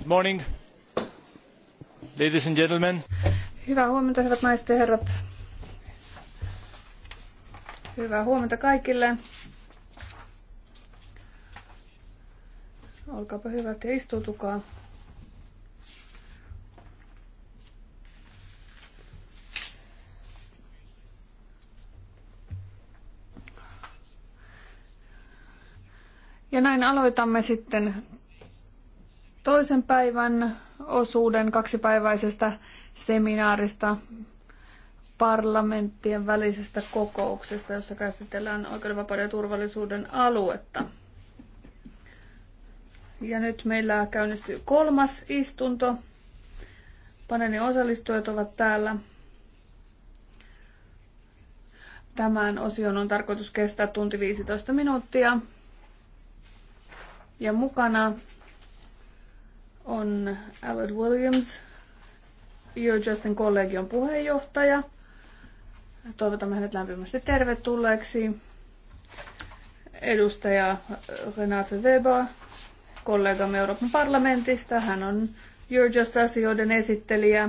Good morning, ladies and gentlemen. Hyvää huomenta, hyvät naiset ja herrat. Hyvää huomenta kaikille. Olkaapa hyvät ja istutukaa. Ja näin aloitamme sitten toisen päivän osuuden kaksipäiväisestä seminaarista parlamenttien välisestä kokouksesta, jossa käsitellään oikeudenvapauden ja turvallisuuden aluetta. Ja nyt meillä käynnistyy kolmas istunto. Paneelin osallistujat ovat täällä. Tämän osion on tarkoitus kestää tunti 15 minuuttia. Ja mukana on Albert Williams, Justin kollegion puheenjohtaja. Toivotamme hänet lämpimästi tervetulleeksi. Edustaja Renate Weber, kollegamme Euroopan parlamentista. Hän on Just asioiden esittelijä.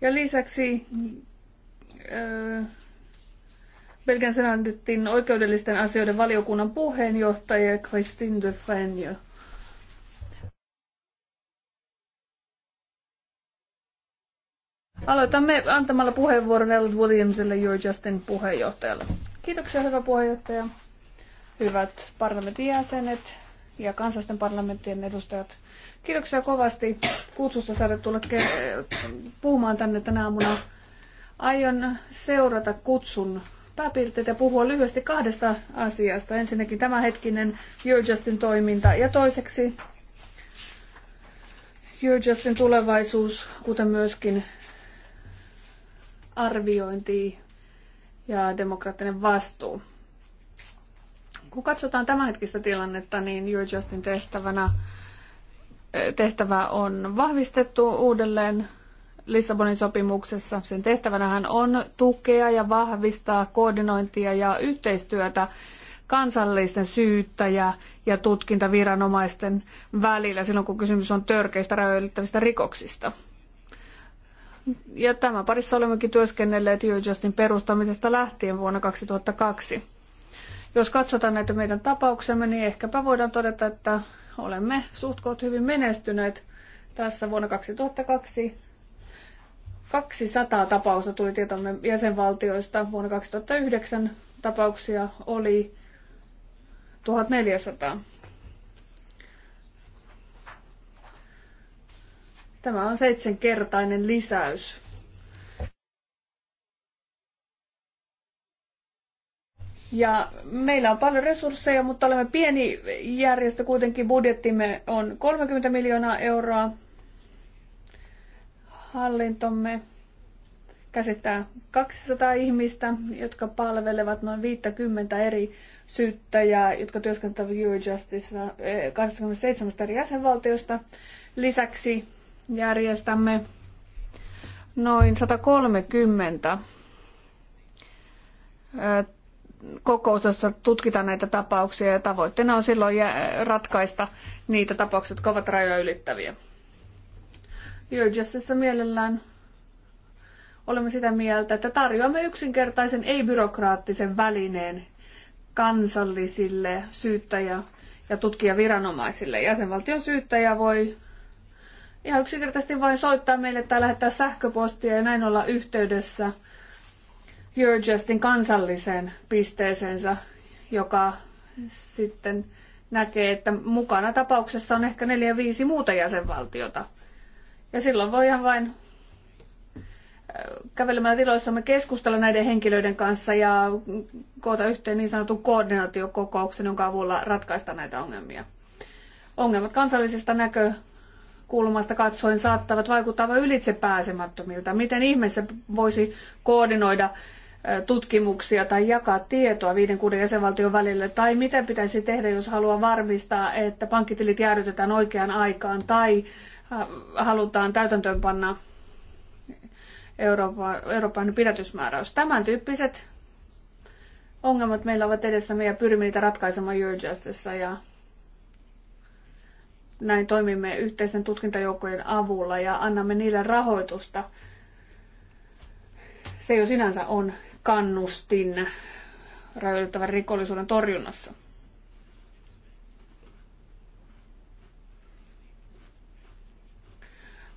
Ja lisäksi äh, Belgian senaatin oikeudellisten asioiden valiokunnan puheenjohtaja Christine de Frenieux. Aloitamme antamalla puheenvuoron Elwood Williamsille, Your Justin puheenjohtajalle. Kiitoksia, hyvä puheenjohtaja. Hyvät parlamentin jäsenet ja kansallisten parlamenttien edustajat. Kiitoksia kovasti kutsusta saada tulla puhumaan tänne tänä aamuna. Aion seurata kutsun pääpiirteitä ja puhua lyhyesti kahdesta asiasta. Ensinnäkin tämänhetkinen Your Justin toiminta ja toiseksi Your Justin tulevaisuus, kuten myöskin arviointi ja demokraattinen vastuu. Kun katsotaan tämänhetkistä tilannetta, niin Your Justin tehtävänä eh, tehtävä on vahvistettu uudelleen Lissabonin sopimuksessa. Sen tehtävänähän on tukea ja vahvistaa koordinointia ja yhteistyötä kansallisten syyttäjä- ja tutkintaviranomaisten välillä silloin, kun kysymys on törkeistä rajoittavista rikoksista. Ja tämän parissa olemmekin työskennelleet Eurojustin perustamisesta lähtien vuonna 2002. Jos katsotaan näitä meidän tapauksemme, niin ehkäpä voidaan todeta, että olemme suht hyvin menestyneet tässä vuonna 2002 200 tapausta tuli tietomme jäsenvaltioista. Vuonna 2009 tapauksia oli 1400. Tämä on seitsemänkertainen lisäys. Ja meillä on paljon resursseja, mutta olemme pieni järjestö kuitenkin. Budjettimme on 30 miljoonaa euroa. Hallintomme käsittää 200 ihmistä, jotka palvelevat noin 50 eri syyttäjää, jotka työskentelevät Eurojusticessa eh, 27 eri jäsenvaltiosta. Lisäksi järjestämme noin 130 kokousta, tutkitaan näitä tapauksia ja tavoitteena on silloin ratkaista niitä tapauksia, jotka ovat rajoja ylittäviä. Jyrgäsessä mielellään olemme sitä mieltä, että tarjoamme yksinkertaisen ei-byrokraattisen välineen kansallisille syyttäjä- ja tutkijaviranomaisille. Jäsenvaltion syyttäjä voi ihan yksinkertaisesti vain soittaa meille tai lähettää sähköpostia ja näin olla yhteydessä Eurojustin kansalliseen pisteeseensä, joka sitten näkee, että mukana tapauksessa on ehkä neljä viisi muuta jäsenvaltiota. Ja silloin voi ihan vain äh, kävelemällä tiloissamme keskustella näiden henkilöiden kanssa ja koota yhteen niin sanotun koordinaatiokokouksen, jonka avulla ratkaista näitä ongelmia. Ongelmat kansallisesta näkö kulmasta katsoen saattavat vaikuttaa aivan ylitse pääsemättömiltä. Miten ihmeessä voisi koordinoida tutkimuksia tai jakaa tietoa viiden kuuden jäsenvaltion välillä, tai mitä pitäisi tehdä, jos haluaa varmistaa, että pankkitilit jäädytetään oikeaan aikaan, tai halutaan täytäntöönpanna Euroopan, Euroopan pidätysmääräys. Tämän tyyppiset ongelmat meillä ovat edessämme ja pyrimme niitä ratkaisemaan Your ja näin toimimme yhteisten tutkintajoukkojen avulla ja annamme niille rahoitusta. Se jo sinänsä on kannustin rajoittavan rikollisuuden torjunnassa.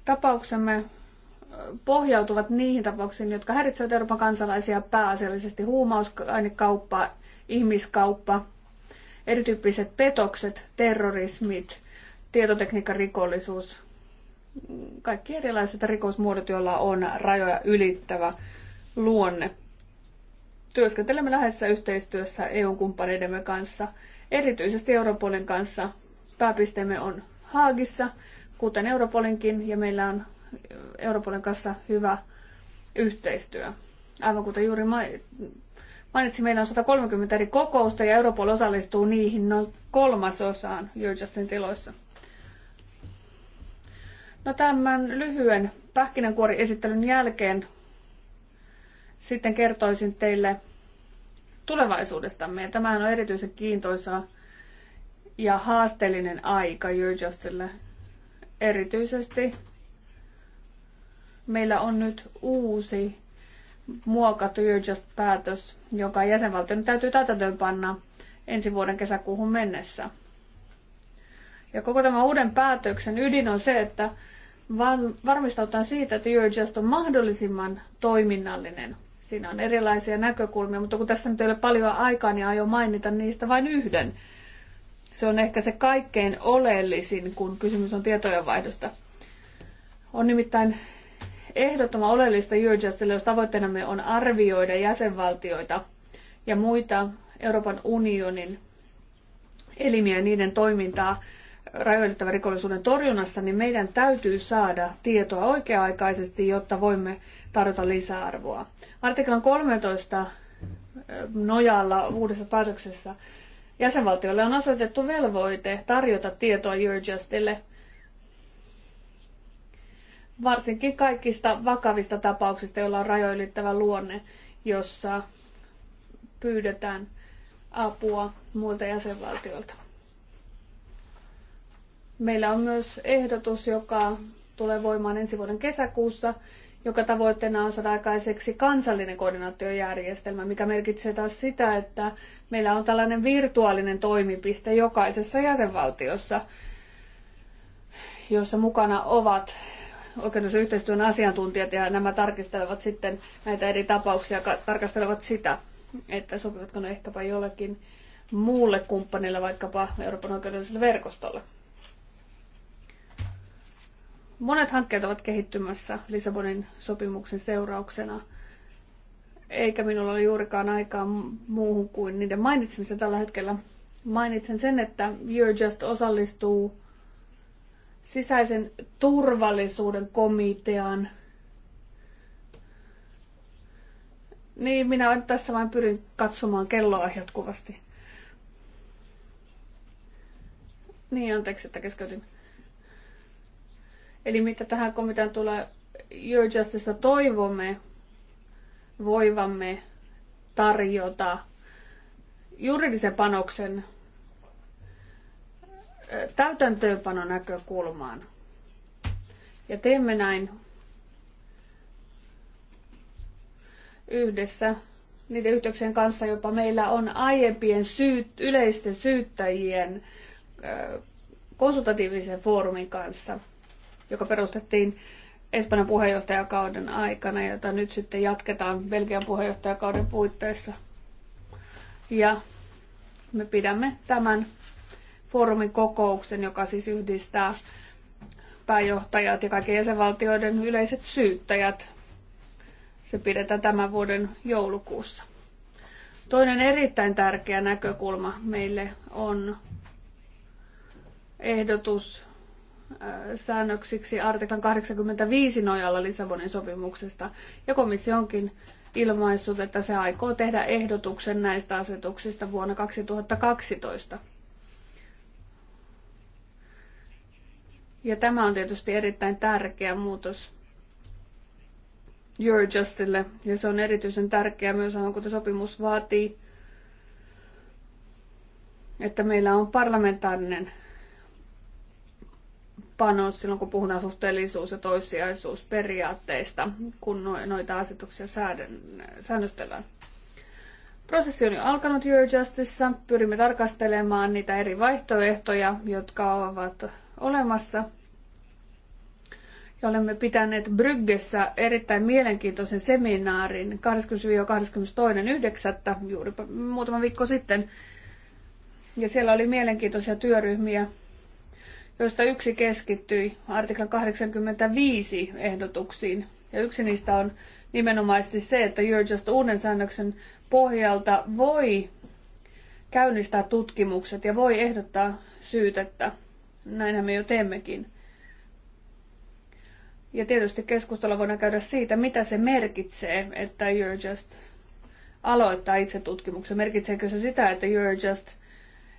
Tapauksemme pohjautuvat niihin tapauksiin, jotka häiritsevät Euroopan kansalaisia pääasiallisesti huumausainekauppa, ihmiskauppa, erityyppiset petokset, terrorismit, rikollisuus, kaikki erilaiset rikosmuodot, joilla on rajoja ylittävä luonne. Työskentelemme läheisessä yhteistyössä EU-kumppaneidemme kanssa, erityisesti Europolin kanssa. Pääpisteemme on Haagissa, kuten Europolinkin, ja meillä on Europolin kanssa hyvä yhteistyö. Aivan kuten juuri mainitsin, meillä on 130 eri kokousta ja Europol osallistuu niihin noin kolmasosaan Jyrjastin tiloissa. No tämän lyhyen pähkinänkuoriesittelyn jälkeen sitten kertoisin teille tulevaisuudestamme. tämä on erityisen kiintoisa ja haasteellinen aika Jyrjostille. Erityisesti meillä on nyt uusi muokattu Jyrjast-päätös, joka jäsenvaltion täytyy täytäntöönpanna ensi vuoden kesäkuuhun mennessä. Ja koko tämän uuden päätöksen ydin on se, että vaan varmistautaan siitä, että You're Just on mahdollisimman toiminnallinen. Siinä on erilaisia näkökulmia, mutta kun tässä nyt ei ole paljon aikaa, niin aion mainita niistä vain yhden. Se on ehkä se kaikkein oleellisin, kun kysymys on tietojenvaihdosta. On nimittäin ehdottoman oleellista Eurojustille, jos tavoitteenamme on arvioida jäsenvaltioita ja muita Euroopan unionin elimiä ja niiden toimintaa rajoitettavan rikollisuuden torjunnassa, niin meidän täytyy saada tietoa oikea-aikaisesti, jotta voimme tarjota lisäarvoa. Artiklan 13 nojalla uudessa päätöksessä jäsenvaltiolle on osoitettu velvoite tarjota tietoa Eurojustille varsinkin kaikista vakavista tapauksista, joilla on rajoilittävä luonne, jossa pyydetään apua muilta jäsenvaltioilta. Meillä on myös ehdotus, joka tulee voimaan ensi vuoden kesäkuussa, joka tavoitteena on saada aikaiseksi kansallinen koordinaatiojärjestelmä, mikä merkitsee taas sitä, että meillä on tällainen virtuaalinen toimipiste jokaisessa jäsenvaltiossa, jossa mukana ovat oikeudessa yhteistyön asiantuntijat ja nämä tarkistelevat sitten näitä eri tapauksia, tarkastelevat sitä, että sopivatko ne ehkäpä jollekin muulle kumppanille, vaikkapa Euroopan oikeudelliselle verkostolle. Monet hankkeet ovat kehittymässä Lissabonin sopimuksen seurauksena, eikä minulla ole juurikaan aikaa muuhun kuin niiden mainitsemista tällä hetkellä. Mainitsen sen, että You're Just osallistuu sisäisen turvallisuuden komitean. Niin, minä tässä vain pyrin katsomaan kelloa jatkuvasti. Niin, anteeksi, että keskeytin. Eli mitä tähän komitean tulee Your Justice toivomme voivamme tarjota juridisen panoksen täytäntöönpanon näkökulmaan. Ja teemme näin yhdessä niiden yhteyksien kanssa, jopa meillä on aiempien syyt, yleisten syyttäjien konsultatiivisen foorumin kanssa – joka perustettiin Espanjan puheenjohtajakauden aikana, jota nyt sitten jatketaan Belgian puheenjohtajakauden puitteissa. Ja me pidämme tämän foorumin kokouksen, joka siis yhdistää pääjohtajat ja kaikkien jäsenvaltioiden yleiset syyttäjät. Se pidetään tämän vuoden joulukuussa. Toinen erittäin tärkeä näkökulma meille on ehdotus säännöksiksi artiklan 85 nojalla Lissabonin sopimuksesta, ja komissio onkin ilmaissut, että se aikoo tehdä ehdotuksen näistä asetuksista vuonna 2012. Ja tämä on tietysti erittäin tärkeä muutos Eurojustille, ja se on erityisen tärkeä myös, kuten sopimus vaatii, että meillä on parlamentaarinen panos silloin, kun puhutaan suhteellisuus- ja toissijaisuusperiaatteista, kun no- noita asetuksia säännöstellään. Prosessi on jo alkanut Eurojustissa. Pyrimme tarkastelemaan niitä eri vaihtoehtoja, jotka ovat olemassa. Ja olemme pitäneet Bryggessä erittäin mielenkiintoisen seminaarin 20-22.9. juuri muutama viikko sitten. Ja siellä oli mielenkiintoisia työryhmiä joista yksi keskittyi artikla 85 ehdotuksiin. Ja yksi niistä on nimenomaisesti se, että You're Just uuden säännöksen pohjalta voi käynnistää tutkimukset ja voi ehdottaa syytettä. Näinhän me jo teemmekin. Ja tietysti keskustella voidaan käydä siitä, mitä se merkitsee, että You're Just aloittaa itse tutkimuksen. Merkitseekö se sitä, että You're Just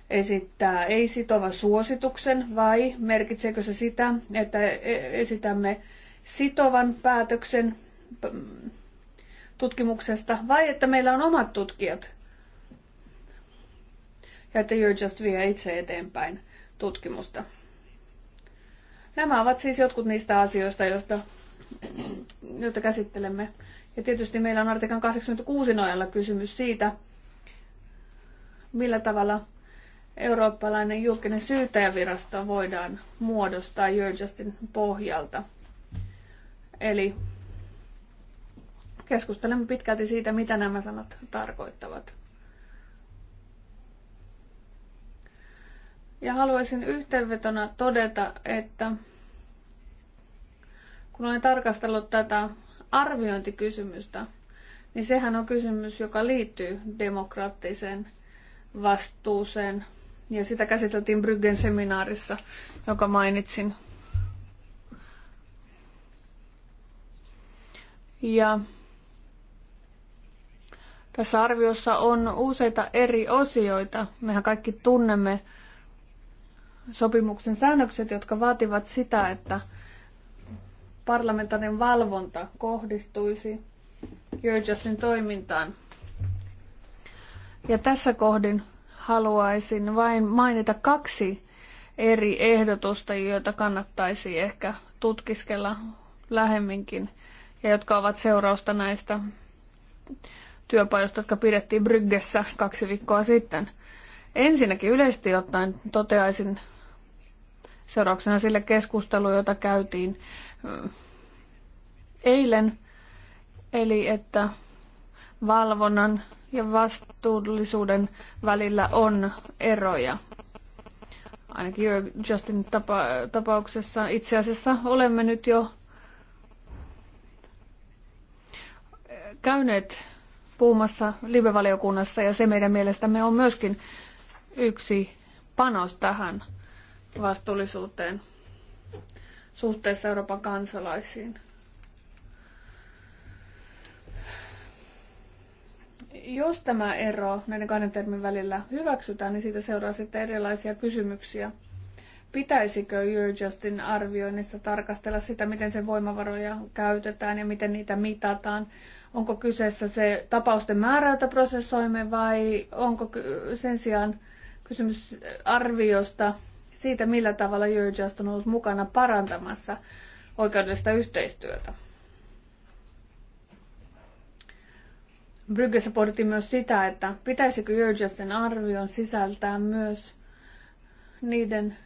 esittää ei-sitova suosituksen vai merkitseekö se sitä, että e- esitämme sitovan päätöksen mm, tutkimuksesta vai että meillä on omat tutkijat ja että You're Just vie itse eteenpäin tutkimusta. Nämä ovat siis jotkut niistä asioista, joista, joita käsittelemme. Ja tietysti meillä on artikan 86 nojalla kysymys siitä, millä tavalla eurooppalainen julkinen syyttäjävirasto voidaan muodostaa Jörgestin pohjalta. Eli keskustelemme pitkälti siitä, mitä nämä sanat tarkoittavat. Ja haluaisin yhteenvetona todeta, että kun olen tarkastellut tätä arviointikysymystä, niin sehän on kysymys, joka liittyy demokraattiseen vastuuseen ja sitä käsiteltiin Bryggen seminaarissa, joka mainitsin. Ja tässä arviossa on useita eri osioita. Mehän kaikki tunnemme sopimuksen säännökset, jotka vaativat sitä, että parlamentaarinen valvonta kohdistuisi Eurojustin toimintaan. Ja tässä kohdin haluaisin vain mainita kaksi eri ehdotusta, joita kannattaisi ehkä tutkiskella lähemminkin ja jotka ovat seurausta näistä työpajoista, jotka pidettiin Bryggessä kaksi viikkoa sitten. Ensinnäkin yleisesti ottaen toteaisin seurauksena sille keskustelulle, jota käytiin eilen, eli että valvonnan ja vastuullisuuden välillä on eroja. Ainakin Justin tapa- tapauksessa itse asiassa olemme nyt jo käyneet puhumassa live-valiokunnassa ja se meidän mielestämme on myöskin yksi panos tähän vastuullisuuteen suhteessa Euroopan kansalaisiin. Jos tämä ero näiden kahden termin välillä hyväksytään, niin siitä seuraa sitten erilaisia kysymyksiä. Pitäisikö Justin arvioinnissa tarkastella sitä, miten sen voimavaroja käytetään ja miten niitä mitataan? Onko kyseessä se tapausten määrä, jota prosessoimme, vai onko sen sijaan kysymys arviosta siitä, millä tavalla Just on ollut mukana parantamassa oikeudellista yhteistyötä? Bryggessä pohdittiin myös sitä, että pitäisikö Jörgesten arvion sisältää myös niiden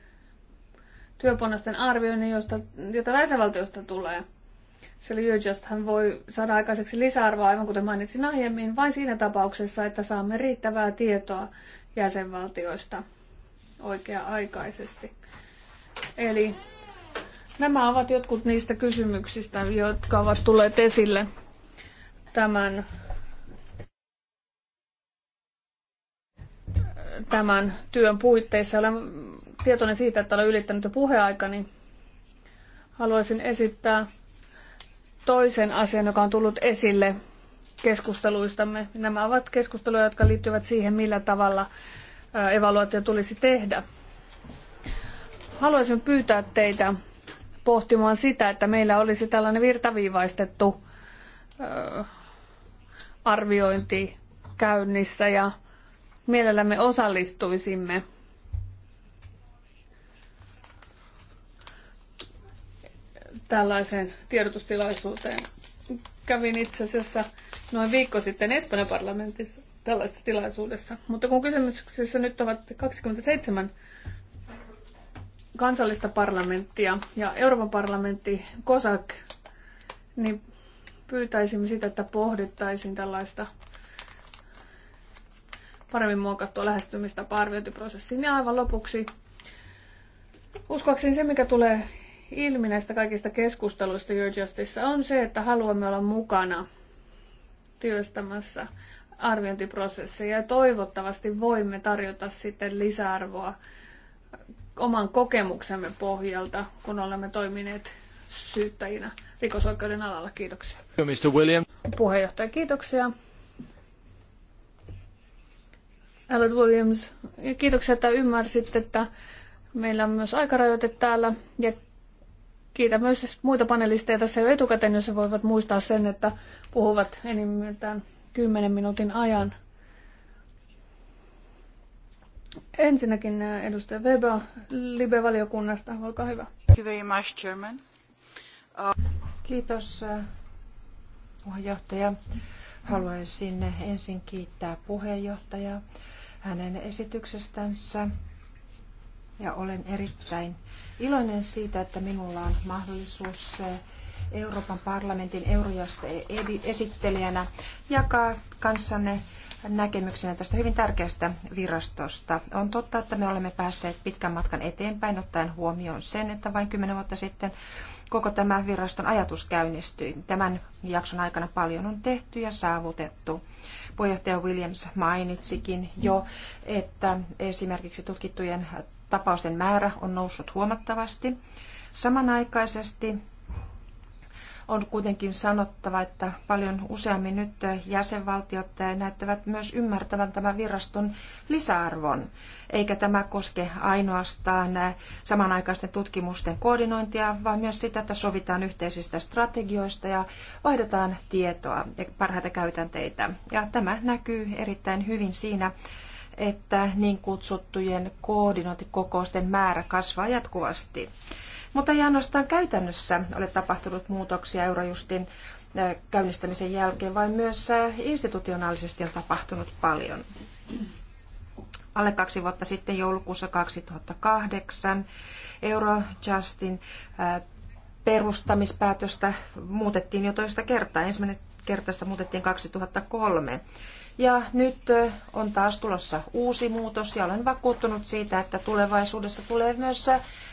työpanosten arvioinnin, josta, jota tulee. Sillä Jörgesthän voi saada aikaiseksi lisäarvoa, aivan kuten mainitsin aiemmin, vain siinä tapauksessa, että saamme riittävää tietoa jäsenvaltioista oikea-aikaisesti. Eli nämä ovat jotkut niistä kysymyksistä, jotka ovat tulleet esille tämän tämän työn puitteissa. Olen tietoinen siitä, että olen ylittänyt jo puheaikani. Haluaisin esittää toisen asian, joka on tullut esille keskusteluistamme. Nämä ovat keskusteluja, jotka liittyvät siihen, millä tavalla evaluaatio tulisi tehdä. Haluaisin pyytää teitä pohtimaan sitä, että meillä olisi tällainen virtaviivaistettu arviointi käynnissä ja mielellämme osallistuisimme. tällaiseen tiedotustilaisuuteen. Kävin itse asiassa noin viikko sitten Espanjan parlamentissa tällaista tilaisuudessa. Mutta kun kysymyksessä nyt ovat 27 kansallista parlamenttia ja Euroopan parlamentti COSAC, niin pyytäisimme sitä, että pohdittaisiin tällaista paremmin muokattua lähestymistapa arviointiprosessiin. Ja aivan lopuksi uskoakseni se, mikä tulee ilmi näistä kaikista keskusteluista Your on se, että haluamme olla mukana työstämässä arviointiprosessia ja toivottavasti voimme tarjota sitten lisäarvoa oman kokemuksemme pohjalta, kun olemme toimineet syyttäjinä rikosoikeuden alalla. Kiitoksia. Mr. William. Puheenjohtaja, kiitoksia. Alan Williams, ja kiitoksia, että ymmärsit, että meillä on myös aikarajoite täällä. Ja kiitän myös muita panelisteja tässä jo etukäteen, jos he voivat muistaa sen, että puhuvat enimmiltään 10 minuutin ajan. Ensinnäkin eh, edustaja Weber Libe-valiokunnasta, olkaa hyvä. Chairman. Uh, Kiitos eh, puheenjohtaja. Haluaisin eh, ensin kiittää puheenjohtajaa hänen esityksestänsä. Ja olen erittäin iloinen siitä, että minulla on mahdollisuus eh, Euroopan parlamentin eurojaste esittelijänä jakaa kanssanne näkemyksenä tästä hyvin tärkeästä virastosta. On totta, että me olemme päässeet pitkän matkan eteenpäin ottaen huomioon sen, että vain kymmenen vuotta sitten koko tämä viraston ajatus käynnistyi. Tämän jakson aikana paljon on tehty ja saavutettu. Puheenjohtaja Williams mainitsikin jo, että esimerkiksi tutkittujen tapausten määrä on noussut huomattavasti. Samanaikaisesti on kuitenkin sanottava, että paljon useammin nyt jäsenvaltiot näyttävät myös ymmärtävän tämän viraston lisäarvon, eikä tämä koske ainoastaan samanaikaisten tutkimusten koordinointia, vaan myös sitä, että sovitaan yhteisistä strategioista ja vaihdetaan tietoa ja parhaita käytänteitä. Ja tämä näkyy erittäin hyvin siinä, että niin kutsuttujen koordinointikokousten määrä kasvaa jatkuvasti. Mutta ei ainoastaan käytännössä ole tapahtunut muutoksia Eurojustin käynnistämisen jälkeen, vaan myös institutionaalisesti on tapahtunut paljon. Alle kaksi vuotta sitten joulukuussa 2008 Eurojustin perustamispäätöstä muutettiin jo toista kertaa. Ensimmäinen kertaista muutettiin 2003. Ja nyt on taas tulossa uusi muutos ja olen vakuuttunut siitä, että tulevaisuudessa tulee myös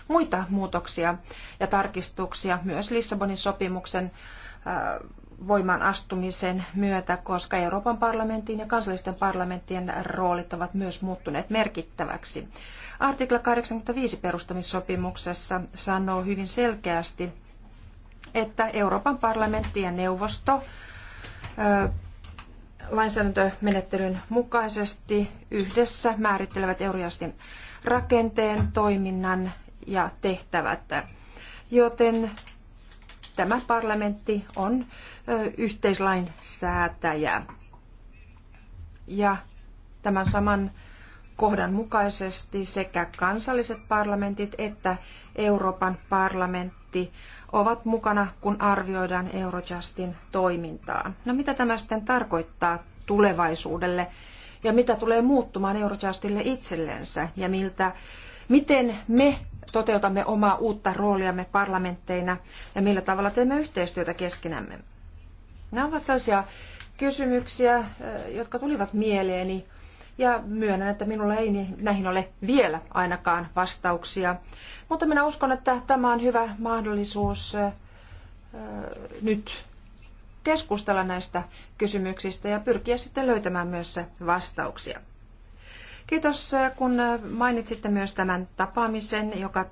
muita muutoksia ja tarkistuksia myös Lissabonin sopimuksen voimaan astumisen myötä, koska Euroopan parlamentin ja kansallisten parlamenttien roolit ovat myös muuttuneet merkittäväksi. Artikla 85 perustamissopimuksessa sanoo hyvin selkeästi, että Euroopan parlamentti ja neuvosto lainsäädäntömenettelyn mukaisesti yhdessä määrittelevät Eurojustin rakenteen, toiminnan ja tehtävät. Joten tämä parlamentti on yhteislainsäätäjä Ja tämän saman kohdan mukaisesti sekä kansalliset parlamentit että Euroopan parlamentti ovat mukana, kun arvioidaan Eurojustin toimintaa. No mitä tämä sitten tarkoittaa tulevaisuudelle ja mitä tulee muuttumaan Eurojustille itsellensä ja miltä, miten me toteutamme omaa uutta rooliamme parlamentteina ja millä tavalla teemme yhteistyötä keskenämme. Nämä ovat sellaisia kysymyksiä, jotka tulivat mieleeni ja myönnän, että minulla ei niin- näihin ole vielä ainakaan vastauksia. Mutta minä uskon, että tämä on hyvä mahdollisuus nyt keskustella näistä kysymyksistä ja pyrkiä sitten löytämään myös vastauksia. Kiitos, kun mainitsitte myös tämän tapaamisen, joka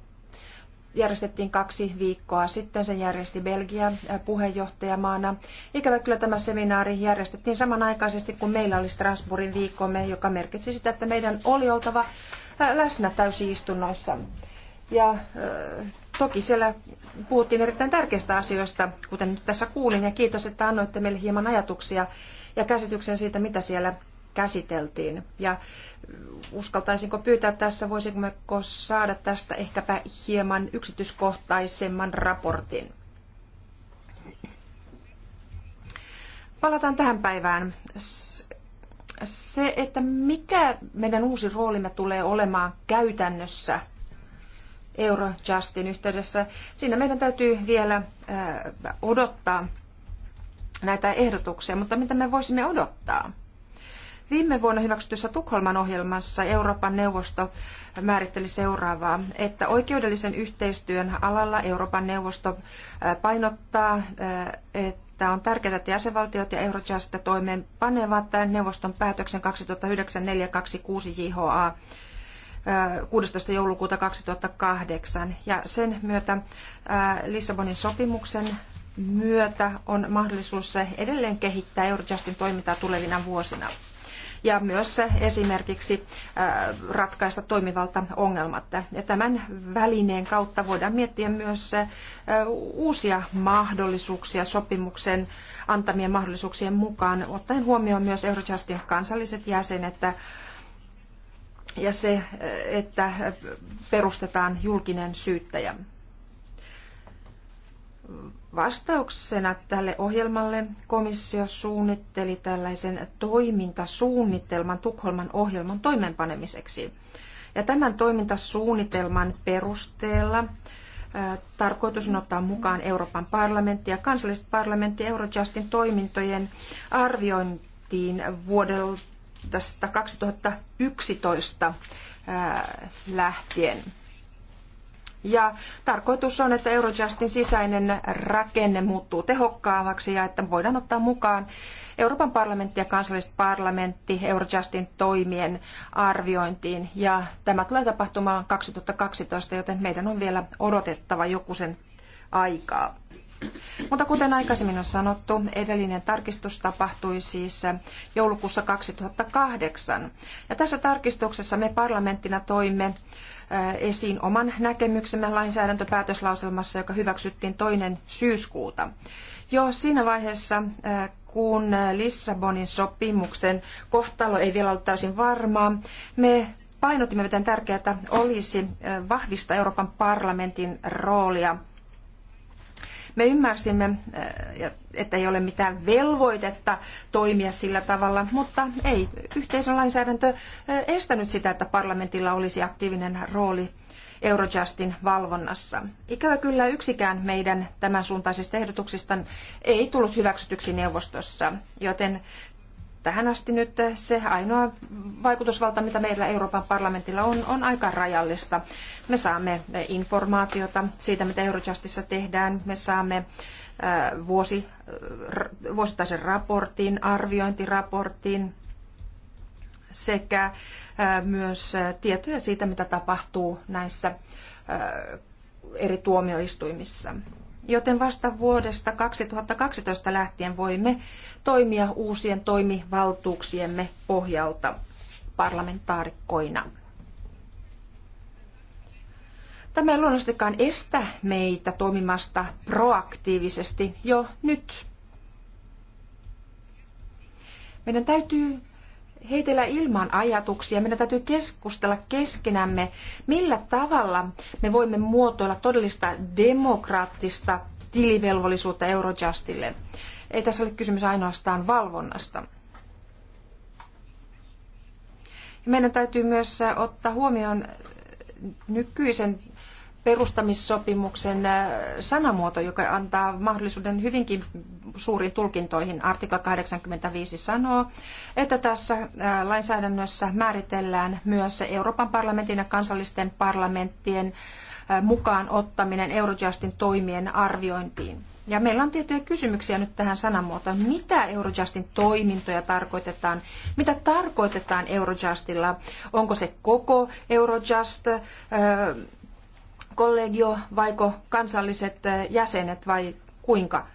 järjestettiin kaksi viikkoa sitten. Sen järjesti Belgia puheenjohtajamaana. Ikävä kyllä tämä seminaari järjestettiin samanaikaisesti, kun meillä oli Strasbourgin viikkomme, joka merkitsi sitä, että meidän oli oltava läsnä täysistunnoissa. Ja toki siellä puhuttiin erittäin tärkeistä asioista, kuten nyt tässä kuulin, ja kiitos, että annoitte meille hieman ajatuksia ja käsityksen siitä, mitä siellä käsiteltiin. Ja uskaltaisinko pyytää tässä, voisimmeko saada tästä ehkäpä hieman yksityiskohtaisemman raportin. Palataan tähän päivään. Se, että mikä meidän uusi roolimme tulee olemaan käytännössä Eurojustin yhteydessä, siinä meidän täytyy vielä odottaa näitä ehdotuksia, mutta mitä me voisimme odottaa? Viime vuonna hyväksytyssä Tukholman ohjelmassa Euroopan neuvosto määritteli seuraavaa, että oikeudellisen yhteistyön alalla Euroopan neuvosto painottaa, että on tärkeää, että jäsenvaltiot ja Eurojust toimeenpanevat neuvoston päätöksen 2009-426 JHA 16. joulukuuta 2008. Ja sen myötä Lissabonin sopimuksen myötä on mahdollisuus edelleen kehittää Eurojustin toimintaa tulevina vuosina ja myös esimerkiksi ratkaista toimivalta Ja tämän välineen kautta voidaan miettiä myös uusia mahdollisuuksia sopimuksen antamien mahdollisuuksien mukaan, ottaen huomioon myös Eurojustin kansalliset jäsenet ja se, että perustetaan julkinen syyttäjä Vastauksena tälle ohjelmalle komissio suunnitteli tällaisen toimintasuunnitelman Tukholman ohjelman toimeenpanemiseksi. Ja tämän toimintasuunnitelman perusteella tarkoitus on ottaa mukaan Euroopan parlamentti ja kansalliset parlamentti Eurojustin toimintojen arviointiin vuodelta 2011 lähtien. Ja tarkoitus on, että Eurojustin sisäinen rakenne muuttuu tehokkaammaksi ja että voidaan ottaa mukaan Euroopan parlamentti ja kansalliset parlamentti Eurojustin toimien arviointiin. Ja tämä tulee tapahtumaan 2012, joten meidän on vielä odotettava joku sen aikaa. Mutta kuten aikaisemmin on sanottu, edellinen tarkistus tapahtui siis joulukuussa 2008. Ja tässä tarkistuksessa me parlamenttina toimme eh, esiin oman näkemyksemme lainsäädäntöpäätöslauselmassa, joka hyväksyttiin toinen syyskuuta. Jo siinä vaiheessa, eh, kun Lissabonin sopimuksen kohtalo ei vielä ollut täysin varmaa, me painotimme, miten tärkeää olisi eh, vahvistaa Euroopan parlamentin roolia me ymmärsimme, eh, että ei ole mitään velvoitetta toimia sillä tavalla, mutta ei yhteisön lainsäädäntö eh, estänyt sitä, että parlamentilla olisi aktiivinen rooli Eurojustin valvonnassa. Ikävä kyllä yksikään meidän tämän suuntaisista ehdotuksista ei tullut hyväksytyksi neuvostossa, joten tähän asti nyt se ainoa vaikutusvalta, mitä meillä Euroopan parlamentilla on, on aika rajallista. Me saamme informaatiota siitä, mitä Eurojustissa tehdään. Me saamme äh, vuosi, äh, vuosittaisen raportin, arviointiraportin sekä äh, myös tietoja siitä, mitä tapahtuu näissä eri tuomioistuimissa joten vasta vuodesta 2012 lähtien voimme toimia uusien toimivaltuuksiemme pohjalta parlamentaarikkoina. Tämä ei luonnollisestikaan estä meitä toimimasta proaktiivisesti jo nyt. Meidän täytyy heitellä ilmaan ajatuksia. Meidän täytyy keskustella keskenämme, millä tavalla me voimme muotoilla todellista demokraattista tilivelvollisuutta Eurojustille. Ei tässä ole kysymys ainoastaan valvonnasta. Meidän täytyy myös ottaa huomioon nykyisen perustamissopimuksen äh, sanamuoto, joka antaa mahdollisuuden hyvinkin suuriin tulkintoihin. Artikla 85 sanoo, että tässä äh, lainsäädännössä määritellään myös Euroopan parlamentin ja kansallisten parlamenttien äh, mukaan ottaminen Eurojustin toimien arviointiin. Ja meillä on tiettyjä kysymyksiä nyt tähän sanamuotoon. Mitä Eurojustin toimintoja tarkoitetaan? Mitä tarkoitetaan Eurojustilla? Onko se koko Eurojust? Öö, kollegio vaiko kansalliset jäsenet vai kuinka.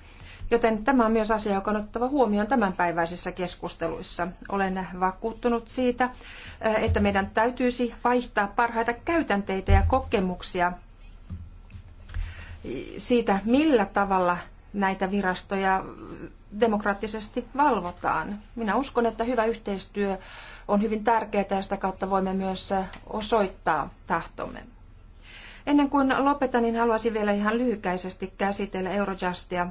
Joten tämä on myös asia, joka on otettava huomioon tämänpäiväisissä keskusteluissa. Olen vakuuttunut siitä, että meidän täytyisi vaihtaa parhaita käytänteitä ja kokemuksia siitä, millä tavalla näitä virastoja demokraattisesti valvotaan. Minä uskon, että hyvä yhteistyö on hyvin tärkeää ja sitä kautta voimme myös osoittaa tahtomme. Ennen kuin lopetan, niin haluaisin vielä ihan lyhykäisesti käsitellä Eurojustia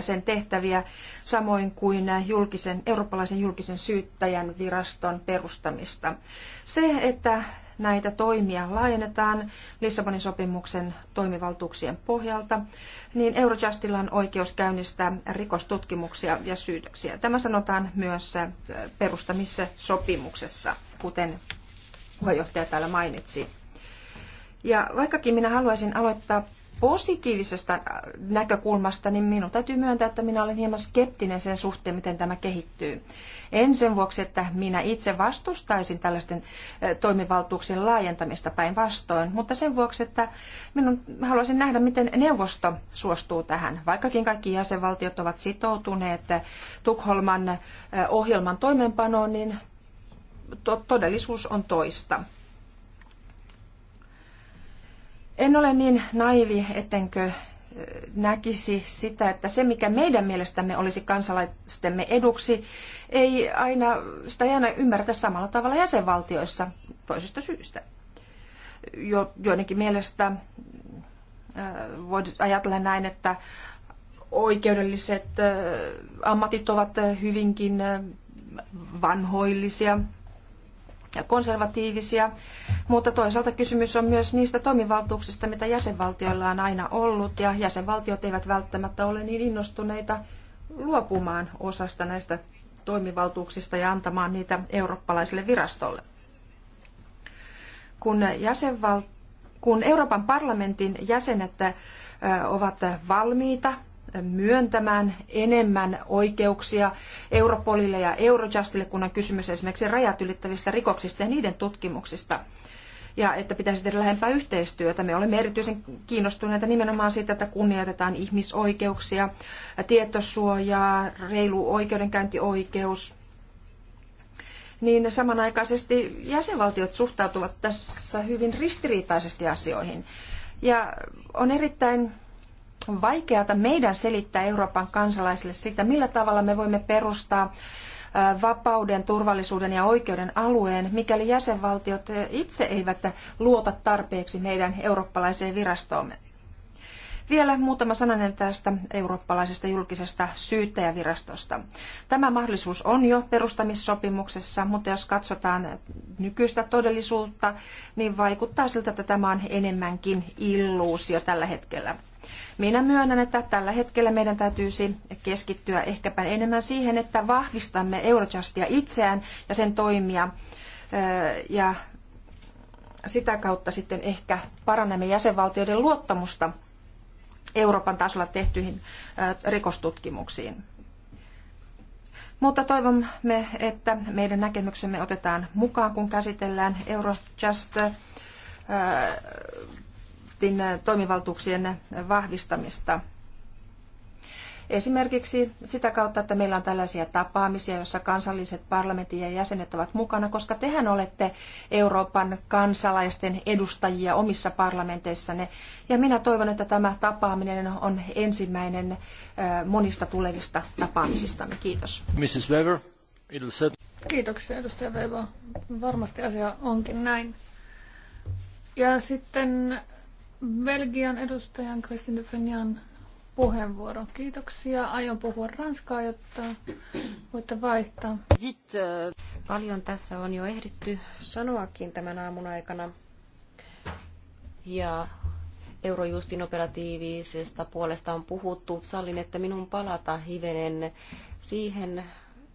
sen tehtäviä, samoin kuin julkisen, eurooppalaisen julkisen syyttäjän viraston perustamista. Se, että näitä toimia laajennetaan Lissabonin sopimuksen toimivaltuuksien pohjalta, niin Eurojustilla on oikeus käynnistää rikostutkimuksia ja syytöksiä. Tämä sanotaan myös perustamissa sopimuksessa, kuten puheenjohtaja täällä mainitsi. Ja vaikkakin minä haluaisin aloittaa positiivisesta äh, näkökulmasta, niin minun täytyy myöntää, että minä olen hieman skeptinen sen suhteen, miten tämä kehittyy. En sen vuoksi, että minä itse vastustaisin tällaisten äh, toimivaltuuksien laajentamista päinvastoin, mutta sen vuoksi, että minun haluaisin nähdä, miten neuvosto suostuu tähän. Vaikkakin kaikki jäsenvaltiot ovat sitoutuneet äh, Tukholman ohjelman toimeenpanoon, niin todellisuus on toista. En ole niin naivi, ettenkö näkisi sitä, että se mikä meidän mielestämme olisi kansalaistemme eduksi, ei aina, sitä ei aina ymmärretä samalla tavalla jäsenvaltioissa toisesta syystä. Jo, joidenkin mielestä voi ajatella näin, että oikeudelliset ammatit ovat hyvinkin vanhoillisia – ja konservatiivisia, mutta toisaalta kysymys on myös niistä toimivaltuuksista, mitä jäsenvaltioilla on aina ollut, ja jäsenvaltiot eivät välttämättä ole niin innostuneita luopumaan osasta näistä toimivaltuuksista ja antamaan niitä eurooppalaiselle virastolle. Kun, jäsenval... kun Euroopan parlamentin jäsenet ovat valmiita myöntämään enemmän oikeuksia Europolille ja Eurojustille, kun on kysymys esimerkiksi rajat ylittävistä rikoksista ja niiden tutkimuksista. Ja että pitäisi tehdä lähempää yhteistyötä. Me olemme erityisen kiinnostuneita nimenomaan siitä, että kunnioitetaan ihmisoikeuksia, tietosuojaa, reilu oikeudenkäyntioikeus, niin samanaikaisesti jäsenvaltiot suhtautuvat tässä hyvin ristiriitaisesti asioihin. Ja on erittäin on vaikeata meidän selittää Euroopan kansalaisille sitä, millä tavalla me voimme perustaa vapauden, turvallisuuden ja oikeuden alueen, mikäli jäsenvaltiot itse eivät luota tarpeeksi meidän eurooppalaiseen virastoomme. Vielä muutama sananen tästä eurooppalaisesta julkisesta syyttäjävirastosta. Tämä mahdollisuus on jo perustamissopimuksessa, mutta jos katsotaan nykyistä todellisuutta, niin vaikuttaa siltä, että tämä on enemmänkin illuusio tällä hetkellä. Minä myönnän, että tällä hetkellä meidän täytyisi keskittyä ehkäpä enemmän siihen, että vahvistamme Eurojustia itseään ja sen toimia ja sitä kautta sitten ehkä parannamme jäsenvaltioiden luottamusta Euroopan tasolla tehtyihin rikostutkimuksiin. Mutta toivomme, että meidän näkemyksemme otetaan mukaan, kun käsitellään Eurojust toimivaltuuksien vahvistamista. Esimerkiksi sitä kautta, että meillä on tällaisia tapaamisia, joissa kansalliset parlamentin ja jäsenet ovat mukana, koska tehän olette Euroopan kansalaisten edustajia omissa parlamenteissanne. Ja minä toivon, että tämä tapaaminen on ensimmäinen monista tulevista tapaamisistamme. Kiitos. Mrs. Weber, Kiitoksia, edustaja Weber. Varmasti asia onkin näin. Ja sitten Belgian edustajan Christine de Fignan puheenvuoron. Kiitoksia. Aion puhua ranskaa, jotta voitte vaihtaa. Sitten äh, paljon tässä on jo ehditty sanoakin tämän aamun aikana. Ja Eurojustin operatiivisesta puolesta on puhuttu. Sallin, että minun palata hivenen siihen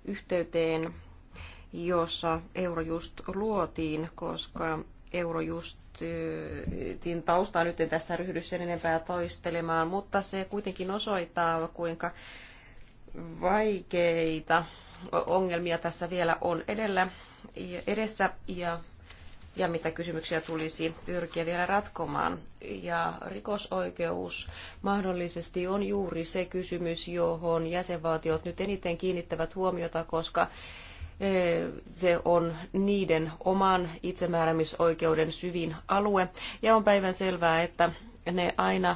yhteyteen, jossa Eurojust luotiin, koska Eurojust direktiivin taustaa nyt en tässä ryhdy sen enempää toistelemaan, mutta se kuitenkin osoittaa, kuinka vaikeita ongelmia tässä vielä on edellä, edessä ja, ja mitä kysymyksiä tulisi pyrkiä vielä ratkomaan. Ja rikosoikeus mahdollisesti on juuri se kysymys, johon jäsenvaltiot nyt eniten kiinnittävät huomiota, koska Eh, se on niiden oman itsemääräämisoikeuden syvin alue. Ja on päivän selvää, että ne aina,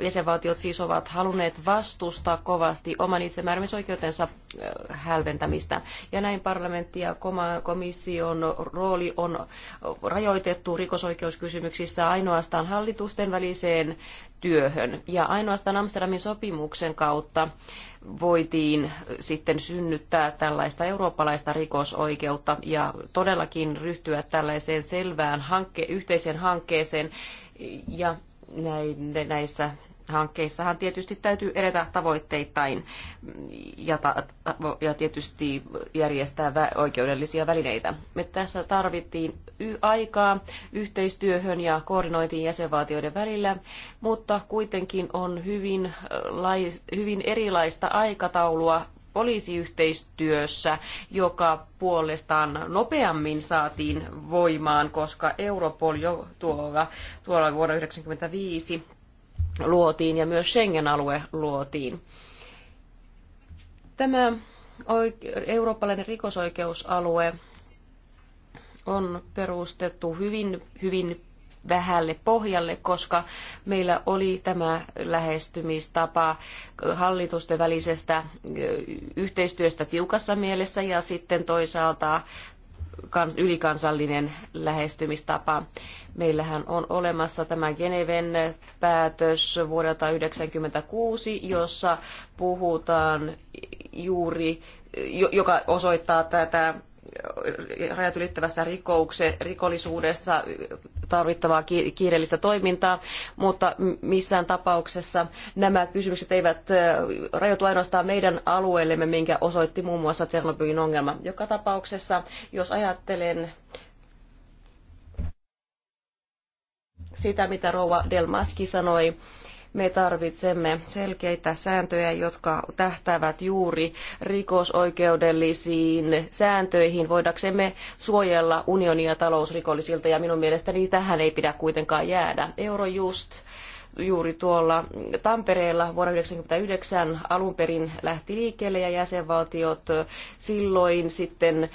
jäsenvaltiot siis ovat halunneet vastustaa kovasti oman itsemääräämisoikeutensa eh, hälventämistä. Ja näin parlamentti ja komission rooli on rajoitettu rikosoikeuskysymyksissä ainoastaan hallitusten väliseen työhön ja ainoastaan Amsterdamin sopimuksen kautta voitiin sitten synnyttää tällaista eurooppalaista rikosoikeutta ja todellakin ryhtyä tällaiseen selvään hankke- yhteiseen hankkeeseen ja näissä hankkeissahan tietysti täytyy edetä tavoitteittain ja, ta- ja tietysti järjestää vä- oikeudellisia välineitä. Me tässä tarvittiin y- aikaa yhteistyöhön ja koordinointiin jäsenvaltioiden välillä, mutta kuitenkin on hyvin, lais- hyvin erilaista aikataulua poliisiyhteistyössä, joka puolestaan nopeammin saatiin voimaan, koska Europol jo tuolla, tuolla vuonna 1995 luotiin ja myös Schengen-alue luotiin. Tämä eurooppalainen rikosoikeusalue on perustettu hyvin, hyvin vähälle pohjalle, koska meillä oli tämä lähestymistapa hallitusten välisestä yhteistyöstä tiukassa mielessä ja sitten toisaalta ylikansallinen lähestymistapa. Meillähän on olemassa tämä Geneven päätös vuodelta 1996, jossa puhutaan juuri, joka osoittaa tätä rajat ylittävässä rikoukse, rikollisuudessa tarvittavaa kiireellistä toimintaa, mutta missään tapauksessa nämä kysymykset eivät rajoitu ainoastaan meidän alueellemme, minkä osoitti muun muassa Tsernobylin ongelma. Joka tapauksessa, jos ajattelen sitä, mitä Rouva Delmaski sanoi, me tarvitsemme selkeitä sääntöjä, jotka tähtäävät juuri rikosoikeudellisiin sääntöihin, voidaksemme suojella unionia talousrikollisilta, ja minun mielestäni tähän ei pidä kuitenkaan jäädä. Eurojust juuri tuolla Tampereella vuonna 1999 alun perin lähti liikkeelle ja jäsenvaltiot silloin sitten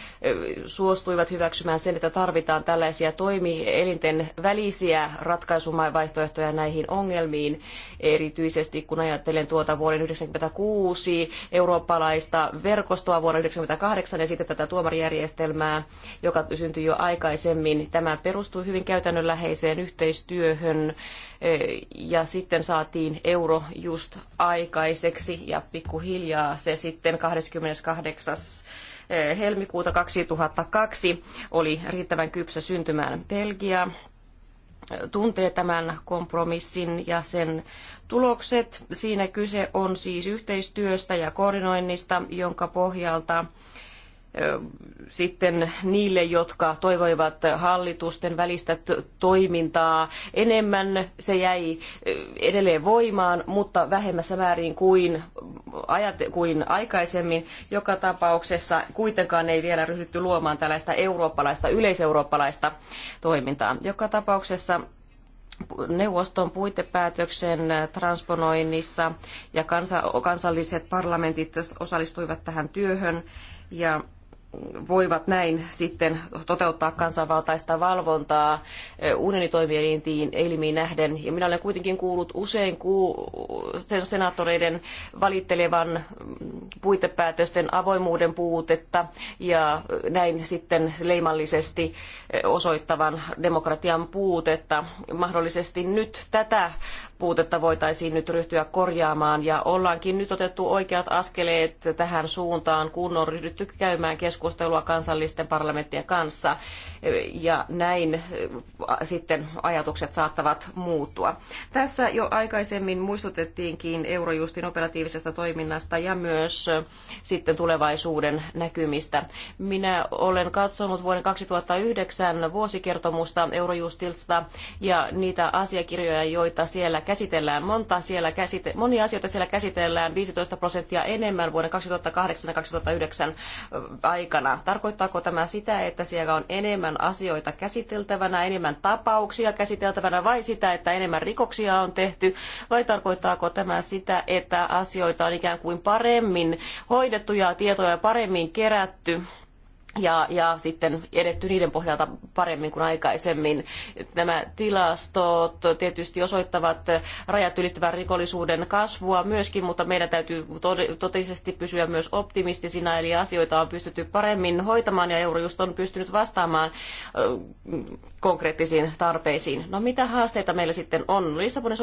suostuivat hyväksymään sen, että tarvitaan tällaisia toimielinten välisiä ratkaisumainvaihtoehtoja näihin ongelmiin, erityisesti kun ajattelen tuota vuoden 1996 eurooppalaista verkostoa vuonna 1998 ja sitten tätä tuomarijärjestelmää, joka syntyi jo aikaisemmin. Tämä perustuu hyvin käytännönläheiseen yhteistyöhön ja sitten saatiin euro just aikaiseksi ja pikkuhiljaa se sitten 28 eh, helmikuuta 2002 oli riittävän kypsä syntymään Belgia tuntee tämän kompromissin ja sen tulokset. Siinä kyse on siis yhteistyöstä ja koordinoinnista, jonka pohjalta sitten niille, jotka toivoivat hallitusten välistä toimintaa enemmän. Se jäi edelleen voimaan, mutta vähemmässä määrin kuin, kuin aikaisemmin. Joka tapauksessa kuitenkaan ei vielä ryhdytty luomaan tällaista eurooppalaista, yleiseurooppalaista toimintaa. Joka tapauksessa neuvoston puitepäätöksen transponoinnissa ja kansalliset parlamentit osallistuivat tähän työhön ja voivat näin sitten toteuttaa kansanvaltaista valvontaa eh, unionitoimielimiin elimiin nähden. Ja minä olen kuitenkin kuullut usein ku, sen senaattoreiden valittelevan mm, puitepäätösten avoimuuden puutetta ja eh, näin sitten leimallisesti eh, osoittavan demokratian puutetta. Mahdollisesti nyt tätä puutetta voitaisiin nyt ryhtyä korjaamaan ja ollaankin nyt otettu oikeat askeleet tähän suuntaan, kun on ryhdytty käymään keskustelua kansallisten parlamenttien kanssa ja näin sitten ajatukset saattavat muuttua. Tässä jo aikaisemmin muistutettiinkin Eurojustin operatiivisesta toiminnasta ja myös sitten tulevaisuuden näkymistä. Minä olen katsonut vuoden 2009 vuosikertomusta Eurojustilta ja niitä asiakirjoja, joita siellä käsitellään. Monta siellä käsite- monia asioita siellä käsitellään 15 prosenttia enemmän vuoden 2008 ja 2009 aikana. Tarkoittaako tämä sitä, että siellä on enemmän enemmän asioita käsiteltävänä, enemmän tapauksia käsiteltävänä vai sitä, että enemmän rikoksia on tehty? Vai tarkoittaako tämä sitä, että asioita on ikään kuin paremmin hoidettu ja tietoja paremmin kerätty? ja, ja sitten edetty niiden pohjalta paremmin kuin aikaisemmin. Nämä tilastot tietysti osoittavat rajat ylittävän rikollisuuden kasvua myöskin, mutta meidän täytyy totisesti pysyä myös optimistisina, eli asioita on pystytty paremmin hoitamaan ja just on pystynyt vastaamaan konkreettisiin tarpeisiin. No mitä haasteita meillä sitten on? Lissabonin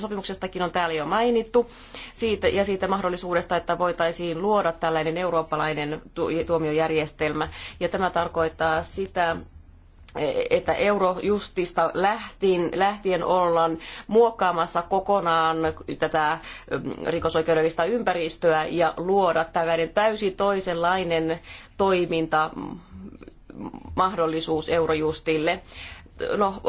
sopimuksestakin on täällä jo mainittu siitä, ja siitä mahdollisuudesta, että voitaisiin luoda tällainen eurooppalainen tuomiojärjestelmä ja tämä tarkoittaa sitä, että eurojustista lähtien, lähtien ollaan muokkaamassa kokonaan tätä mm, rikosoikeudellista ympäristöä ja luoda tällainen täysin toisenlainen toiminta mahdollisuus Eurojustille no,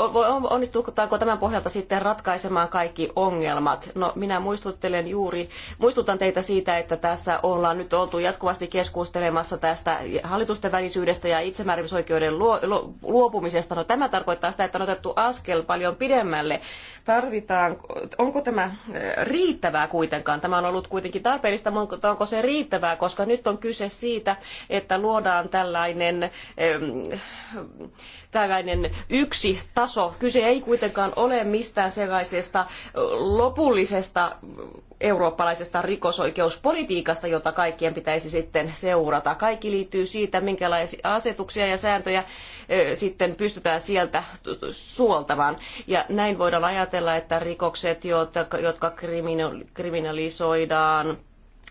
onnistuuko tämän pohjalta sitten ratkaisemaan kaikki ongelmat? No, minä muistuttelen juuri, muistutan teitä siitä, että tässä ollaan nyt oltu jatkuvasti keskustelemassa tästä hallitusten välisyydestä ja itsemääräämisoikeuden luopumisesta. No, tämä tarkoittaa sitä, että on otettu askel paljon pidemmälle. Tarvitaan, onko tämä eh, riittävää kuitenkaan? Tämä on ollut kuitenkin tarpeellista, mutta onko se riittävää, koska nyt on kyse siitä, että luodaan tällainen, tällainen yksi yksi taso. Kyse ei kuitenkaan ole mistään sellaisesta lopullisesta eurooppalaisesta rikosoikeuspolitiikasta, jota kaikkien pitäisi sitten seurata. Kaikki liittyy siitä, minkälaisia asetuksia ja sääntöjä sitten pystytään sieltä suoltamaan. Ja näin voidaan ajatella, että rikokset, jotka kriminalisoidaan,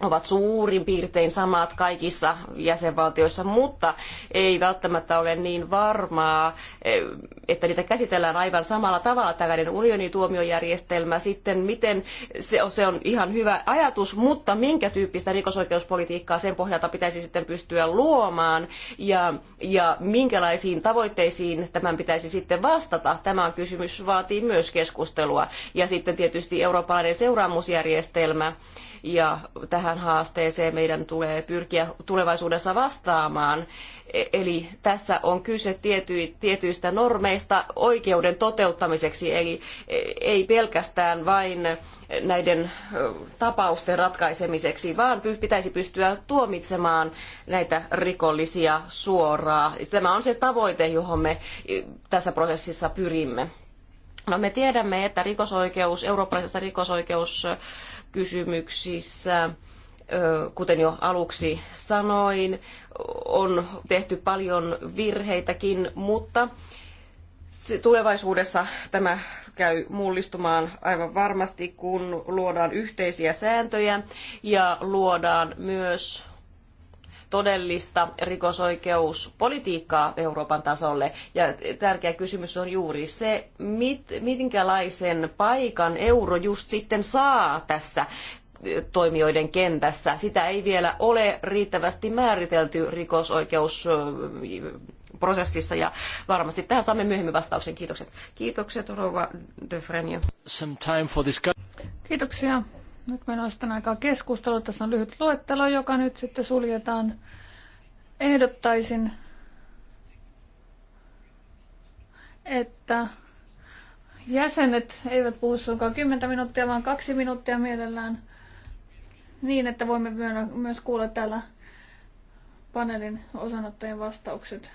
ovat suurin piirtein samat kaikissa jäsenvaltioissa, mutta ei välttämättä ole niin varmaa, eh, että niitä käsitellään aivan samalla tavalla. Tällainen unionituomiojärjestelmä sitten, miten se on ihan hyvä ajatus, mutta minkä tyyppistä rikosoikeuspolitiikkaa sen pohjalta pitäisi sitten pystyä luomaan ja, ja minkälaisiin tavoitteisiin tämän pitäisi sitten vastata. Tämä on kysymys, vaatii myös keskustelua. Ja sitten tietysti eurooppalainen seuraamusjärjestelmä ja tähän haasteeseen meidän tulee pyrkiä tulevaisuudessa vastaamaan. E- eli tässä on kyse tietyistä normeista oikeuden toteuttamiseksi, eli e- ei pelkästään vain näiden tapausten ratkaisemiseksi, vaan pitäisi pystyä tuomitsemaan näitä rikollisia suoraan. Tämä on se tavoite, johon me tässä prosessissa pyrimme. No me tiedämme, että rikosoikeus, eurooppalaisissa rikosoikeuskysymyksissä kuten jo aluksi sanoin, on tehty paljon virheitäkin, mutta tulevaisuudessa tämä käy mullistumaan aivan varmasti, kun luodaan yhteisiä sääntöjä ja luodaan myös todellista rikosoikeuspolitiikkaa Euroopan tasolle. Ja tärkeä kysymys on juuri se, mit, minkälaisen paikan euro just sitten saa tässä toimijoiden kentässä. Sitä ei vielä ole riittävästi määritelty rikosoikeusprosessissa ja varmasti tähän saamme myöhemmin vastauksen. Kiitokset. Kiitokset Rova Dufrenio. Kiitoksia. Nyt meillä on sitten aikaa keskustelua. Tässä on lyhyt luettelo, joka nyt sitten suljetaan. Ehdottaisin, että jäsenet eivät puhu suinkaan 10 minuuttia, vaan kaksi minuuttia mielellään niin, että voimme myös kuulla täällä paneelin osanottajien vastaukset.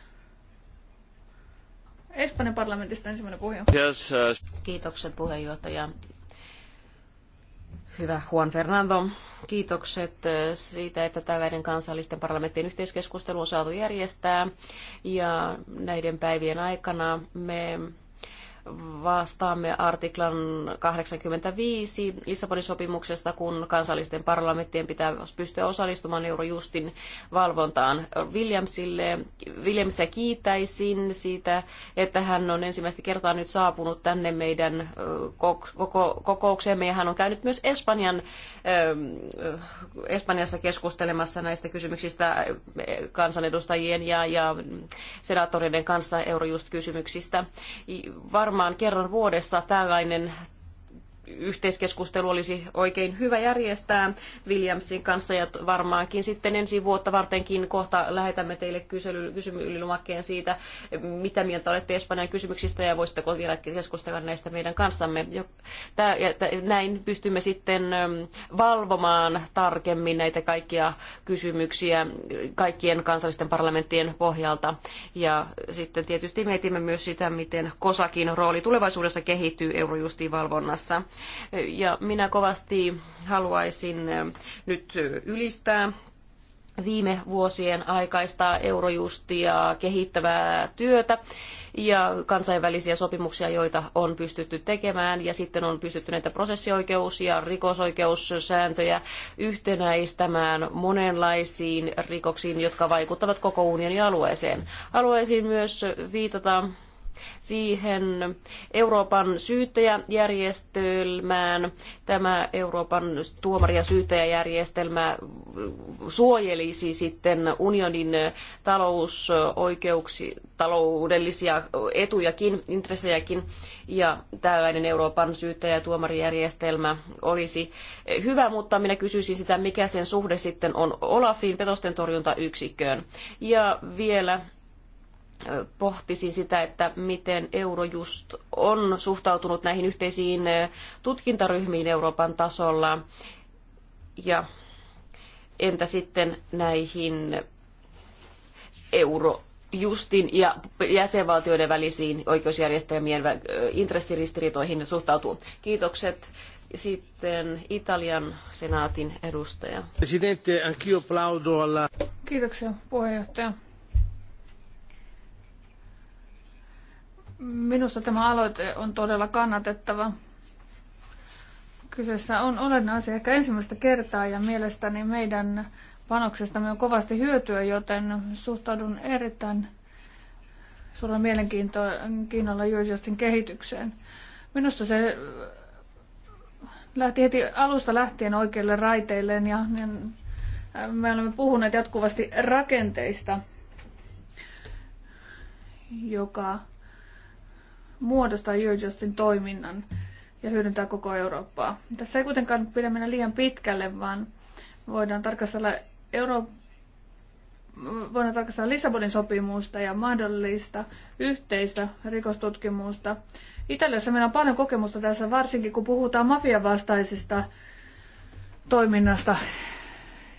Espanjan parlamentista ensimmäinen puhuja. Uh, Kiitokset puheenjohtaja. Hyvä Juan Fernando, kiitokset eh, siitä, että tällainen kansallisten parlamenttien yhteiskeskustelu on saatu järjestää. Ja näiden päivien aikana me vastaamme artiklan 85 Lissabonin sopimuksesta, kun kansallisten parlamenttien pitää pystyä osallistumaan Eurojustin valvontaan. Williamsille, Williamsia kiitäisin siitä, että hän on ensimmäistä kertaa nyt saapunut tänne meidän koko, kokoukseemme ja hän on käynyt myös Espanjan, Espanjassa keskustelemassa näistä kysymyksistä kansanedustajien ja, ja senaattoreiden kanssa Eurojust-kysymyksistä. Varma varmaan kerran vuodessa tällainen yhteiskeskustelu olisi oikein hyvä järjestää Williamsin kanssa ja varmaankin sitten ensi vuotta vartenkin kohta lähetämme teille kysely, siitä, mitä mieltä olette Espanjan kysymyksistä ja voisitteko vielä keskustella näistä meidän kanssamme. Tää, näin pystymme sitten valvomaan tarkemmin näitä kaikkia kysymyksiä kaikkien kansallisten parlamenttien pohjalta. Ja sitten tietysti mietimme myös sitä, miten Kosakin rooli tulevaisuudessa kehittyy Eurojustin valvonnassa ja minä kovasti haluaisin nyt ylistää viime vuosien aikaista eurojustia kehittävää työtä ja kansainvälisiä sopimuksia, joita on pystytty tekemään. Ja sitten on pystytty näitä prosessioikeus- ja rikosoikeussääntöjä yhtenäistämään monenlaisiin rikoksiin, jotka vaikuttavat koko unionin alueeseen. Haluaisin myös viitata siihen Euroopan syyttäjäjärjestelmään. Tämä Euroopan tuomari- ja syyttäjäjärjestelmä suojelisi sitten unionin talousoikeuksi, taloudellisia etujakin, intressejäkin, ja tällainen Euroopan syyttäjä- ja tuomarijärjestelmä olisi hyvä, mutta minä kysyisin sitä, mikä sen suhde sitten on Olafin petosten torjuntayksikköön. Ja vielä pohtisi sitä, että miten Eurojust on suhtautunut näihin yhteisiin eh, tutkintaryhmiin Euroopan tasolla. Ja entä sitten näihin Eurojustin ja jäsenvaltioiden välisiin oikeusjärjestelmien eh, intressiristiriitoihin suhtautuu. Kiitokset sitten Italian senaatin edustaja. Presidente, anch'io plaudo alla... Kiitoksia puheenjohtaja. Minusta tämä aloite on todella kannatettava. Kyseessä on olennainen asia ehkä ensimmäistä kertaa ja mielestäni meidän panoksestamme on kovasti hyötyä, joten suhtaudun erittäin suurella mielenkiinnolla Jyrsiastin kehitykseen. Minusta se lähti heti alusta lähtien oikeille raiteilleen ja me olemme puhuneet jatkuvasti rakenteista, joka muodostaa Eurojustin toiminnan ja hyödyntää koko Eurooppaa. Tässä ei kuitenkaan pidä mennä liian pitkälle, vaan voidaan tarkastella Euro- voidaan tarkastella Lissabonin sopimusta ja mahdollista yhteistä rikostutkimusta. Italiassa meillä on paljon kokemusta tässä, varsinkin kun puhutaan mafiavastaisista toiminnasta.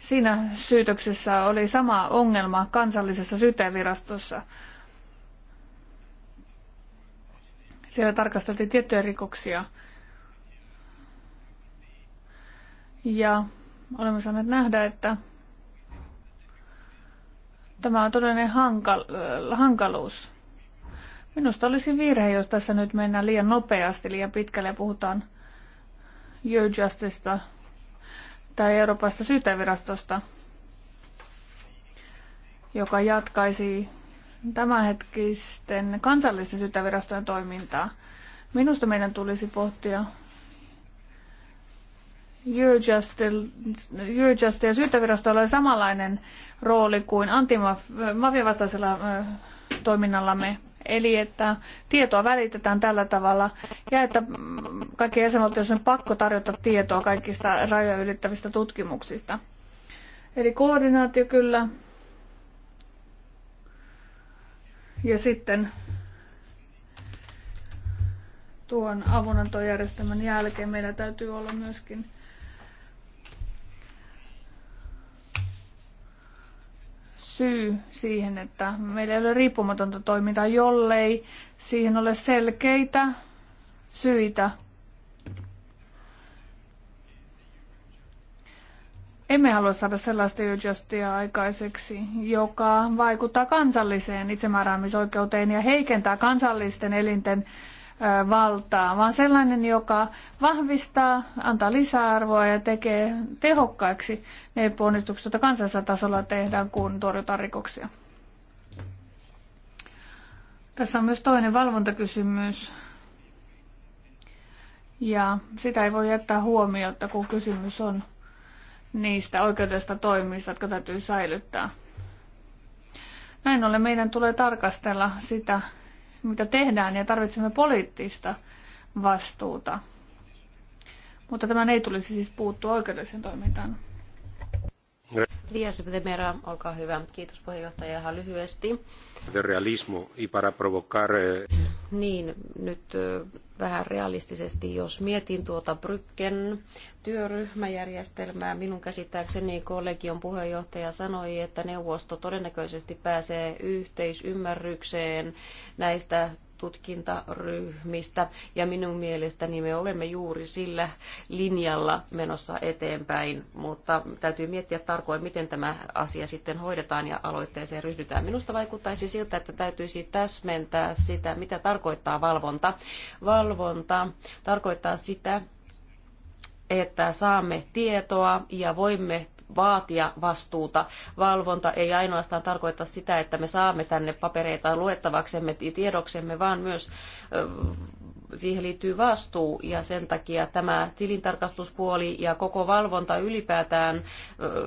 Siinä syytöksessä oli sama ongelma kansallisessa syytevirastossa. Siellä tarkasteltiin tiettyjä rikoksia. Ja olemme saaneet nähdä, että tämä on todellinen hankal- hankaluus. Minusta olisi virhe, jos tässä nyt mennään liian nopeasti, liian pitkälle ja puhutaan Eurojustista tai Euroopasta syytävirastosta, joka jatkaisi tämänhetkisten kansallisten syyttäjävirastojen toimintaa. Minusta meidän tulisi pohtia Eurojust ja syyttävirastolla on samanlainen rooli kuin antimafiavastaisella toiminnallamme. Eli että tietoa välitetään tällä tavalla ja että kaikki jäsenvaltiot on pakko tarjota tietoa kaikista rajoja ylittävistä tutkimuksista. Eli koordinaatio kyllä, Ja sitten tuon avunantojärjestelmän jälkeen meillä täytyy olla myöskin syy siihen, että meillä ei ole riippumatonta toimintaa, jollei siihen ole selkeitä syitä Emme halua saada sellaista justia aikaiseksi, joka vaikuttaa kansalliseen itsemääräämisoikeuteen ja heikentää kansallisten elinten valtaa, vaan sellainen, joka vahvistaa, antaa lisäarvoa ja tekee tehokkaiksi ne ponnistukset, joita kansallisella tasolla tehdään, kun torjutaan rikoksia. Tässä on myös toinen valvontakysymys. Ja sitä ei voi jättää huomiota, kun kysymys on niistä oikeudesta toimista, jotka täytyy säilyttää. Näin ollen meidän tulee tarkastella sitä, mitä tehdään ja tarvitsemme poliittista vastuuta. Mutta tämän ei tulisi siis puuttua oikeudelliseen toimintaan. Vias Mera, olkaa hyvä. Kiitos puheenjohtaja ihan lyhyesti. Realismo y para provocar... Eh, niin nyt vähän realistisesti, jos mietin tuota Brykken työryhmäjärjestelmää, minun käsittääkseni kollegion puheenjohtaja sanoi, että neuvosto todennäköisesti pääsee yhteisymmärrykseen näistä tutkintaryhmistä ja minun mielestäni me olemme juuri sillä linjalla menossa eteenpäin, mutta täytyy miettiä tarkoin, miten tämä asia sitten hoidetaan ja aloitteeseen ryhdytään. Minusta vaikuttaisi siltä, että täytyisi täsmentää sitä, mitä tarkoittaa valvonta. Valvonta tarkoittaa sitä, että saamme tietoa ja voimme vaatia vastuuta. Valvonta ei ainoastaan tarkoita sitä, että me saamme tänne papereita luettavaksemme tiedoksemme, vaan myös siihen liittyy vastuu ja sen takia tämä tilintarkastuspuoli ja koko valvonta ylipäätään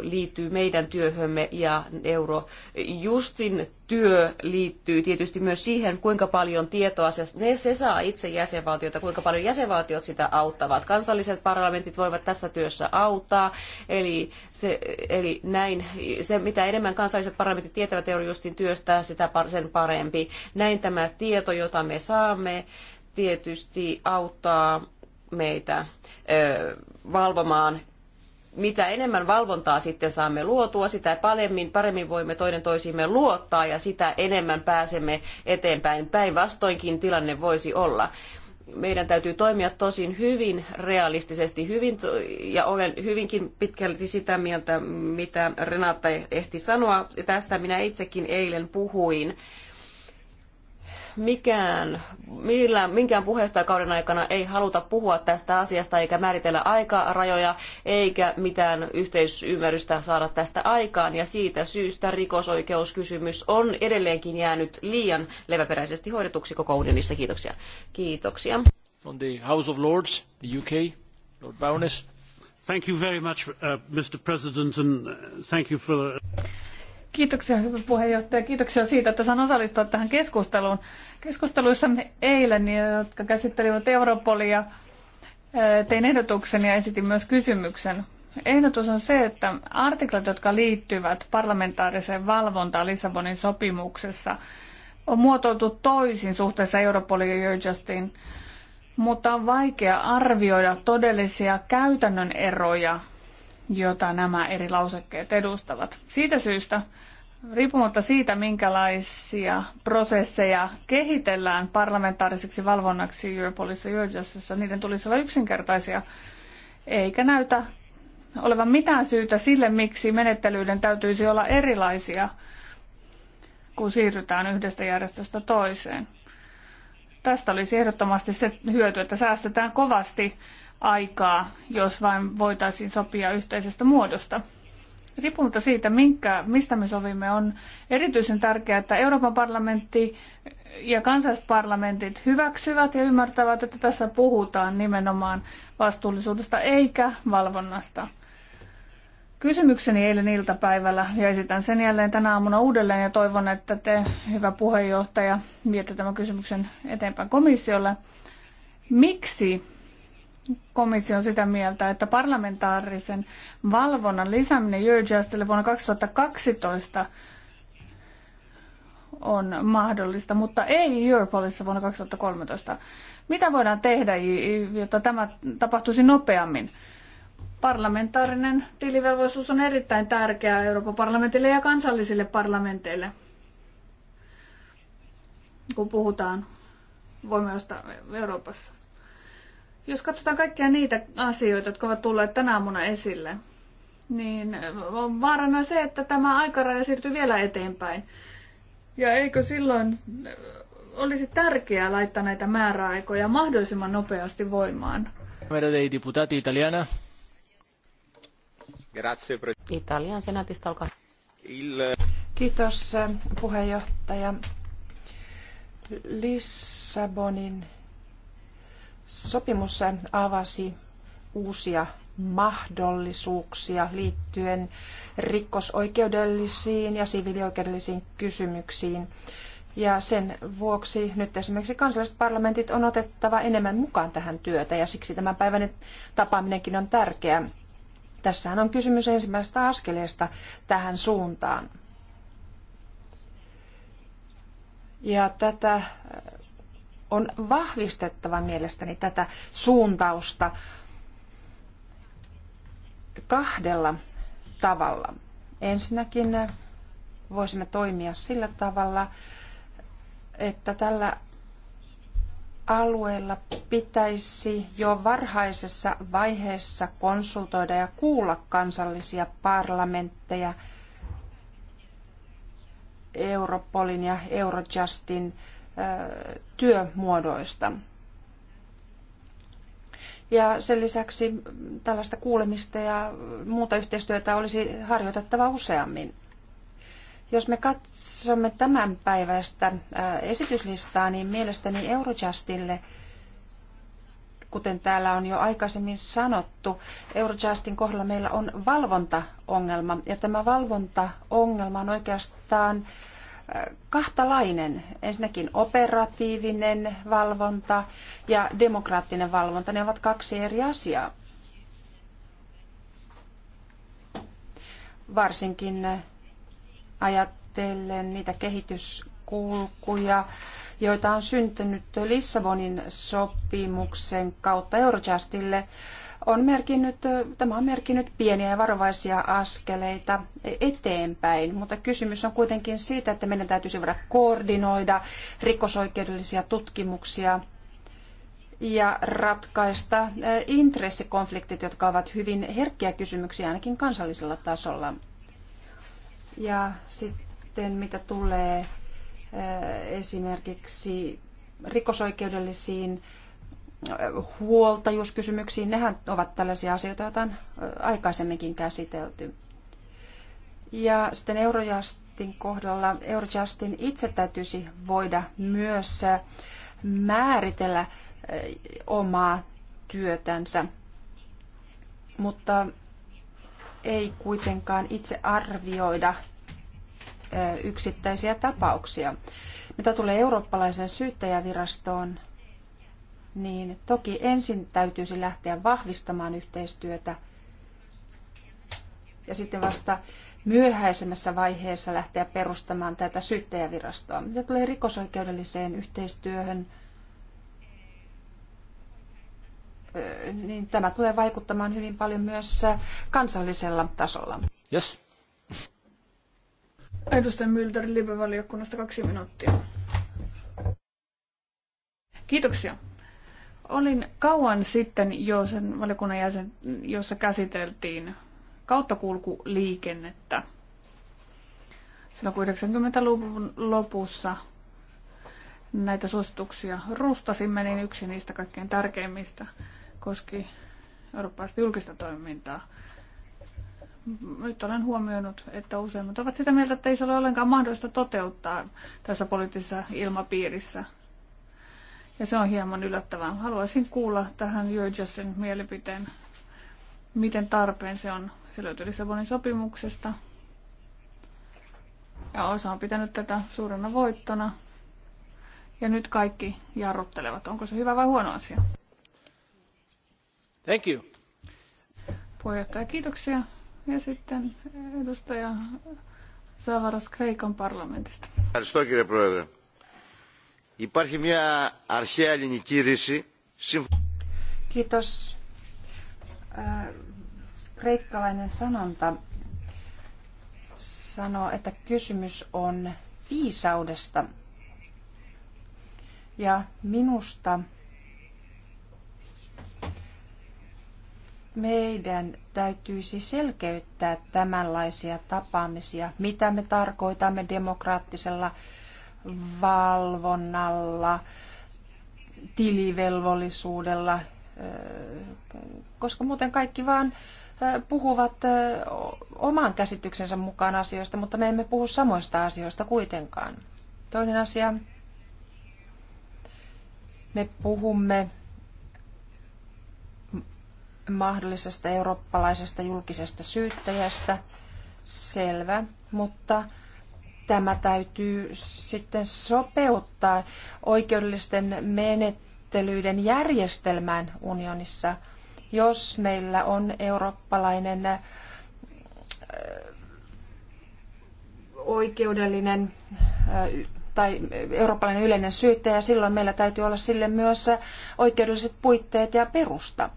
liittyy meidän työhömme ja Eurojustin työ liittyy tietysti myös siihen, kuinka paljon tietoa se, ne, se saa itse jäsenvaltiota, kuinka paljon jäsenvaltiot sitä auttavat. Kansalliset parlamentit voivat tässä työssä auttaa, eli, se, eli näin, se, mitä enemmän kansalliset parlamentit tietävät Eurojustin työstä, sitä sen parempi. Näin tämä tieto, jota me saamme, tietysti auttaa meitä valvomaan mitä enemmän valvontaa sitten saamme luotua, sitä paremmin, paremmin voimme toinen toisiimme luottaa ja sitä enemmän pääsemme eteenpäin. Päinvastoinkin tilanne voisi olla. Meidän täytyy toimia tosin hyvin realistisesti hyvin, ja olen hyvinkin pitkälti sitä mieltä, mitä Renata ehti sanoa. Tästä minä itsekin eilen puhuin mikään, millään, minkään puheenjohtajakauden aikana ei haluta puhua tästä asiasta eikä määritellä aikarajoja eikä mitään yhteisymmärrystä saada tästä aikaan ja siitä syystä rikosoikeuskysymys on edelleenkin jäänyt liian leväperäisesti hoidetuksi koko unionissa. Kiitoksia. Kiitoksia. On the House of Lords, the UK, Lord Baroness. Thank you very much, uh, Mr. President, and uh, thank you for... Kiitoksia hyvä puheenjohtaja. Kiitoksia siitä, että saan osallistua tähän keskusteluun keskusteluissamme eilen, niin, jotka käsittelivät Europolia, tein ehdotuksen ja esitin myös kysymyksen. Ehdotus on se, että artiklat, jotka liittyvät parlamentaariseen valvontaan Lissabonin sopimuksessa, on muotoiltu toisin suhteessa Europolin ja Eurojustin, mutta on vaikea arvioida todellisia käytännön eroja, joita nämä eri lausekkeet edustavat. Siitä syystä riippumatta siitä, minkälaisia prosesseja kehitellään parlamentaariseksi valvonnaksi Europolissa ja Eurojustissa, niiden tulisi olla yksinkertaisia, eikä näytä olevan mitään syytä sille, miksi menettelyiden täytyisi olla erilaisia, kun siirrytään yhdestä järjestöstä toiseen. Tästä olisi ehdottomasti se hyöty, että säästetään kovasti aikaa, jos vain voitaisiin sopia yhteisestä muodosta riippumatta siitä, minkä, mistä me sovimme, on erityisen tärkeää, että Euroopan parlamentti ja kansalliset parlamentit hyväksyvät ja ymmärtävät, että tässä puhutaan nimenomaan vastuullisuudesta eikä valvonnasta. Kysymykseni eilen iltapäivällä ja esitän sen jälleen tänä aamuna uudelleen ja toivon, että te, hyvä puheenjohtaja, viette tämän kysymyksen eteenpäin komissiolle. Miksi komissio on sitä mieltä, että parlamentaarisen valvonnan lisääminen Eurojustille vuonna 2012 on mahdollista, mutta ei Europolissa vuonna 2013. Mitä voidaan tehdä, jotta tämä tapahtuisi nopeammin? Parlamentaarinen tilivelvollisuus on erittäin tärkeää Euroopan parlamentille ja kansallisille parlamenteille, kun puhutaan voimasta Euroopassa. Jos katsotaan kaikkia niitä asioita, jotka ovat tulleet tänä aamuna esille, niin on vaarana se, että tämä aikaraja siirtyy vielä eteenpäin. Ja eikö silloin olisi tärkeää laittaa näitä määräaikoja mahdollisimman nopeasti voimaan? Italiana. Grazie. Italian senaatista, alkaa. Il... Kiitos eh, puheenjohtaja. Lissabonin Sopimus avasi uusia mahdollisuuksia liittyen rikosoikeudellisiin ja siviilioikeudellisiin kysymyksiin. Ja sen vuoksi nyt esimerkiksi kansalliset parlamentit on otettava enemmän mukaan tähän työtä ja siksi tämän päivän tapaaminenkin on tärkeä. Tässähän on kysymys ensimmäisestä askeleesta tähän suuntaan. Ja tätä on vahvistettava mielestäni tätä suuntausta kahdella tavalla. Ensinnäkin voisimme toimia sillä tavalla, että tällä alueella pitäisi jo varhaisessa vaiheessa konsultoida ja kuulla kansallisia parlamentteja Europolin ja Eurojustin työmuodoista. Ja sen lisäksi tällaista kuulemista ja muuta yhteistyötä olisi harjoitettava useammin. Jos me katsomme tämän päivästä esityslistaa, niin mielestäni Eurojustille, kuten täällä on jo aikaisemmin sanottu, Eurojustin kohdalla meillä on valvontaongelma. Ja tämä valvontaongelma on oikeastaan äh, kahtalainen. Ensinnäkin operatiivinen valvonta ja demokraattinen valvonta, ne ovat kaksi eri asiaa. Varsinkin ajatellen niitä kehityskulkuja, joita on syntynyt Lissabonin sopimuksen kautta Eurojustille on merkinnyt, tämä on merkinnyt pieniä ja varovaisia askeleita eteenpäin, mutta kysymys on kuitenkin siitä, että meidän täytyisi voida koordinoida rikosoikeudellisia tutkimuksia ja ratkaista eh, intressikonfliktit, jotka ovat hyvin herkkiä kysymyksiä ainakin kansallisella tasolla. Ja sitten mitä tulee eh, esimerkiksi rikosoikeudellisiin huoltajuuskysymyksiin. Nehän ovat tällaisia asioita, joita on aikaisemminkin käsitelty. Ja sitten Eurojustin kohdalla Eurojustin itse täytyisi voida myös määritellä omaa työtänsä, mutta ei kuitenkaan itse arvioida yksittäisiä tapauksia. Mitä tulee eurooppalaiseen syyttäjävirastoon, niin toki ensin täytyisi lähteä vahvistamaan yhteistyötä ja sitten vasta myöhäisemmässä vaiheessa lähteä perustamaan tätä syyttäjävirastoa. Mitä tulee rikosoikeudelliseen yhteistyöhön, niin tämä tulee vaikuttamaan hyvin paljon myös kansallisella tasolla. Yes. Edustaja Mylder, Libe-valiokunnasta kaksi minuuttia. Kiitoksia. Olin kauan sitten jo sen valiokunnan jäsen, jossa käsiteltiin kauttakulkuliikennettä. Silloin 90-luvun lopussa näitä suosituksia rustasimme, niin yksi niistä kaikkein tärkeimmistä koski eurooppalaista julkista toimintaa. Nyt olen huomioinut, että useimmat ovat sitä mieltä, että ei se ole ollenkaan mahdollista toteuttaa tässä poliittisessa ilmapiirissä – ja se on hieman yllättävää. Haluaisin kuulla tähän Jörgessin mielipiteen, miten tarpeen se on. Se löytyy Lissabonin sopimuksesta. Ja osa on pitänyt tätä suurena voittona. Ja nyt kaikki jarruttelevat. Onko se hyvä vai huono asia? Thank you. Puheenjohtaja, kiitoksia. Ja sitten edustaja Savaras Kreikan parlamentista. Kiitos, Υπάρχει μια αρχαία ελληνική ρίση. Kiitos. Kreikkalainen sanonta sanoo, että kysymys on viisaudesta. Ja minusta meidän täytyisi selkeyttää tämänlaisia tapaamisia, mitä me tarkoitamme demokraattisella äh, valvonnalla, tilivelvollisuudella, koska muuten kaikki vaan puhuvat oman käsityksensä mukaan asioista, mutta me emme puhu samoista asioista kuitenkaan. Toinen asia, me puhumme mahdollisesta eurooppalaisesta julkisesta syyttäjästä, selvä, mutta tämä täytyy sitten sopeuttaa oikeudellisten menettelyiden järjestelmään unionissa, jos meillä on eurooppalainen äh, oikeudellinen äh, tai eurooppalainen yleinen syyttäjä, silloin meillä täytyy olla sille myös oikeudelliset puitteet ja perusta.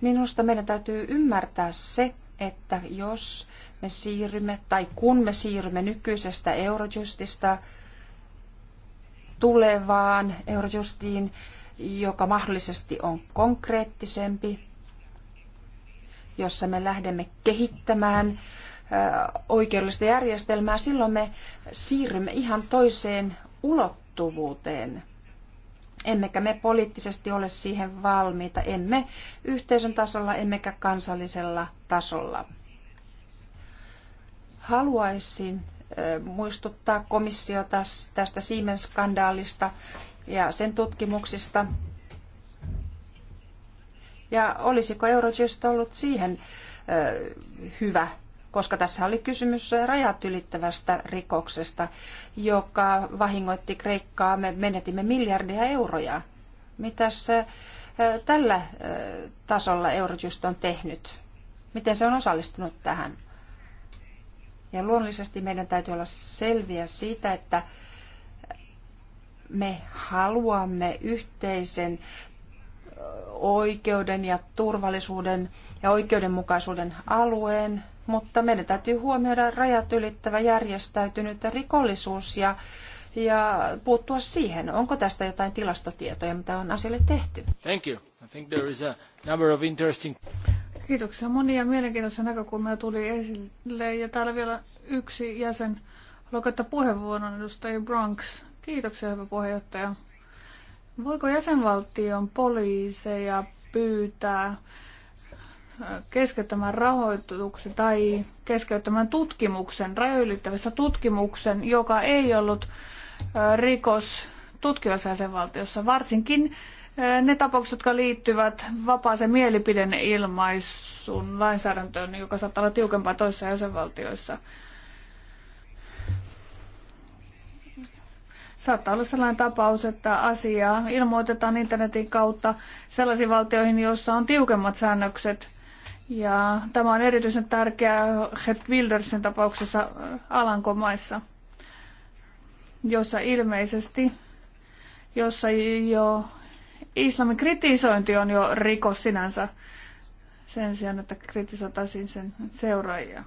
Minusta meidän täytyy ymmärtää se, että jos me siirrymme tai kun me siirrymme nykyisestä Eurojustista tulevaan Eurojustiin, joka mahdollisesti on konkreettisempi, jossa me lähdemme kehittämään oikeudellista järjestelmää, silloin me siirrymme ihan toiseen ulottuvuuteen. Emmekä me poliittisesti ole siihen valmiita, emme yhteisön tasolla, emmekä kansallisella tasolla. Haluaisin muistuttaa komissiota tästä Siemens-skandaalista ja sen tutkimuksista. Ja olisiko Eurojust ollut siihen hyvä koska tässä oli kysymys rajat ylittävästä rikoksesta, joka vahingoitti Kreikkaa. Me menetimme miljardia euroja. Mitäs eh, tällä eh, tasolla Eurojust on tehnyt? Miten se on osallistunut tähän? Ja luonnollisesti meidän täytyy olla selviä siitä, että me haluamme yhteisen eh, oikeuden ja turvallisuuden ja oikeudenmukaisuuden alueen, mutta meidän täytyy huomioida rajat ylittävä järjestäytynyt rikollisuus ja, ja puuttua siihen. Onko tästä jotain tilastotietoja, mitä on asialle tehty? Thank you. I think there is a number of interesting... Kiitoksia. Monia mielenkiintoisia näkökulmia tuli esille. Ja täällä vielä yksi jäsen lokattaa puheenvuoron edustaja Bronx. Kiitoksia, hyvä puheenjohtaja. Voiko jäsenvaltion poliiseja pyytää keskeyttämään rahoituksen tai keskeyttämään tutkimuksen, rajoylittävässä tutkimuksen, joka ei ollut rikos tutkivassa jäsenvaltiossa, varsinkin ne tapaukset, jotka liittyvät vapaaseen mielipiden ilmaisun lainsäädäntöön, joka saattaa olla tiukempaa toisissa jäsenvaltioissa. Saattaa olla sellainen tapaus, että asiaa ilmoitetaan internetin kautta sellaisiin valtioihin, joissa on tiukemmat säännökset ja tämä on erityisen tärkeää Het Wildersen tapauksessa Alankomaissa, jossa ilmeisesti, jossa jo islamin kritisointi on jo rikos sinänsä sen sijaan, että kritisoitaisiin sen seuraajia.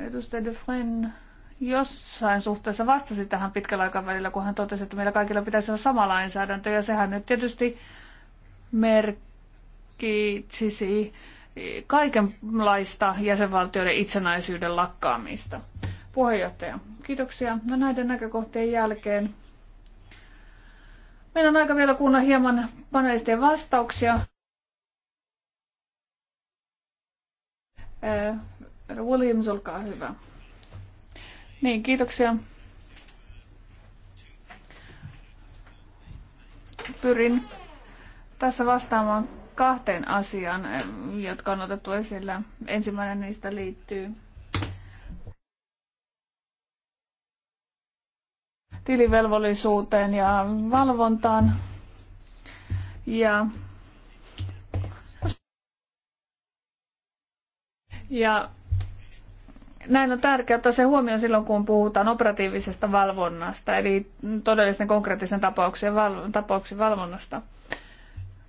Edustaja De Fren jossain suhteessa vastasi tähän pitkällä aikavälillä, kun hän totesi, että meillä kaikilla pitäisi olla sama lainsäädäntö, ja sehän nyt tietysti merkki merkitsisi kaikenlaista jäsenvaltioiden itsenäisyyden lakkaamista. Puheenjohtaja, kiitoksia. No näiden näkökohtien jälkeen meillä on aika vielä kuunnella hieman panelistien vastauksia. Äh, Williams, olkaa hyvä. Niin, kiitoksia. Pyrin tässä vastaamaan kahteen asiaan, eh, jotka on otettu esillä. Ensimmäinen niistä liittyy tilivelvollisuuteen ja valvontaan. Ja, ja näin on tärkeää ottaa se huomioon silloin, kun puhutaan operatiivisesta valvonnasta, eli todellisten konkreettisen tapauksien val, valvonnasta.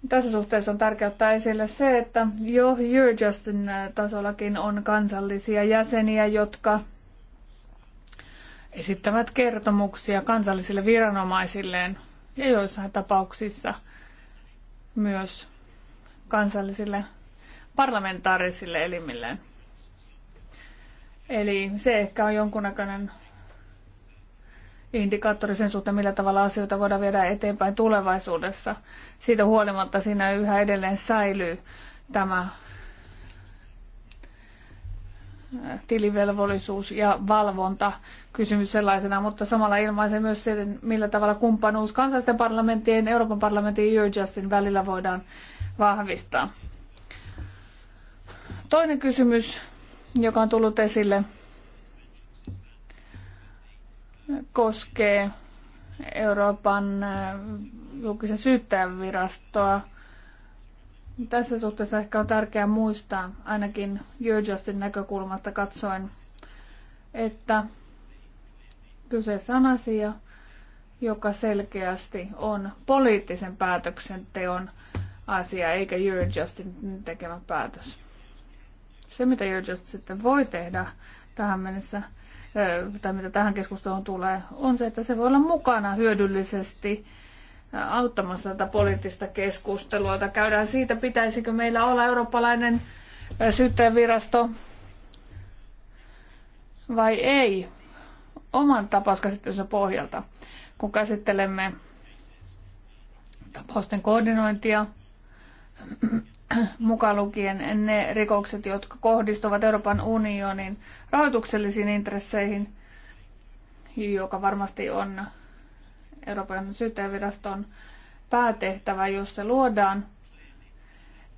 Tässä suhteessa on tärkeää ottaa esille se, että jo Eurojustin äh, tasollakin on kansallisia jäseniä, jotka esittävät kertomuksia kansallisille viranomaisilleen ja joissain tapauksissa myös kansallisille parlamentaarisille elimilleen. Eli se ehkä on jonkunnäköinen indikaattori sen suhteen, millä tavalla asioita voidaan viedä eteenpäin tulevaisuudessa. Siitä huolimatta siinä yhä edelleen säilyy tämä tilivelvollisuus ja valvonta kysymys sellaisena, mutta samalla ilmaisen myös sen, millä tavalla kumppanuus kansallisten parlamenttien, Euroopan parlamentin ja Eurojustin välillä voidaan vahvistaa. Toinen kysymys, joka on tullut esille, koskee Euroopan äh, julkisen syyttäjän virastoa. Tässä suhteessa ehkä on tärkeää muistaa, ainakin Jurjastin näkökulmasta katsoin, että kyseessä on asia, joka selkeästi on poliittisen päätöksenteon asia, eikä Jurjastin tekemä päätös. Se, mitä Eurojust sitten voi tehdä tähän mennessä, tai mitä tähän keskusteluun tulee, on se, että se voi olla mukana hyödyllisesti auttamassa tätä poliittista keskustelua, jota käydään siitä, pitäisikö meillä olla eurooppalainen syyttäjävirasto vai ei oman tapauskäsittelynsä pohjalta, kun käsittelemme tapausten koordinointia mukaan lukien ne rikokset, jotka kohdistuvat Euroopan unionin rahoituksellisiin intresseihin, joka varmasti on Euroopan syyttäjäviraston päätehtävä, jos se luodaan,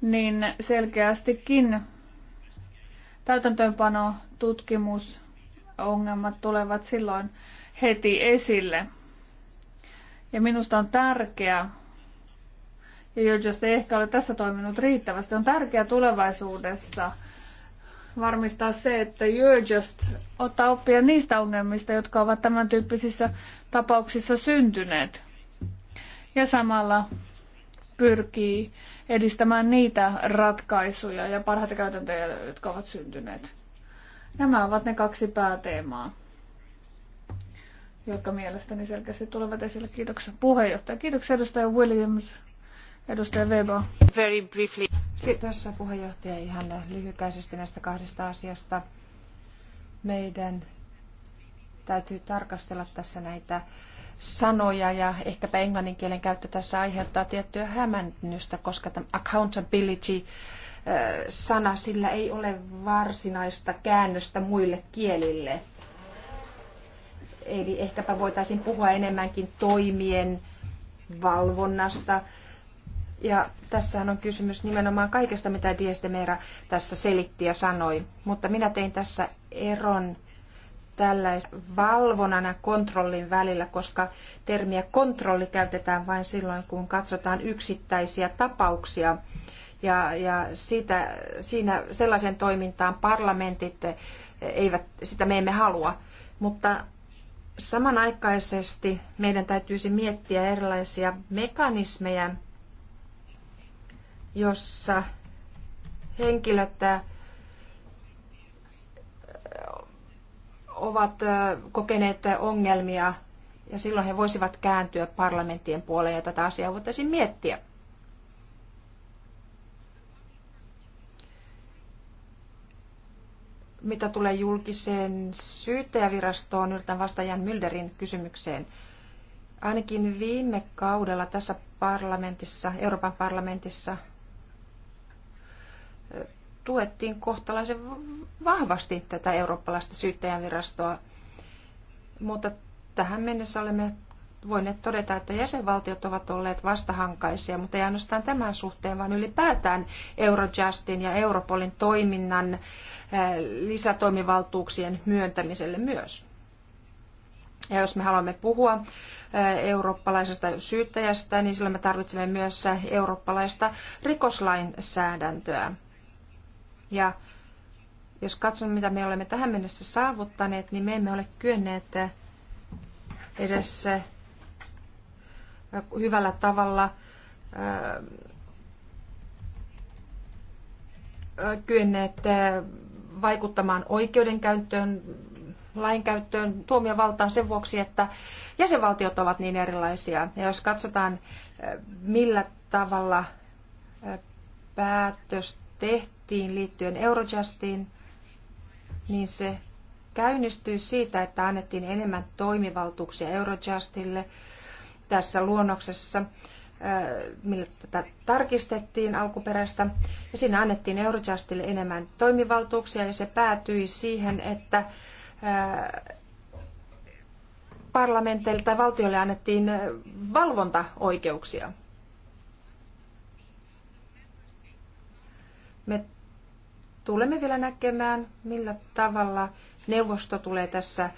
niin selkeästikin täytäntöönpano, tutkimus, ongelmat tulevat silloin heti esille. Ja minusta on tärkeää, Eurojust ei ehkä ole tässä toiminut riittävästi. On tärkeää tulevaisuudessa varmistaa se, että Eurojust ottaa oppia niistä ongelmista, jotka ovat tämän tyyppisissä tapauksissa syntyneet. Ja samalla pyrkii edistämään niitä ratkaisuja ja parhaita käytäntöjä, jotka ovat syntyneet. Nämä ovat ne kaksi pääteemaa, jotka mielestäni selkeästi tulevat esille. Kiitoksia puheenjohtaja. Kiitoksia edustaja Williams. Edustaja Weber. Very briefly. puheenjohtaja ihan lyhykäisesti näistä kahdesta asiasta. Meidän täytyy tarkastella tässä näitä sanoja ja ehkäpä englannin kielen käyttö tässä aiheuttaa tiettyä hämännystä, koska tämä accountability äh, sana, sillä ei ole varsinaista käännöstä muille kielille. Eli ehkäpä voitaisiin puhua enemmänkin toimien valvonnasta ja tässähän on kysymys nimenomaan kaikesta, mitä Diestemera tässä selitti ja sanoi. Mutta minä tein tässä eron tällaisen valvonnan ja kontrollin välillä, koska termiä kontrolli käytetään vain silloin, kun katsotaan yksittäisiä tapauksia. Ja, ja siitä, siinä sellaisen toimintaan parlamentit eivät, sitä me emme halua. Mutta samanaikaisesti meidän täytyisi miettiä erilaisia mekanismeja, jossa henkilöt äh, ovat äh, kokeneet ongelmia ja silloin he voisivat kääntyä parlamenttien puoleen ja tätä asiaa voitaisiin miettiä. Mitä tulee julkiseen syyttäjävirastoon, yritän vastaajan Jan Mylderin kysymykseen. Ainakin viime kaudella tässä parlamentissa, Euroopan parlamentissa, tuettiin kohtalaisen vahvasti tätä eurooppalaista syyttäjänvirastoa, mutta tähän mennessä olemme voineet todeta, että jäsenvaltiot ovat olleet vastahankaisia, mutta ei ainoastaan tämän suhteen, vaan ylipäätään Eurojustin ja Europolin toiminnan eh, lisätoimivaltuuksien myöntämiselle myös. Ja jos me haluamme puhua eh, eurooppalaisesta syyttäjästä, niin silloin me tarvitsemme myös eh, eurooppalaista rikoslainsäädäntöä. Ja jos katsomme, mitä me olemme tähän mennessä saavuttaneet, niin me emme ole kyenneet eh, edes eh, hyvällä tavalla eh, kyenneet vaikuttamaan oikeudenkäyttöön, lainkäyttöön, tuomiovaltaan sen vuoksi, että jäsenvaltiot ovat niin erilaisia. Ja jos katsotaan, millä tavalla päätös tehtiin, tehtiin liittyen Eurojustiin, niin se käynnistyi siitä, että annettiin enemmän toimivaltuuksia Eurojustille tässä luonnoksessa, äh, millä tätä tarkistettiin alkuperäistä. Ja siinä annettiin Eurojustille enemmän toimivaltuuksia ja se päätyi siihen, että äh, parlamenteille tai valtiolle annettiin äh, valvontaoikeuksia. Me tulemme vielä näkemään, millä tavalla neuvosto tulee tässä äh,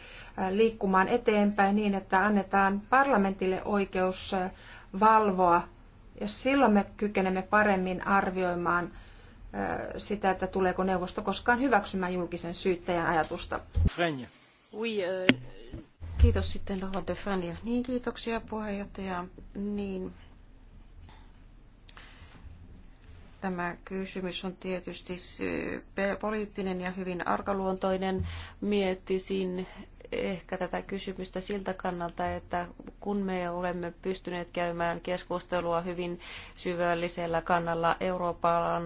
liikkumaan eteenpäin niin, että annetaan parlamentille oikeus äh, valvoa ja silloin me kykenemme paremmin arvioimaan äh, sitä, että tuleeko neuvosto koskaan hyväksymään julkisen syyttäjän ajatusta. Frenja. Oui, Kiitos sitten Rova de Niin, kiitoksia puheenjohtaja. Niin, Tämä kysymys on tietysti poliittinen ja hyvin arkaluontoinen. Miettisin, ehkä tätä kysymystä siltä kannalta, että kun me olemme pystyneet käymään keskustelua hyvin syvällisellä kannalla Euroopan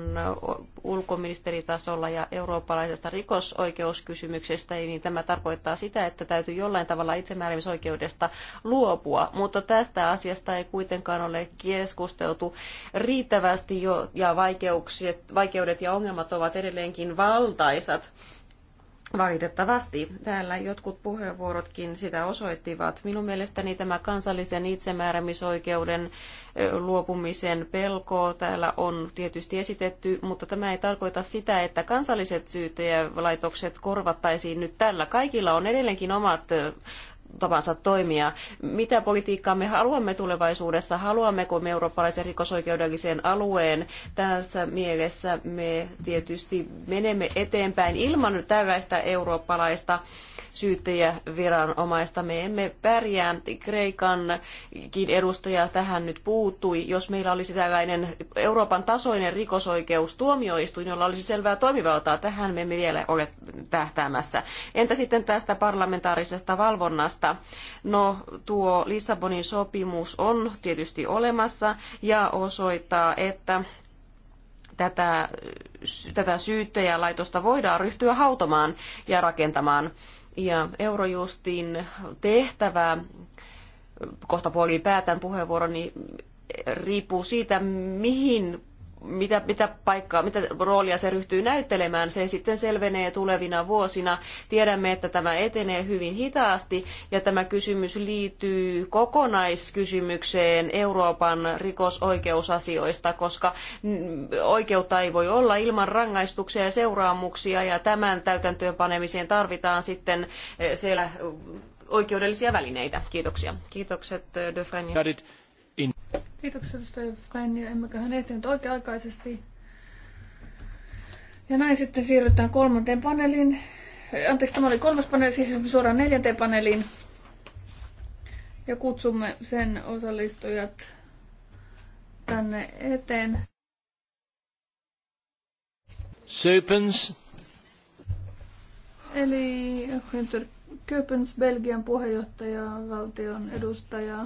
ulkoministeritasolla ja eurooppalaisesta rikosoikeuskysymyksestä, niin tämä tarkoittaa sitä, että täytyy jollain tavalla itsemääräämisoikeudesta luopua. Mutta tästä asiasta ei kuitenkaan ole keskusteltu riittävästi jo, ja vaikeudet ja ongelmat ovat edelleenkin valtaisat Valitettavasti täällä jotkut puheenvuorotkin sitä osoittivat. Minun mielestäni tämä kansallisen itsemääräämisoikeuden luopumisen pelko täällä on tietysti esitetty, mutta tämä ei tarkoita sitä, että kansalliset syyttäjälaitokset korvattaisiin nyt tällä. Kaikilla on edelleenkin omat tapansa toimia. Mitä politiikkaa me haluamme tulevaisuudessa? Haluammeko me eurooppalaisen rikosoikeudellisen alueen? Tässä mielessä me tietysti menemme eteenpäin ilman tällaista eurooppalaista syyttäjäviranomaista. Me emme pärjää. Kreikankin edustaja tähän nyt puuttui. Jos meillä olisi tällainen Euroopan tasoinen rikosoikeus tuomioistuin, jolla olisi selvää toimivaltaa, tähän me emme vielä ole tähtäämässä. Entä sitten tästä parlamentaarisesta valvonnasta? maasta. No tuo Lissabonin sopimus on tietysti olemassa ja osoittaa, että tätä, tätä syyttäjälaitosta voidaan ryhtyä hautomaan ja rakentamaan. Ja Eurojustin tehtävä, kohta puoliin päätän puheenvuoroni, riippuu siitä, mihin mitä, mitä paikkaa, mitä roolia se ryhtyy näyttelemään, se sitten selvenee tulevina vuosina. Tiedämme, että tämä etenee hyvin hitaasti ja tämä kysymys liittyy kokonaiskysymykseen Euroopan rikosoikeusasioista, koska oikeutta ei voi olla ilman rangaistuksia ja seuraamuksia ja tämän panemiseen tarvitaan sitten eh, siellä oikeudellisia välineitä. Kiitoksia. Kiitokset, eh, De Kiitoksia edustaja emmekä hän ehtinyt oikea-aikaisesti. Ja näin sitten siirrytään kolmanteen paneeliin. Anteeksi, tämä oli kolmas paneeli, siirrymme suoraan neljänteen paneeliin. Ja kutsumme sen osallistujat tänne eteen. Söpens. Eli Günther Köpens, Belgian puheenjohtaja, valtion edustaja,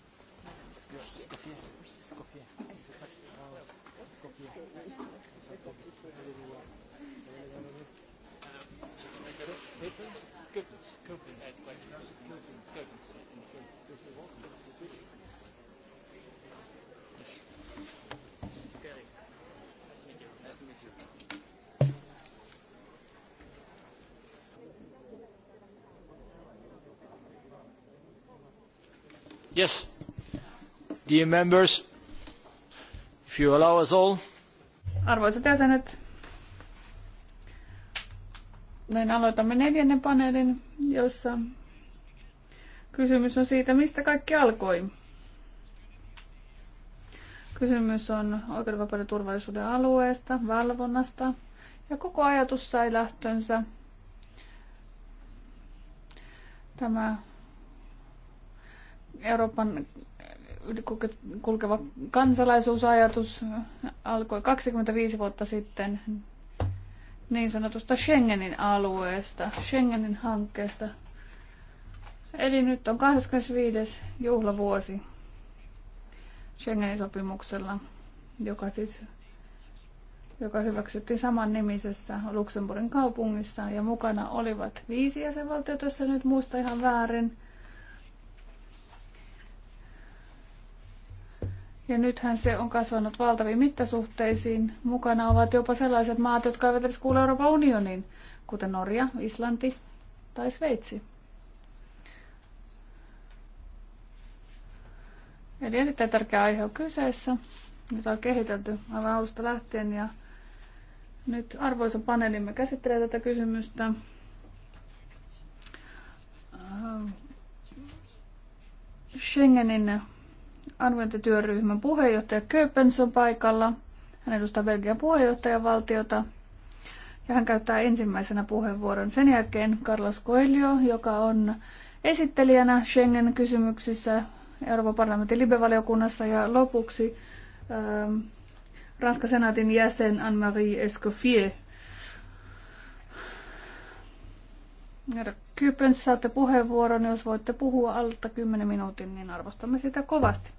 Hippens? Goodness, That's quite Yes. Nice to meet you. Nice to meet you. Yes. Dear members, if you allow us all. Arvoisat jäsenet, näin aloitamme neljännen paneelin, jossa kysymys on siitä, mistä kaikki alkoi. Kysymys on oikeudenvapauden turvallisuuden alueesta, valvonnasta ja koko ajatus sai lähtönsä. Tämä Euroopan kulkeva kansalaisuusajatus alkoi 25 vuotta sitten niin sanotusta Schengenin alueesta, Schengenin hankkeesta. Eli nyt on 25. juhlavuosi Schengenin sopimuksella, joka siis joka hyväksyttiin saman nimisessä Luxemburgin kaupungissa ja mukana olivat viisi jäsenvaltiota, jos nyt muista ihan väärin. Ja nythän se on kasvanut valtaviin mittasuhteisiin. Mukana ovat jopa sellaiset maat, jotka eivät edes kuule Euroopan unioniin, kuten Norja, Islanti tai Sveitsi. Eli erittäin tärkeä aihe on kyseessä, jota on kehitelty aivan alusta lähtien. Ja nyt arvoisa paneelimme käsittelee tätä kysymystä. Ähm, Schengenin arviointityöryhmän puheenjohtaja Köpens on paikalla. Hän edustaa Belgian puheenjohtajavaltiota ja hän käyttää ensimmäisenä puheenvuoron. Sen jälkeen Carlos Coelho, joka on esittelijänä Schengen-kysymyksissä Euroopan parlamentin libevaliokunnassa ja lopuksi ähm, Ranskan senaatin jäsen Anne-Marie Escoffier. Herra Kypens, saatte puheenvuoron. Jos voitte puhua alta 10 minuutin, niin arvostamme sitä kovasti.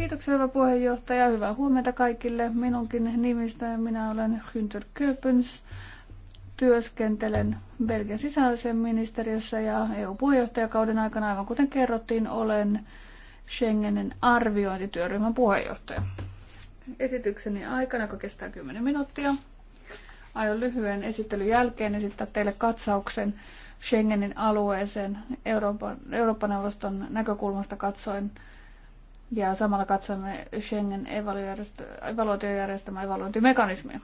Kiitoksia hyvä puheenjohtaja, hyvää huomenta kaikille. Minunkin nimistä minä olen Günther Köpens. Työskentelen Belgian sisäisen ministeriössä ja EU-puheenjohtajakauden aikana, aivan kuten kerrottiin, olen Schengenin arviointityöryhmän puheenjohtaja. Esitykseni aikana, joka kestää 10 minuuttia, aion lyhyen esittelyn jälkeen esittää teille katsauksen Schengenin alueeseen Euroopan, Euroopan neuvoston näkökulmasta katsoen – ja samalla katsomme Schengen evaluointijärjestelmän evaluointimekanismia.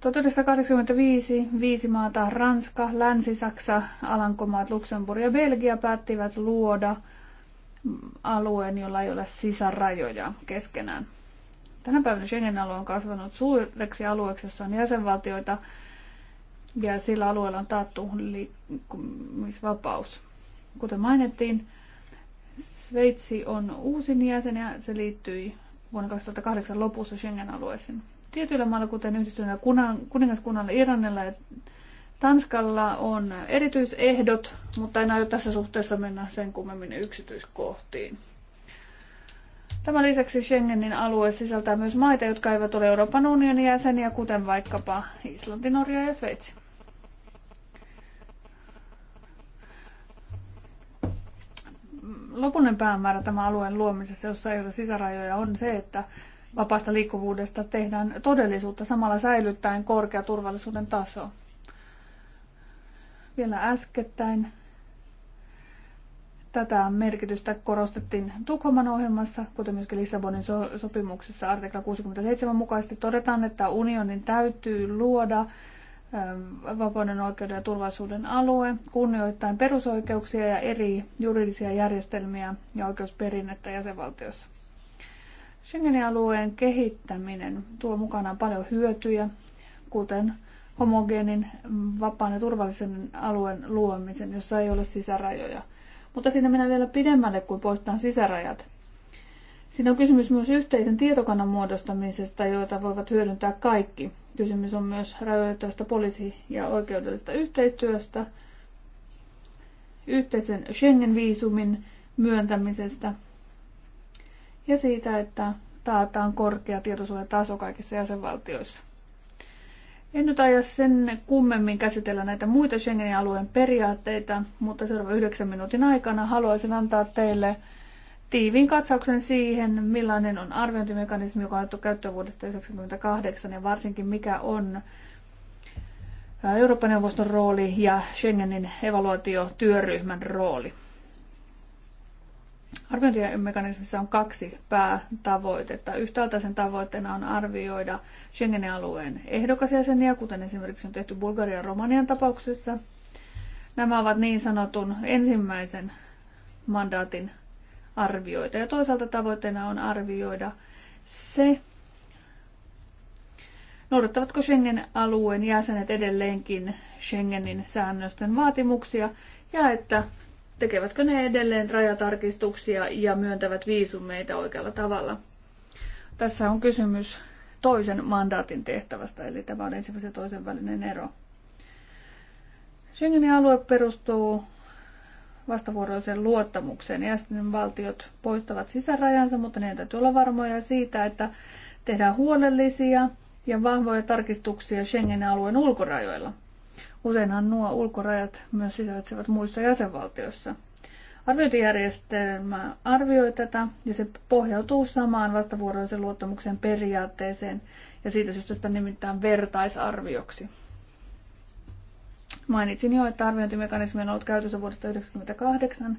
1985 viisi maata, Ranska, Länsi-Saksa, Alankomaat, Luxemburg ja Belgia päättivät luoda alueen, jolla ei ole sisärajoja keskenään. Tänä päivänä Schengen-alue on kasvanut suureksi alueeksi, jossa on jäsenvaltioita ja sillä alueella on taattu liikkumisvapaus. Kuten mainittiin, Sveitsi on uusin jäsen ja se liittyi vuonna 2008 lopussa Schengen-alueeseen. Tietyillä mailla, kuten yhdistyneellä kuningaskunnalla, Iranilla ja Tanskalla on erityisehdot, mutta en aio tässä suhteessa mennä sen kummemmin yksityiskohtiin. Tämän lisäksi Schengenin alue sisältää myös maita, jotka eivät ole Euroopan unionin jäseniä, kuten vaikkapa Islanti, Norja ja Sveitsi. lopullinen päämäärä tämän alueen luomisessa, jossa ei ole sisärajoja, on se, että vapaasta liikkuvuudesta tehdään todellisuutta samalla säilyttäen korkea turvallisuuden taso. Vielä äskettäin tätä merkitystä korostettiin Tukholman ohjelmassa, kuten myöskin Lissabonin sopimuksessa artikla 67 mukaisesti todetaan, että unionin täytyy luoda vapauden, oikeuden ja turvallisuuden alue, kunnioittain perusoikeuksia ja eri juridisia järjestelmiä ja oikeusperinnettä jäsenvaltiossa. Schengenin alueen kehittäminen tuo mukanaan paljon hyötyjä, kuten homogeenin, vapaan ja turvallisen alueen luomisen, jossa ei ole sisärajoja. Mutta siinä mennään vielä pidemmälle, kun poistetaan sisärajat. Siinä on kysymys myös yhteisen tietokannan muodostamisesta, joita voivat hyödyntää kaikki. Kysymys on myös rajoitettavasta poliisi- ja oikeudellisesta yhteistyöstä, yhteisen Schengen-viisumin myöntämisestä ja siitä, että taataan korkea tietosuojataso kaikissa jäsenvaltioissa. En nyt aja sen kummemmin käsitellä näitä muita Schengenin alueen periaatteita, mutta seuraavan yhdeksän minuutin aikana haluaisin antaa teille tiiviin katsauksen siihen, millainen on arviointimekanismi, joka on otettu käyttöön vuodesta 1998 ja varsinkin mikä on Euroopan neuvoston rooli ja Schengenin evaluaatiotyöryhmän rooli. Arviointimekanismissa on kaksi päätavoitetta. Yhtäältä sen tavoitteena on arvioida Schengenin alueen ehdokasjäseniä, kuten esimerkiksi on tehty Bulgarian ja Romanian tapauksessa. Nämä ovat niin sanotun ensimmäisen mandaatin arvioita. Ja toisaalta tavoitteena on arvioida se, noudattavatko Schengen-alueen jäsenet edelleenkin Schengenin säännösten vaatimuksia ja että tekevätkö ne edelleen rajatarkistuksia ja myöntävät viisumeita oikealla tavalla. Tässä on kysymys toisen mandaatin tehtävästä, eli tämä on ensimmäisen ja toisen välinen ero. Schengenin alue perustuu vastavuoroisen luottamuksen. valtiot poistavat sisärajansa, mutta ne täytyy olla varmoja siitä, että tehdään huolellisia ja vahvoja tarkistuksia Schengen-alueen ulkorajoilla. Useinhan nuo ulkorajat myös sisältävät muissa jäsenvaltioissa. Arviointijärjestelmä arvioi tätä ja se pohjautuu samaan vastavuoroisen luottamuksen periaatteeseen ja siitä syystä sitä nimittäin vertaisarvioksi. Mainitsin jo, että arviointimekanismi on ollut käytössä vuodesta 1998.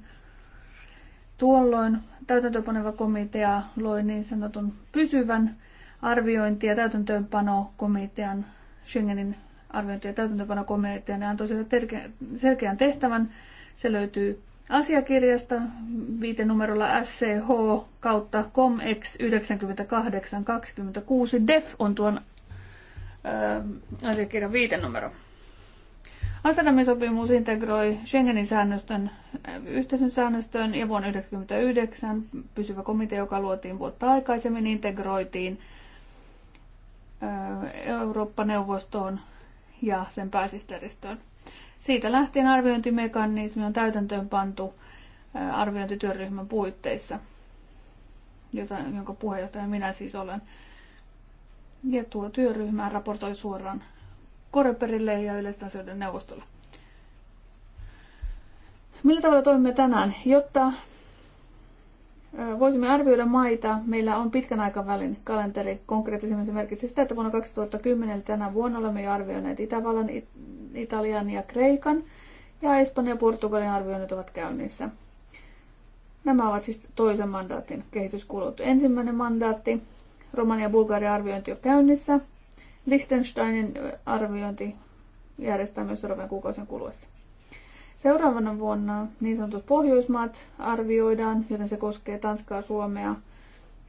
Tuolloin täytäntöönpaneva komitea loi niin sanotun pysyvän arviointi- ja täytäntöönpanokomitean, Schengenin arviointi- ja täytäntöönpanokomitean, ja antoi sille selkeän tehtävän. Se löytyy asiakirjasta viitenumerolla SCH kautta COMEX 9826 DEF on tuon ö, asiakirjan viitenumero. numero. Amsterdamin sopimus integroi Schengenin säännöstön äh, yhteisön säännöstön ja vuonna 1999 pysyvä komitea, joka luotiin vuotta aikaisemmin, integroitiin äh, Eurooppa-neuvostoon ja sen pääsihteeristöön. Siitä lähtien arviointimekanismi on täytäntöön pantu äh, arviointityöryhmän puitteissa, jota, jonka puheenjohtaja minä siis olen. Ja tuo työryhmä raportoi suoraan Koreperille ja yleisten asioiden neuvostolle. Millä tavalla toimimme tänään, jotta voisimme arvioida maita. Meillä on pitkän aikavälin kalenteri. Konkreettisemmin se merkitsee sitä, että vuonna 2010 tänä vuonna olemme jo arvioineet Itävallan, Italian ja Kreikan. Ja Espanjan ja Portugalin arvioinnit ovat käynnissä. Nämä ovat siis toisen mandaatin kehityskulut. Ensimmäinen mandaatti, Romania ja Bulgaria arviointi on käynnissä. Liechtensteinin arviointi järjestää myös seuraavan kuukausien kuluessa. Seuraavana vuonna niin sanotut Pohjoismaat arvioidaan, joten se koskee Tanskaa, Suomea,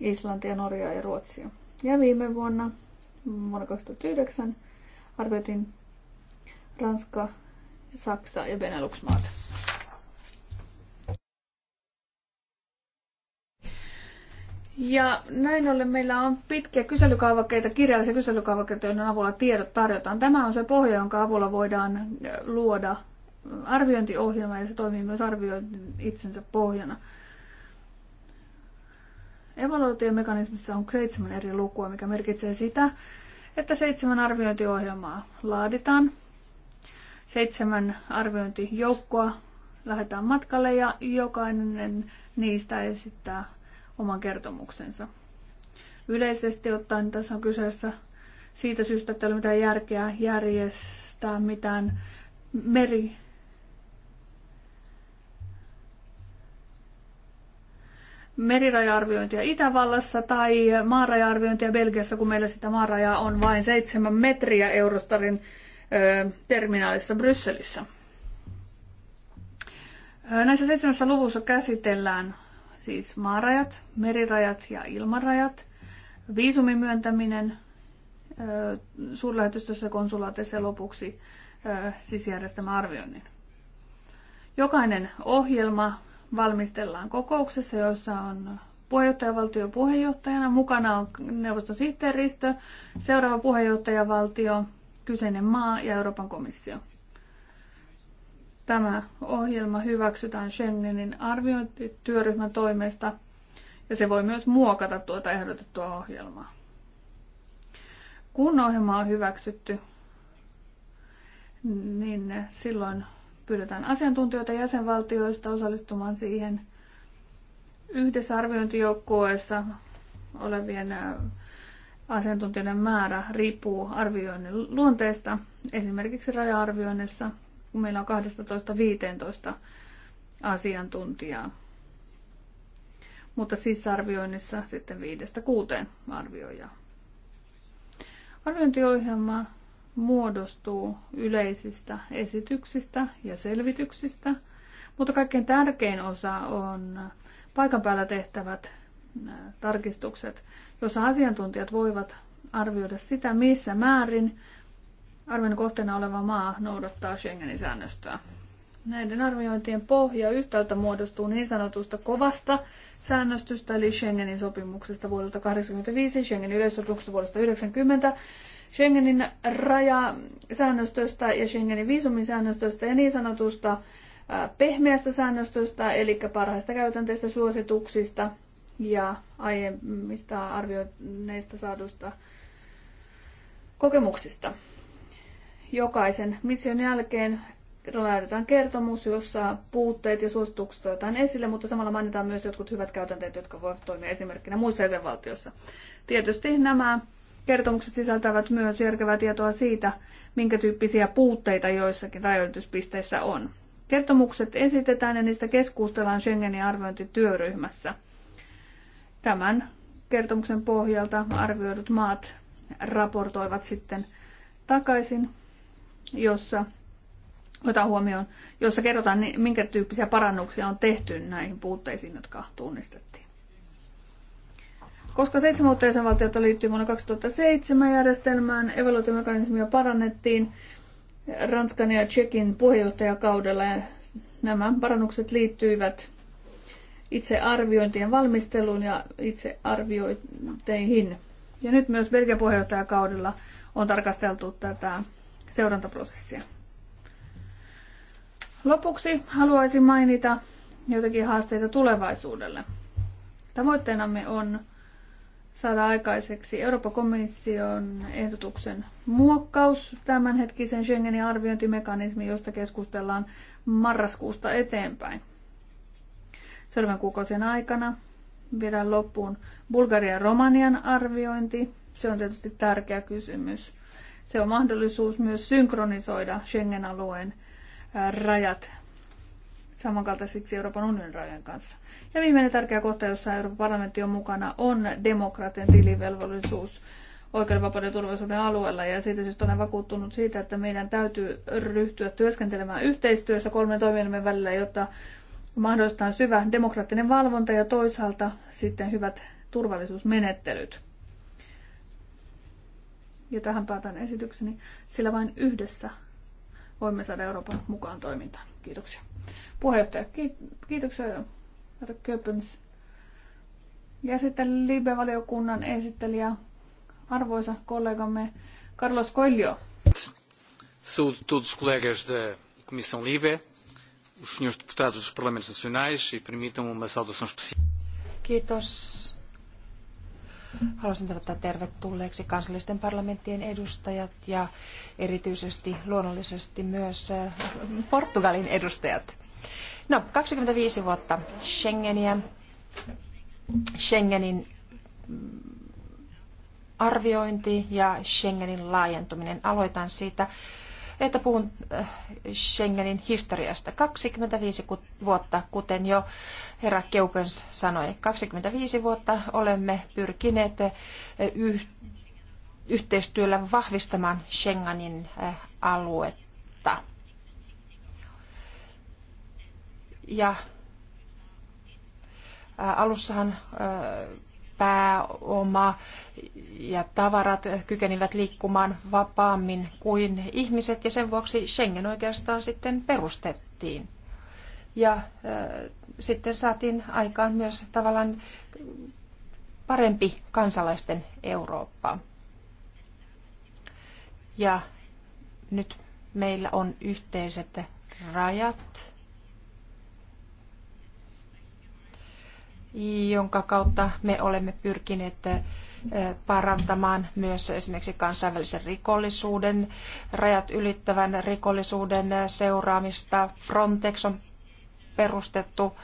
Islantia, Norjaa ja Ruotsia. Ja viime vuonna, vuonna 2009, arvioitiin Ranska, Saksa ja Benelux-maat. Ja näin ollen meillä on pitkiä kyselykaavakkeita, kirjallisia kyselykaavakkeita, joiden avulla tiedot tarjotaan. Tämä on se pohja, jonka avulla voidaan äh, luoda äh, arviointiohjelma ja se toimii myös arvioinnin itsensä pohjana. Evaluaatiomekanismissa on seitsemän eri lukua, mikä merkitsee sitä, että seitsemän arviointiohjelmaa laaditaan, seitsemän arviointijoukkoa lähdetään matkalle ja jokainen niistä esittää oman kertomuksensa. Yleisesti ottaen tässä on kyseessä siitä syystä, että ei ole mitään järkeä järjestää mitään meri meriraja-arviointia Itävallassa tai maaraja-arviointia Belgiassa, kun meillä sitä maarajaa on vain 7 metriä Eurostarin ö, terminaalissa Brysselissä. Näissä seitsemässä luvussa käsitellään siis maarajat, merirajat ja ilmarajat, viisumin myöntäminen suurlähetystössä, konsulaatissa ja lopuksi sisjärjestelmän arvioinnin. Jokainen ohjelma valmistellaan kokouksessa, jossa on puheenjohtajavaltio puheenjohtajana. Mukana on neuvoston sihteeristö, seuraava puheenjohtajavaltio, kyseinen maa ja Euroopan komissio. Tämä ohjelma hyväksytään Schengenin arviointityöryhmän toimesta ja se voi myös muokata tuota ehdotettua ohjelmaa. Kun ohjelma on hyväksytty, niin silloin pyydetään asiantuntijoita jäsenvaltioista osallistumaan siihen yhdessä arviointijoukkueessa olevien asiantuntijoiden määrä riippuu arvioinnin luonteesta, esimerkiksi raja-arvioinnissa – kun meillä on 12-15 asiantuntijaa. Mutta siis arvioinnissa sitten 5-6 arvioijaa. Arviointiohjelma muodostuu yleisistä esityksistä ja selvityksistä, mutta kaikkein tärkein osa on paikan päällä tehtävät tarkistukset, jossa asiantuntijat voivat arvioida sitä, missä määrin arvion kohteena oleva maa noudattaa Schengenin säännöstöä. Näiden arviointien pohja yhtäältä muodostuu niin sanotusta kovasta säännöstystä eli Schengenin sopimuksesta vuodelta 1985, Schengenin yleissopimuksesta vuodesta 1990, Schengenin rajasäännöstöstä ja Schengenin viisumisäännöstöstä ja niin sanotusta pehmeästä säännöstöstä, eli parhaista käytänteistä suosituksista ja aiemmista arvioineista saaduista kokemuksista. Jokaisen mission jälkeen laaditaan kertomus, jossa puutteet ja suositukset otetaan esille, mutta samalla mainitaan myös jotkut hyvät käytänteet, jotka voivat toimia esimerkkinä muissa jäsenvaltioissa. Tietysti nämä kertomukset sisältävät myös järkevää tietoa siitä, minkä tyyppisiä puutteita joissakin rajoituspisteissä on. Kertomukset esitetään ja niistä keskustellaan Schengenin arviointityöryhmässä. Tämän kertomuksen pohjalta arvioidut maat raportoivat sitten takaisin jossa otan huomioon, jossa kerrotaan, niin minkä tyyppisiä parannuksia on tehty näihin puutteisiin, jotka tunnistettiin. Koska seitsemän uutta jäsenvaltiota liittyi vuonna 2007 järjestelmään, evaluointimekanismia parannettiin Ranskan ja Tsekin puheenjohtajakaudella ja nämä parannukset liittyivät itse arviointien valmisteluun ja itse arviointeihin. Ja nyt myös Belgian puheenjohtajakaudella on tarkasteltu tätä seurantaprosessia. Lopuksi haluaisin mainita joitakin haasteita tulevaisuudelle. Tavoitteenamme on saada aikaiseksi Euroopan komission ehdotuksen muokkaus tämänhetkisen Schengenin arviointimekanismi, josta keskustellaan marraskuusta eteenpäin. Seuraavan kuukausien aikana viedään loppuun Bulgarian ja Romanian arviointi. Se on tietysti tärkeä kysymys. Se on mahdollisuus myös synkronisoida Schengen-alueen äh, rajat samankaltaisiksi Euroopan unionin rajojen kanssa. Ja viimeinen tärkeä kohta, jossa Euroopan parlamentti on mukana, on demokratian tilivelvollisuus oikeudenvapauden ja turvallisuuden alueella. Ja siitä syystä olen vakuuttunut siitä, että meidän täytyy ryhtyä työskentelemään yhteistyössä kolmen toimielimen välillä, jotta mahdollistetaan syvä demokraattinen valvonta ja toisaalta sitten hyvät turvallisuusmenettelyt. Ja tähän päätän esitykseni, sillä vain yhdessä voimme saada Euroopan mukaan toimintaan. Kiitoksia. Puheenjohtaja, kiitoksia herra Köpens. Ja sitten Libe-valiokunnan esittelijä, arvoisa kollegamme Carlos Coelho. Saúde todos os colegas da Comissão Libe, os senhores deputados dos Parlamentos Nacionais e permitam uma saudação especial. Kiitos Haluaisin toivottaa tervetulleeksi kansallisten parlamenttien edustajat ja erityisesti luonnollisesti myös äh, Portugalin edustajat. No, 25 vuotta Schengeniä, Schengenin mm, arviointi ja Schengenin laajentuminen. Aloitan siitä että puhun äh, Schengenin historiasta. 25 vuotta, kuten jo herra Keupens sanoi, 25 vuotta olemme pyrkineet äh, yhteistyöllä vahvistamaan Schengenin äh, aluetta. Ja alussahan pääoma ja tavarat kykenivät liikkumaan vapaammin kuin ihmiset ja sen vuoksi Schengen oikeastaan sitten perustettiin. Ja äh, sitten saatiin aikaan myös tavallaan parempi kansalaisten Eurooppa. Ja nyt meillä on yhteiset rajat jonka kautta me olemme pyrkineet eh, parantamaan myös esimerkiksi kansainvälisen rikollisuuden, rajat ylittävän rikollisuuden seuraamista. Frontex on perustettu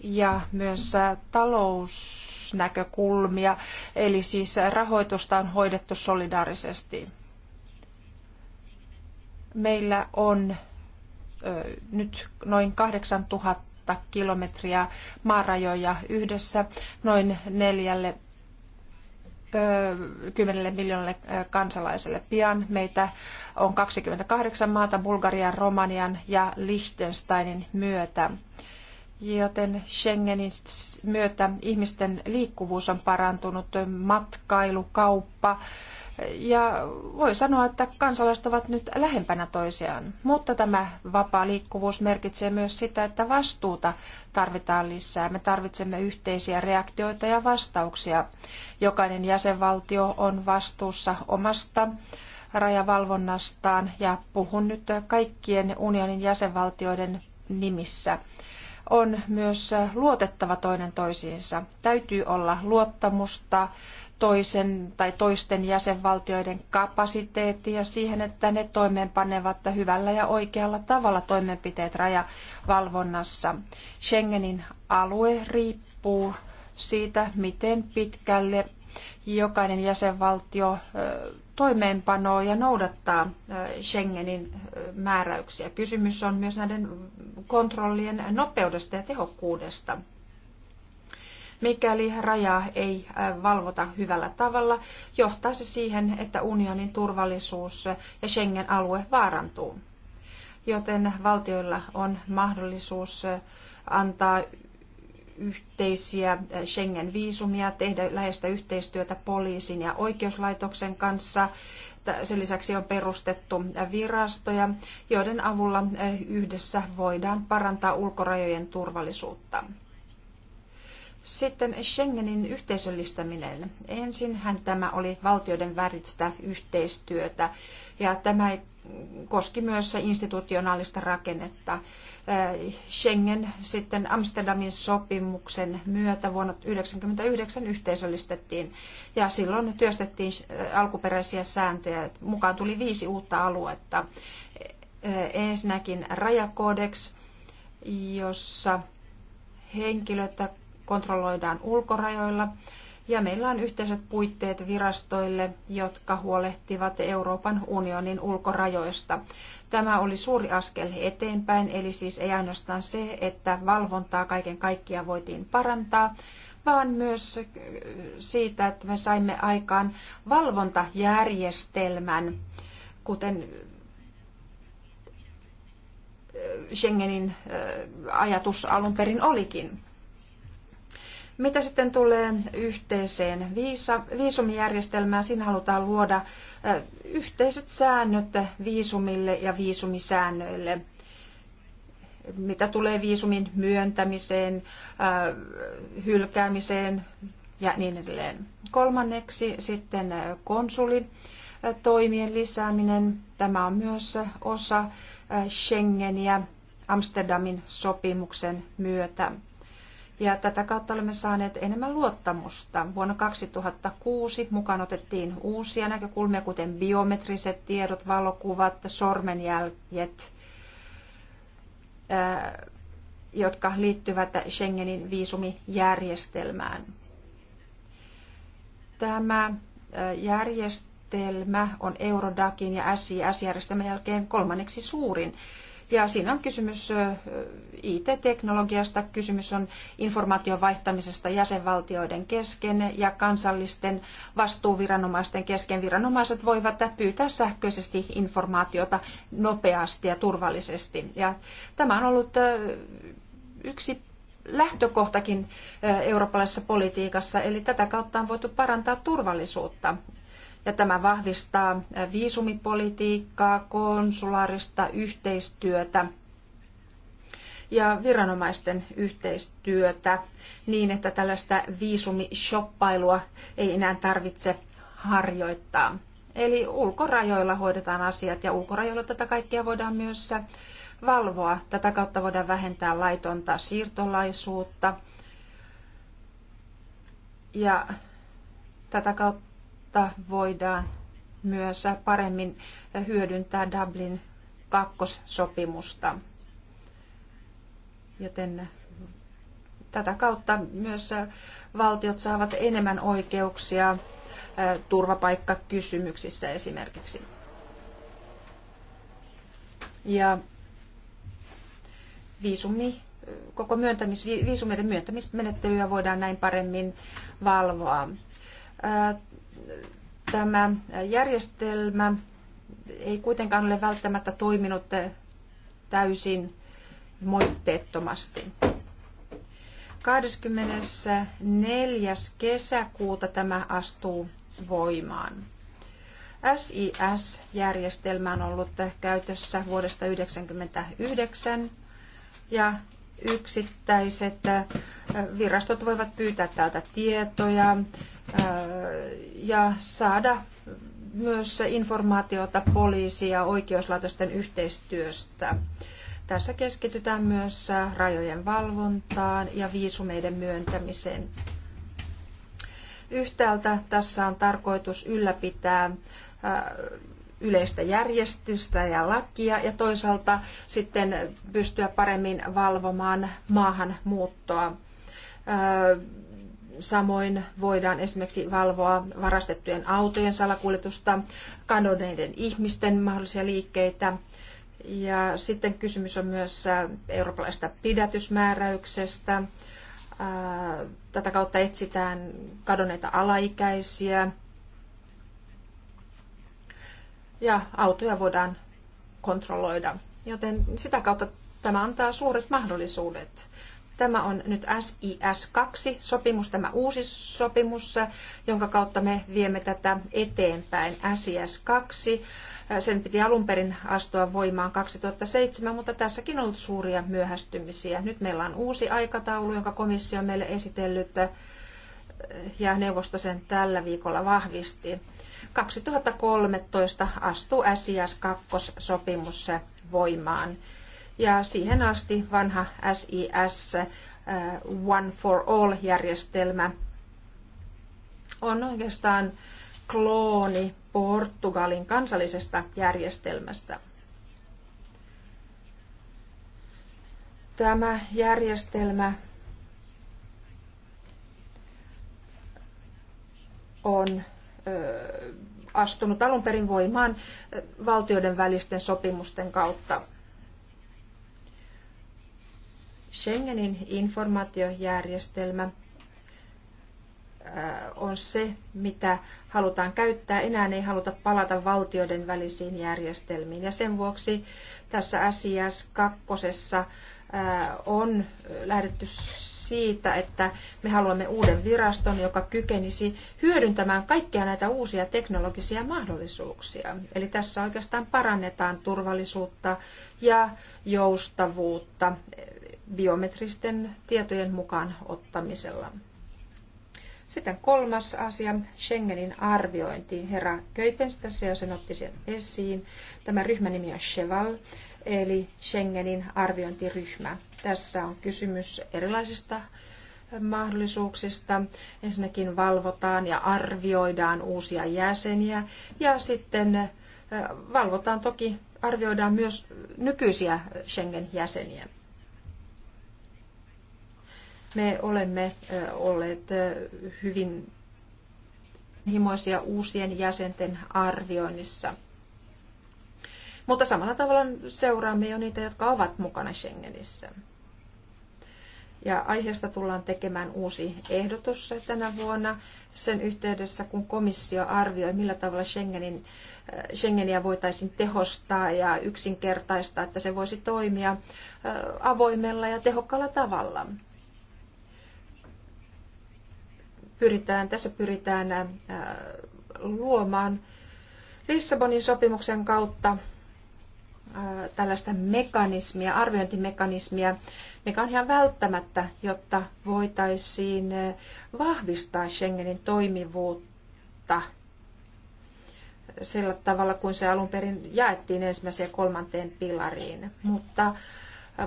ja myös eh, talousnäkökulmia, eli siis rahoitusta on hoidettu solidaarisesti. Meillä on eh, nyt noin 8000 000 kilometriä maarajoja yhdessä noin neljälle kymmenelle miljoonalle kansalaiselle pian. Meitä on 28 maata Bulgarian, Romanian ja Liechtensteinin myötä. Joten Schengenin myötä ihmisten liikkuvuus on parantunut, matkailu, kauppa, ja voi sanoa, että kansalaiset ovat nyt lähempänä toisiaan. Mutta tämä vapaa liikkuvuus merkitsee myös sitä, että vastuuta tarvitaan lisää. Me tarvitsemme yhteisiä reaktioita ja vastauksia. Jokainen jäsenvaltio on vastuussa omasta rajavalvonnastaan ja puhun nyt kaikkien unionin jäsenvaltioiden nimissä on myös luotettava toinen toisiinsa. Täytyy olla luottamusta toisen tai toisten jäsenvaltioiden ja siihen, että ne toimeenpanevat hyvällä ja oikealla tavalla toimenpiteet rajavalvonnassa. Schengenin alue riippuu siitä, miten pitkälle jokainen jäsenvaltio toimeenpanoo ja noudattaa Schengenin määräyksiä. Kysymys on myös näiden kontrollien nopeudesta ja tehokkuudesta mikäli rajaa ei äh, valvota hyvällä tavalla, johtaa se siihen, että unionin turvallisuus ja Schengen-alue vaarantuu. Joten valtioilla on mahdollisuus äh, antaa yhteisiä äh, Schengen-viisumia, tehdä läheistä yhteistyötä poliisin ja oikeuslaitoksen kanssa. Sen lisäksi on perustettu virastoja, joiden avulla yhdessä voidaan parantaa ulkorajojen turvallisuutta. Sitten Schengenin yhteisöllistäminen. Ensinhän tämä oli valtioiden väristä yhteistyötä ja tämä koski myös institutionaalista rakennetta. Äh, Schengen sitten Amsterdamin sopimuksen myötä vuonna 1999 yhteisöllistettiin ja silloin työstettiin äh, alkuperäisiä sääntöjä. Mukaan tuli viisi uutta aluetta. Äh, ensinnäkin rajakodeks, jossa henkilötä kontrolloidaan ulkorajoilla. Ja meillä on yhteiset puitteet virastoille, jotka huolehtivat Euroopan unionin ulkorajoista. Tämä oli suuri askel eteenpäin, eli siis ei ainoastaan se, että valvontaa kaiken kaikkiaan voitiin parantaa, vaan myös siitä, että me saimme aikaan valvontajärjestelmän, kuten äh, Schengenin äh, ajatus alun perin olikin. Mitä sitten tulee yhteiseen viisa, viisumijärjestelmään, siinä halutaan luoda yhteiset säännöt viisumille ja viisumisäännöille. Mitä tulee viisumin myöntämiseen, hylkäämiseen ja niin edelleen. Kolmanneksi sitten konsulin toimien lisääminen. Tämä on myös osa Schengeniä Amsterdamin sopimuksen myötä ja tätä kautta olemme saaneet enemmän luottamusta. Vuonna 2006 mukaan otettiin uusia näkökulmia, kuten biometriset tiedot, valokuvat, sormenjäljet, jotka liittyvät Schengenin viisumijärjestelmään. Tämä järjestelmä on Eurodakin ja SIS-järjestelmän jälkeen kolmanneksi suurin ja siinä on kysymys IT-teknologiasta, kysymys on informaation vaihtamisesta jäsenvaltioiden kesken ja kansallisten vastuuviranomaisten kesken. Viranomaiset voivat pyytää sähköisesti informaatiota nopeasti ja turvallisesti. Ja tämä on ollut yksi lähtökohtakin eurooppalaisessa politiikassa, eli tätä kautta on voitu parantaa turvallisuutta ja tämä vahvistaa viisumipolitiikkaa, konsulaarista yhteistyötä ja viranomaisten yhteistyötä niin, että tällaista viisumishoppailua ei enää tarvitse harjoittaa. Eli ulkorajoilla hoidetaan asiat ja ulkorajoilla tätä kaikkea voidaan myös valvoa. Tätä kautta voidaan vähentää laitonta siirtolaisuutta ja tätä kautta jotta voidaan myös paremmin hyödyntää Dublin kakkossopimusta. Joten tätä kautta myös valtiot saavat enemmän oikeuksia turvapaikkakysymyksissä esimerkiksi. Ja viisumi, koko myöntämis, viisumien myöntämismenettelyä voidaan näin paremmin valvoa tämä järjestelmä ei kuitenkaan ole välttämättä toiminut täysin moitteettomasti. 24. kesäkuuta tämä astuu voimaan. SIS-järjestelmä on ollut käytössä vuodesta 1999 ja yksittäiset virastot voivat pyytää täältä tietoja, ja saada myös informaatiota poliisi- ja oikeuslaitosten yhteistyöstä. Tässä keskitytään myös rajojen valvontaan ja viisumeiden myöntämiseen. Yhtäältä tässä on tarkoitus ylläpitää yleistä järjestystä ja lakia ja toisaalta sitten pystyä paremmin valvomaan maahanmuuttoa Samoin voidaan esimerkiksi valvoa varastettujen autojen salakuljetusta, kadonneiden ihmisten mahdollisia liikkeitä. Ja sitten kysymys on myös äh, eurooppalaisesta pidätysmääräyksestä. Äh, tätä kautta etsitään kadonneita alaikäisiä. Ja autoja voidaan kontrolloida. Joten sitä kautta tämä antaa suuret mahdollisuudet. Tämä on nyt SIS-2-sopimus, tämä uusi sopimus, jonka kautta me viemme tätä eteenpäin. SIS-2, sen piti alun perin astua voimaan 2007, mutta tässäkin on ollut suuria myöhästymisiä. Nyt meillä on uusi aikataulu, jonka komissio on meille esitellyt ja neuvosto sen tällä viikolla vahvisti. 2013 astuu SIS-2-sopimus voimaan ja siihen asti vanha SIS eh, One for All-järjestelmä on oikeastaan klooni Portugalin kansallisesta järjestelmästä. Tämä järjestelmä on eh, astunut alun perin voimaan eh, valtioiden välisten sopimusten kautta. Schengenin informaatiojärjestelmä äh, on se, mitä halutaan käyttää. Enää ei haluta palata valtioiden välisiin järjestelmiin. Ja sen vuoksi tässä SIS 2 äh, on lähdetty siitä, että me haluamme uuden viraston, joka kykenisi hyödyntämään kaikkia näitä uusia teknologisia mahdollisuuksia. Eli tässä oikeastaan parannetaan turvallisuutta ja joustavuutta biometristen tietojen mukaan ottamisella. Sitten kolmas asia, Schengenin arviointi. Herra Köypens tässä jo sen otti sen esiin. Tämä ryhmän nimi on Cheval, eli Schengenin arviointiryhmä. Tässä on kysymys erilaisista eh, mahdollisuuksista. Ensinnäkin valvotaan ja arvioidaan uusia jäseniä ja sitten eh, valvotaan toki, arvioidaan myös nykyisiä Schengen-jäseniä. Me olemme olleet hyvin himoisia uusien jäsenten arvioinnissa. Mutta samalla tavalla seuraamme jo niitä, jotka ovat mukana Schengenissä. Ja aiheesta tullaan tekemään uusi ehdotus tänä vuonna sen yhteydessä, kun komissio arvioi, millä tavalla Schengenin, Schengenia voitaisiin tehostaa ja yksinkertaistaa, että se voisi toimia avoimella ja tehokkaalla tavalla. pyritään, tässä pyritään äh, luomaan Lissabonin sopimuksen kautta äh, tällaista mekanismia, arviointimekanismia, mikä on ihan välttämättä, jotta voitaisiin äh, vahvistaa Schengenin toimivuutta sillä tavalla, kuin se alun perin jaettiin ensimmäiseen kolmanteen pilariin. Mutta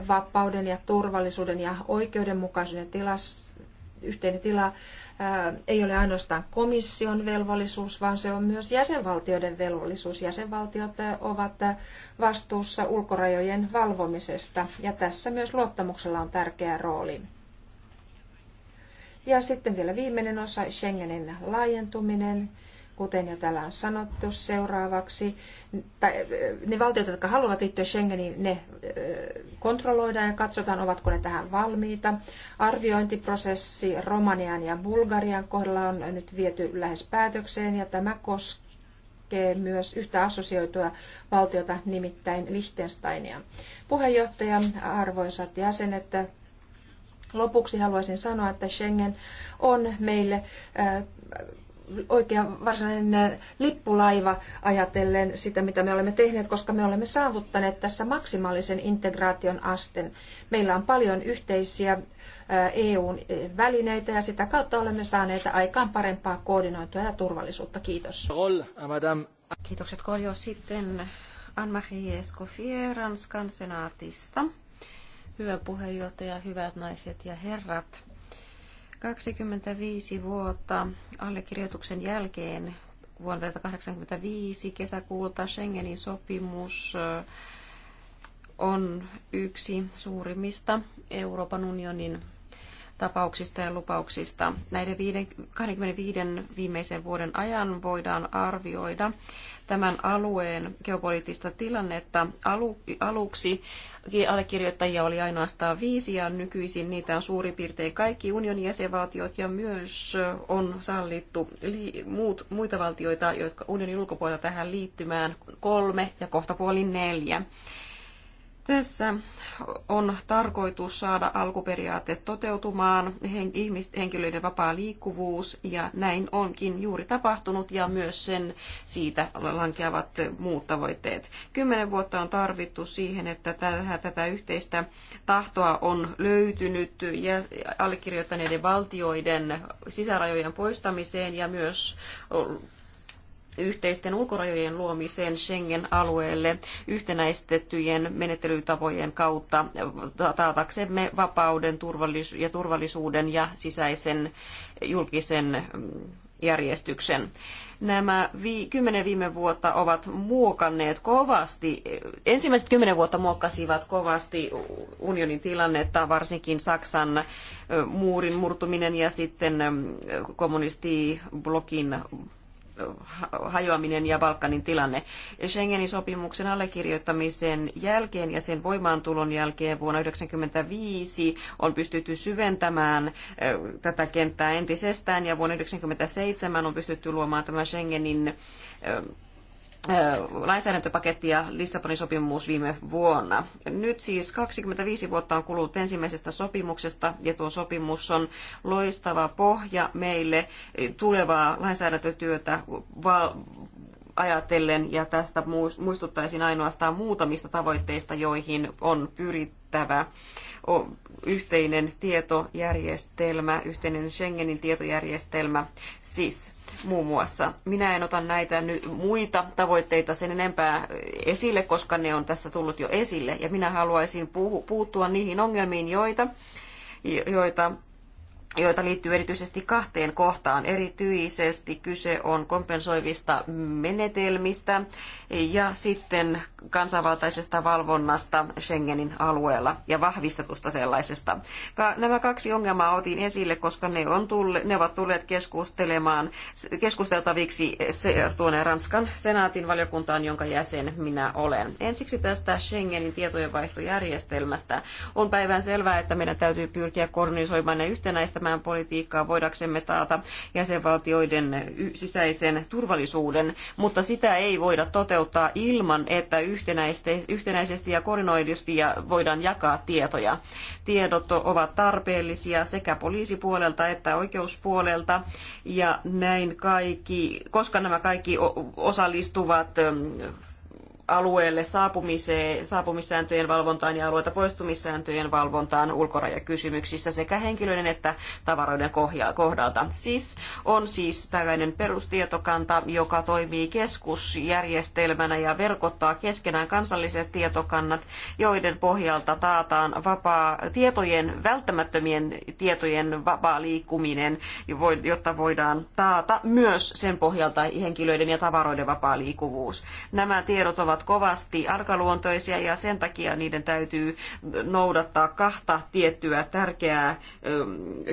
vapauden ja turvallisuuden ja oikeudenmukaisuuden tilas, yhteinen tila ei ole ainoastaan komission velvollisuus, vaan se on myös jäsenvaltioiden velvollisuus. Jäsenvaltiot ovat vastuussa ulkorajojen valvomisesta ja tässä myös luottamuksella on tärkeä rooli. Ja sitten vielä viimeinen osa, Schengenin laajentuminen. Kuten jo täällä on sanottu seuraavaksi, tai ne valtiot, jotka haluavat liittyä Schengeniin, ne kontrolloidaan ja katsotaan, ovatko ne tähän valmiita. Arviointiprosessi Romanian ja Bulgarian kohdalla on nyt viety lähes päätökseen ja tämä koskee myös yhtä assosioitua valtiota, nimittäin Liechtensteinia. Puheenjohtaja, arvoisat jäsenet, lopuksi haluaisin sanoa, että Schengen on meille oikea varsinainen eh, lippulaiva ajatellen sitä, mitä me olemme tehneet, koska me olemme saavuttaneet tässä maksimaalisen integraation asten. Meillä on paljon yhteisiä EUn eh, e eh, välineitä ja sitä kautta olemme saaneet aikaan parempaa koordinointia ja turvallisuutta. Kiitos. Kiitokset Koljo. Sitten Anne-Marie Escoffier Ranskan senaatista. Hyvä puheenjohtaja, hyvät naiset ja herrat. 25 vuotta allekirjoituksen jälkeen vuonna 1985 kesäkuulta Schengenin sopimus on yksi suurimmista Euroopan unionin tapauksista ja lupauksista. Näiden 25 viimeisen vuoden ajan voidaan arvioida tämän alueen geopoliittista tilannetta alu, aluksi. Allekirjoittajia oli ainoastaan viisi ja nykyisin niitä on suurin piirtein kaikki unionin jäsenvaltiot ja myös on sallittu li, muut, muita valtioita, jotka unionin ulkopuolelta tähän liittymään kolme ja kohta puoli neljä. Tässä on tarkoitus saada alkuperiaate toteutumaan, henkilöiden vapaa liikkuvuus, ja näin onkin juuri tapahtunut, ja myös sen siitä lankeavat muut tavoitteet. Kymmenen vuotta on tarvittu siihen, että tätä yhteistä tahtoa on löytynyt ja allekirjoittaneiden valtioiden sisärajojen poistamiseen ja myös yhteisten ulkorajojen luomiseen Schengen-alueelle yhtenäistettyjen menettelytapojen kautta taataksemme vapauden ja turvallisuuden ja sisäisen julkisen mm, järjestyksen. Nämä vi- kymmenen viime vuotta ovat muokanneet kovasti, ensimmäiset kymmenen vuotta muokkasivat kovasti unionin tilannetta, varsinkin Saksan muurin murtuminen ja sitten kommunistiblokin hajoaminen ja Balkanin tilanne. Schengenin sopimuksen allekirjoittamisen jälkeen ja sen voimaantulon jälkeen vuonna 1995 on pystytty syventämään tätä kenttää entisestään ja vuonna 1997 on pystytty luomaan tämä Schengenin lainsäädäntöpaketti ja Lissabonin sopimus viime vuonna. Nyt siis 25 vuotta on kulunut ensimmäisestä sopimuksesta ja tuo sopimus on loistava pohja meille tulevaa lainsäädäntötyötä ajatellen, ja tästä muistuttaisin ainoastaan muutamista tavoitteista, joihin on pyrittävä. Yhteinen tietojärjestelmä, yhteinen Schengenin tietojärjestelmä, siis muun muassa. Minä en ota näitä nyt muita tavoitteita sen enempää esille, koska ne on tässä tullut jo esille, ja minä haluaisin puuttua niihin ongelmiin, joita joita joita liittyy erityisesti kahteen kohtaan. Erityisesti kyse on kompensoivista menetelmistä ja sitten kansanvaltaisesta valvonnasta Schengenin alueella ja vahvistetusta sellaisesta. nämä kaksi ongelmaa otin esille, koska ne, on tulle, ne ovat tulleet keskustelemaan, keskusteltaviksi se, tuonne Ranskan senaatin valiokuntaan, jonka jäsen minä olen. Ensiksi tästä Schengenin tietojenvaihtojärjestelmästä. On päivän selvää, että meidän täytyy pyrkiä koordinoimaan ja yhtenäistämään politiikkaa voidaksemme taata jäsenvaltioiden sisäisen turvallisuuden, mutta sitä ei voida toteuttaa ilman, että yhtenäisesti ja koordinoidusti ja voidaan jakaa tietoja. Tiedot ovat tarpeellisia sekä poliisipuolelta että oikeuspuolelta ja näin kaikki, koska nämä kaikki osallistuvat alueelle saapumiseen, saapumissääntöjen valvontaan ja alueelta poistumissääntöjen valvontaan ulkorajakysymyksissä sekä henkilöiden että tavaroiden kohdalta. Siis on siis tällainen perustietokanta, joka toimii keskusjärjestelmänä ja verkottaa keskenään kansalliset tietokannat, joiden pohjalta taataan vapaa tietojen, välttämättömien tietojen vapaa liikkuminen, jotta voidaan taata myös sen pohjalta henkilöiden ja tavaroiden vapaa liikkuvuus. Nämä tiedot ovat ovat kovasti arkaluontoisia ja sen takia niiden täytyy noudattaa kahta tiettyä tärkeää ähm,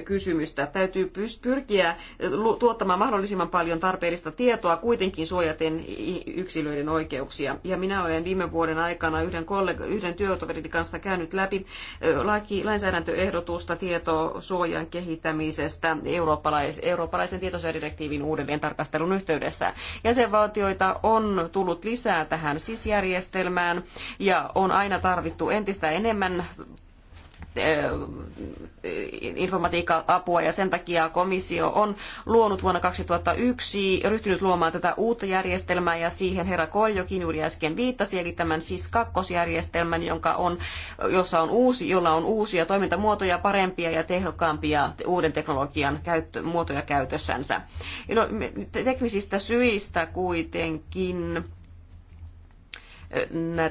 kysymystä. Täytyy pyrkiä tuottamaan mahdollisimman paljon tarpeellista tietoa kuitenkin suojaten yksilöiden oikeuksia. Ja minä olen viime vuoden aikana yhden, kollega, yhden työtoverin kanssa käynyt läpi äh, laki, lainsäädäntöehdotusta tietosuojan kehittämisestä eurooppalais, eurooppalaisen tietosuojadirektiivin uudelleen tarkastelun yhteydessä. Jäsenvaltioita on tullut lisää tähän sisään ISIS-järjestelmään ja on aina tarvittu entistä enemmän eh, informatiikka-apua ja sen takia komissio on luonut vuonna 2001, ryhtynyt luomaan tätä uutta järjestelmää ja siihen herra Koljokin juuri äsken viittasi, eli tämän siis kakkosjärjestelmän, jonka on, jossa on uusi, jolla on uusia toimintamuotoja, parempia ja tehokkaampia uuden teknologian käyttö, muotoja käytössänsä. No, teknisistä syistä kuitenkin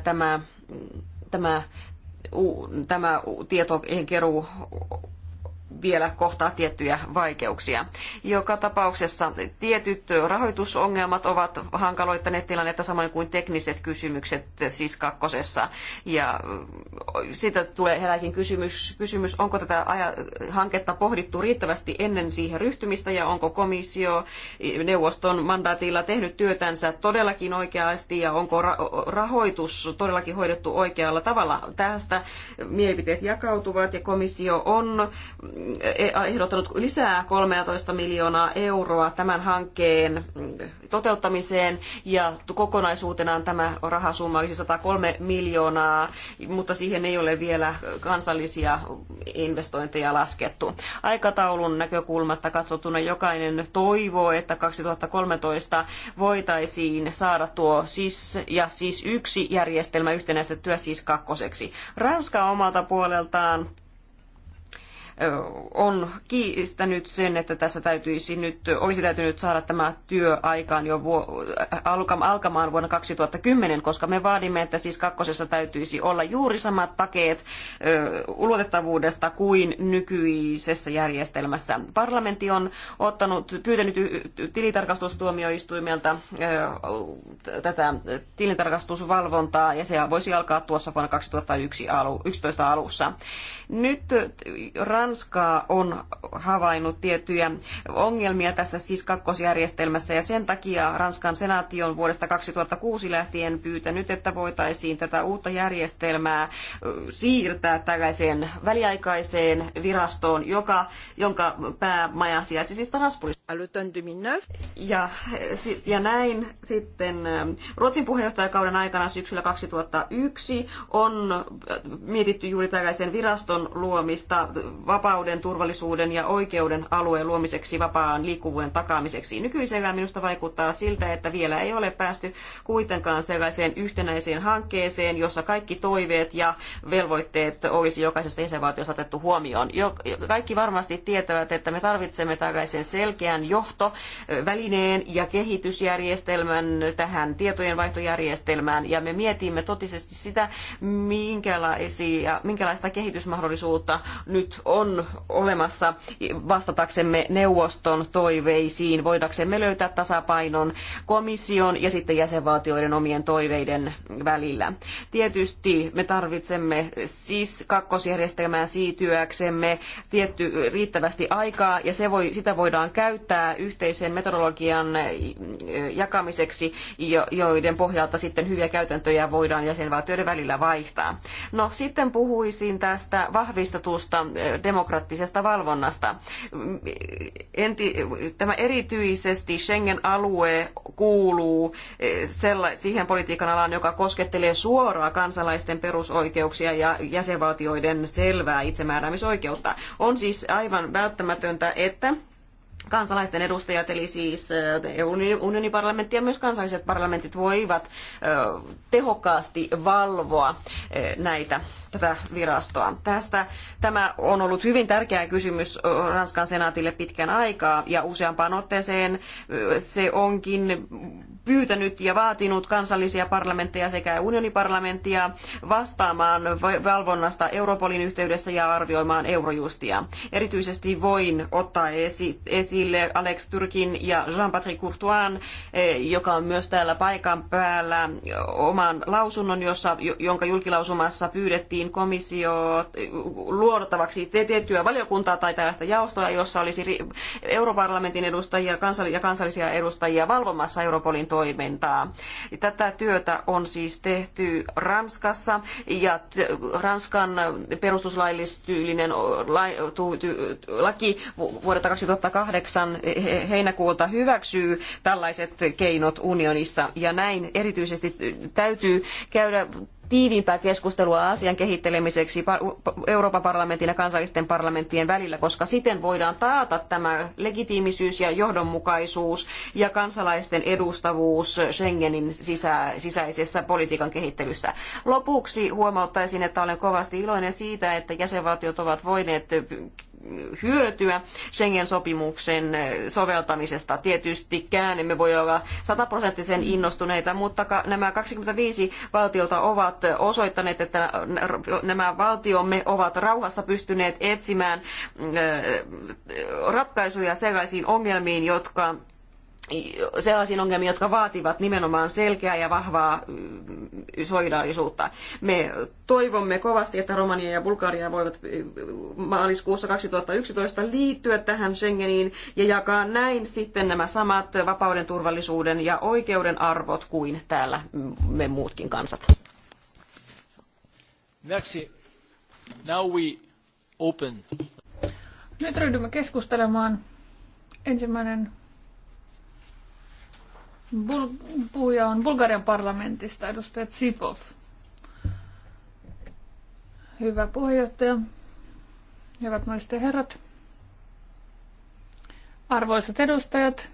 tämä, tämä, tämä keruu vielä kohtaa tiettyjä vaikeuksia. Joka tapauksessa tietyt rahoitusongelmat ovat hankaloittaneet tilannetta samoin kuin tekniset kysymykset siis kakkosessa. Ja siitä tulee herääkin kysymys, kysymys onko tätä hanketta pohdittu riittävästi ennen siihen ryhtymistä ja onko komissio neuvoston mandaatilla tehnyt työtänsä todellakin oikeasti ja onko rahoitus todellakin hoidettu oikealla tavalla. Tästä mielipiteet jakautuvat ja komissio on Eh, ehdottanut lisää 13 miljoonaa euroa tämän hankkeen mm, toteuttamiseen ja kokonaisuutenaan tämä rahasumma olisi 103 miljoonaa, mutta siihen ei ole vielä kansallisia investointeja laskettu. Aikataulun näkökulmasta katsottuna jokainen toivoo, että 2013 voitaisiin saada tuo SIS ja SIS yksi järjestelmä yhtenäistettyä SIS kakkoseksi. Ranska omalta puoleltaan on kiistänyt sen, että tässä täytyisi nyt, olisi täytynyt saada tämä työ aikaan jo vuo, alkamaan vuonna 2010, koska me vaadimme, että siis kakkosessa täytyisi olla juuri samat takeet ulotettavuudesta kuin nykyisessä järjestelmässä. Parlamentti on ottanut, pyytänyt tilintarkastustuomioistuimelta tätä tilintarkastusvalvontaa ja se voisi alkaa tuossa vuonna 2011 alussa. Nyt ran Ranskaa on havainnut tiettyjä ongelmia tässä siis kakkosjärjestelmässä ja sen takia Ranskan senaatti on vuodesta 2006 lähtien pyytänyt, että voitaisiin tätä uutta järjestelmää siirtää tällaiseen väliaikaiseen virastoon, joka, jonka päämaja sijaitsi siis Strasbourgissa. Ja, ja näin sitten Ruotsin puheenjohtajakauden aikana syksyllä 2001 on mietitty juuri tällaisen viraston luomista vapauden, turvallisuuden ja oikeuden alueen luomiseksi vapaan liikkuvuuden takaamiseksi. Nykyisellään minusta vaikuttaa siltä, että vielä ei ole päästy kuitenkaan sellaiseen yhtenäiseen hankkeeseen, jossa kaikki toiveet ja velvoitteet olisi jokaisesta jäsenvaltiosta otettu huomioon. kaikki varmasti tietävät, että me tarvitsemme tällaisen selkeän johtovälineen ja kehitysjärjestelmän tähän tietojenvaihtojärjestelmään ja me mietimme totisesti sitä, minkälaisia, minkälaista kehitysmahdollisuutta nyt on on olemassa vastataksemme neuvoston toiveisiin, voidaksemme löytää tasapainon komission ja sitten jäsenvaltioiden omien toiveiden välillä. Tietysti me tarvitsemme siis kakkosjärjestelmään siirtyäksemme tietty riittävästi aikaa ja se voi, sitä voidaan käyttää yhteisen metodologian jakamiseksi, joiden pohjalta sitten hyviä käytäntöjä voidaan jäsenvaltioiden välillä vaihtaa. No sitten puhuisin tästä vahvistetusta demokratiasta demokraattisesta valvonnasta. Enti, tämä erityisesti Schengen-alue kuuluu eh, sella, siihen politiikan alaan, joka koskettelee suoraan kansalaisten perusoikeuksia ja jäsenvaltioiden selvää itsemääräämisoikeutta. On siis aivan välttämätöntä, että kansalaisten edustajat, eli siis unionin parlamentti ja myös kansalliset parlamentit voivat tehokkaasti valvoa näitä tätä virastoa. Tästä tämä on ollut hyvin tärkeä kysymys Ranskan senaatille pitkän aikaa ja useampaan otteeseen se onkin pyytänyt ja vaatinut kansallisia parlamentteja sekä unioniparlamenttia vastaamaan valvonnasta Europolin yhteydessä ja arvioimaan Eurojustia. Erityisesti voin ottaa esiin esi esille Alex Turkin ja Jean-Patrick Courtoin, eh, joka on myös täällä paikan päällä, eh, oman lausunnon, jossa, jonka julkilausumassa pyydettiin komissio eh, luodottavaksi tiettyä valiokuntaa tai tällaista jaostoa, jossa olisi parlamentin edustajia ja kansallisia edustajia valvomassa Europolin toimintaa. Tätä työtä on siis tehty Ranskassa ja Ranskan perustuslaillistyylinen laki vuodelta 2008 8. heinäkuuta hyväksyy tällaiset keinot unionissa. Ja näin erityisesti täytyy käydä tiiviimpää keskustelua asian kehittelemiseksi Euroopan parlamentin ja kansallisten parlamenttien välillä, koska siten voidaan taata tämä legitiimisyys ja johdonmukaisuus ja kansalaisten edustavuus Schengenin sisä, sisäisessä politiikan kehittelyssä. Lopuksi huomauttaisin, että olen kovasti iloinen siitä, että jäsenvaltiot ovat voineet hyötyä Schengen-sopimuksen soveltamisesta. Tietystikään emme voi olla sataprosenttisen innostuneita, mutta nämä 25 valtiota ovat osoittaneet, että nämä valtiomme ovat rauhassa pystyneet etsimään ratkaisuja sellaisiin ongelmiin, jotka sellaisiin ongelmiin, jotka vaativat nimenomaan selkeää ja vahvaa mm, solidaarisuutta. Me toivomme kovasti, että Romania ja Bulgaria voivat mm, maaliskuussa 2011 liittyä tähän Schengeniin ja jakaa näin sitten nämä samat vapauden, turvallisuuden ja oikeuden arvot kuin täällä mm, me muutkin kansat. Merci. Now we open. Nyt ryhdymme keskustelemaan. Ensimmäinen Bul- puhuja on Bulgarian parlamentista, edustaja Tsipov. Hyvä puheenjohtaja, hyvät naiset ja herrat, arvoisat edustajat,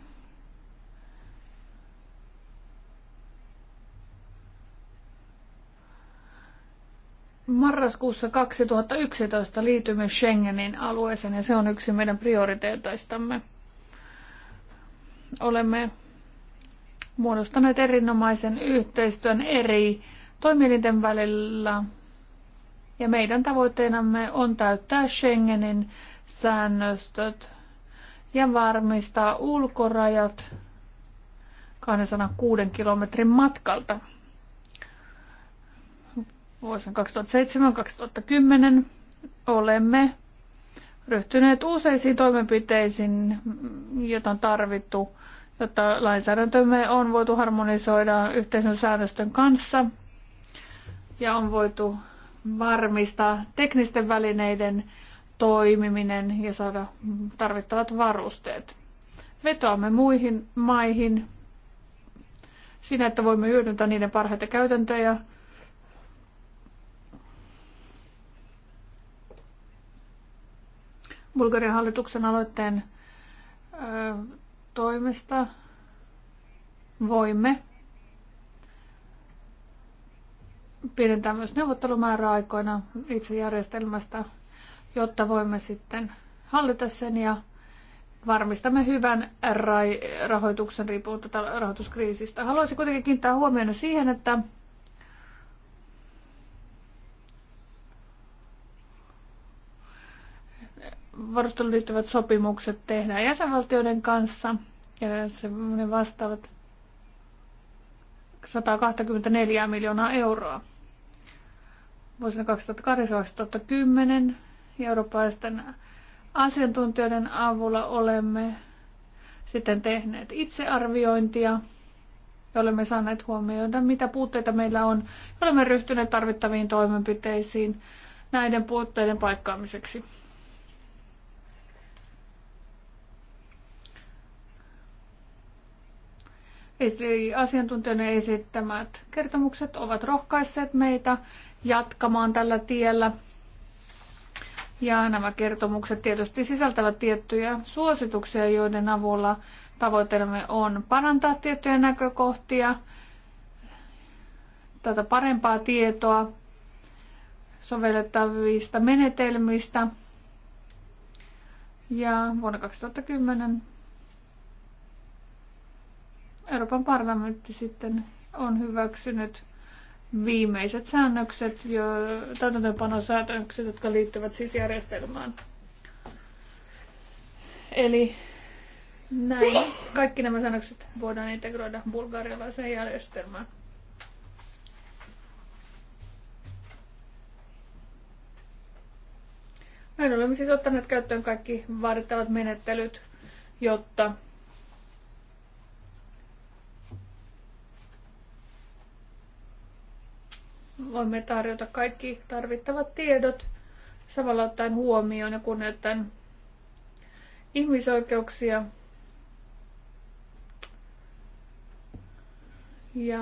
Marraskuussa 2011 liitymme Schengenin alueeseen ja se on yksi meidän prioriteetaistamme. Olemme muodostaneet erinomaisen yhteistyön eri toimielinten välillä. Ja meidän tavoitteenamme on täyttää Schengenin säännöstöt ja varmistaa ulkorajat 206 kilometrin matkalta vuosina 2007-2010 olemme ryhtyneet useisiin toimenpiteisiin, joita on tarvittu jotta lainsäädäntömme on voitu harmonisoida yhteisön säännösten kanssa ja on voitu varmistaa teknisten välineiden toimiminen ja saada tarvittavat varusteet. Vetoamme muihin maihin siinä, että voimme hyödyntää niiden parhaita käytäntöjä. Bulgarian hallituksen aloitteen toimesta voimme pidentää myös neuvottelumääräaikoina itse järjestelmästä, jotta voimme sitten hallita sen ja varmistamme hyvän rahoituksen riippumatta rahoituskriisistä. Haluaisin kuitenkin kiinnittää huomiota siihen, että varustelun liittyvät sopimukset tehdään jäsenvaltioiden kanssa ja se vastaavat 124 miljoonaa euroa. Vuosina 2008-2010 eurooppalaisten asiantuntijoiden avulla olemme sitten tehneet itsearviointia ja olemme saaneet huomioida, mitä puutteita meillä on. Olemme ryhtyneet tarvittaviin toimenpiteisiin näiden puutteiden paikkaamiseksi. asiantuntijoiden esittämät kertomukset ovat rohkaisseet meitä jatkamaan tällä tiellä. Ja nämä kertomukset tietysti sisältävät tiettyjä suosituksia, joiden avulla tavoitteemme on parantaa tiettyjä näkökohtia, tätä parempaa tietoa sovellettavista menetelmistä. Ja vuonna 2010 Euroopan parlamentti sitten on hyväksynyt viimeiset säännökset, jo, täytäntöönpanosäännökset, jotka liittyvät siis järjestelmään. Eli näin kaikki nämä säännökset voidaan integroida bulgarialaiseen järjestelmään. Näin olemme siis ottaneet käyttöön kaikki vaadittavat menettelyt, jotta Voimme tarjota kaikki tarvittavat tiedot samalla ottaen huomioon ja kunnioittain ihmisoikeuksia ja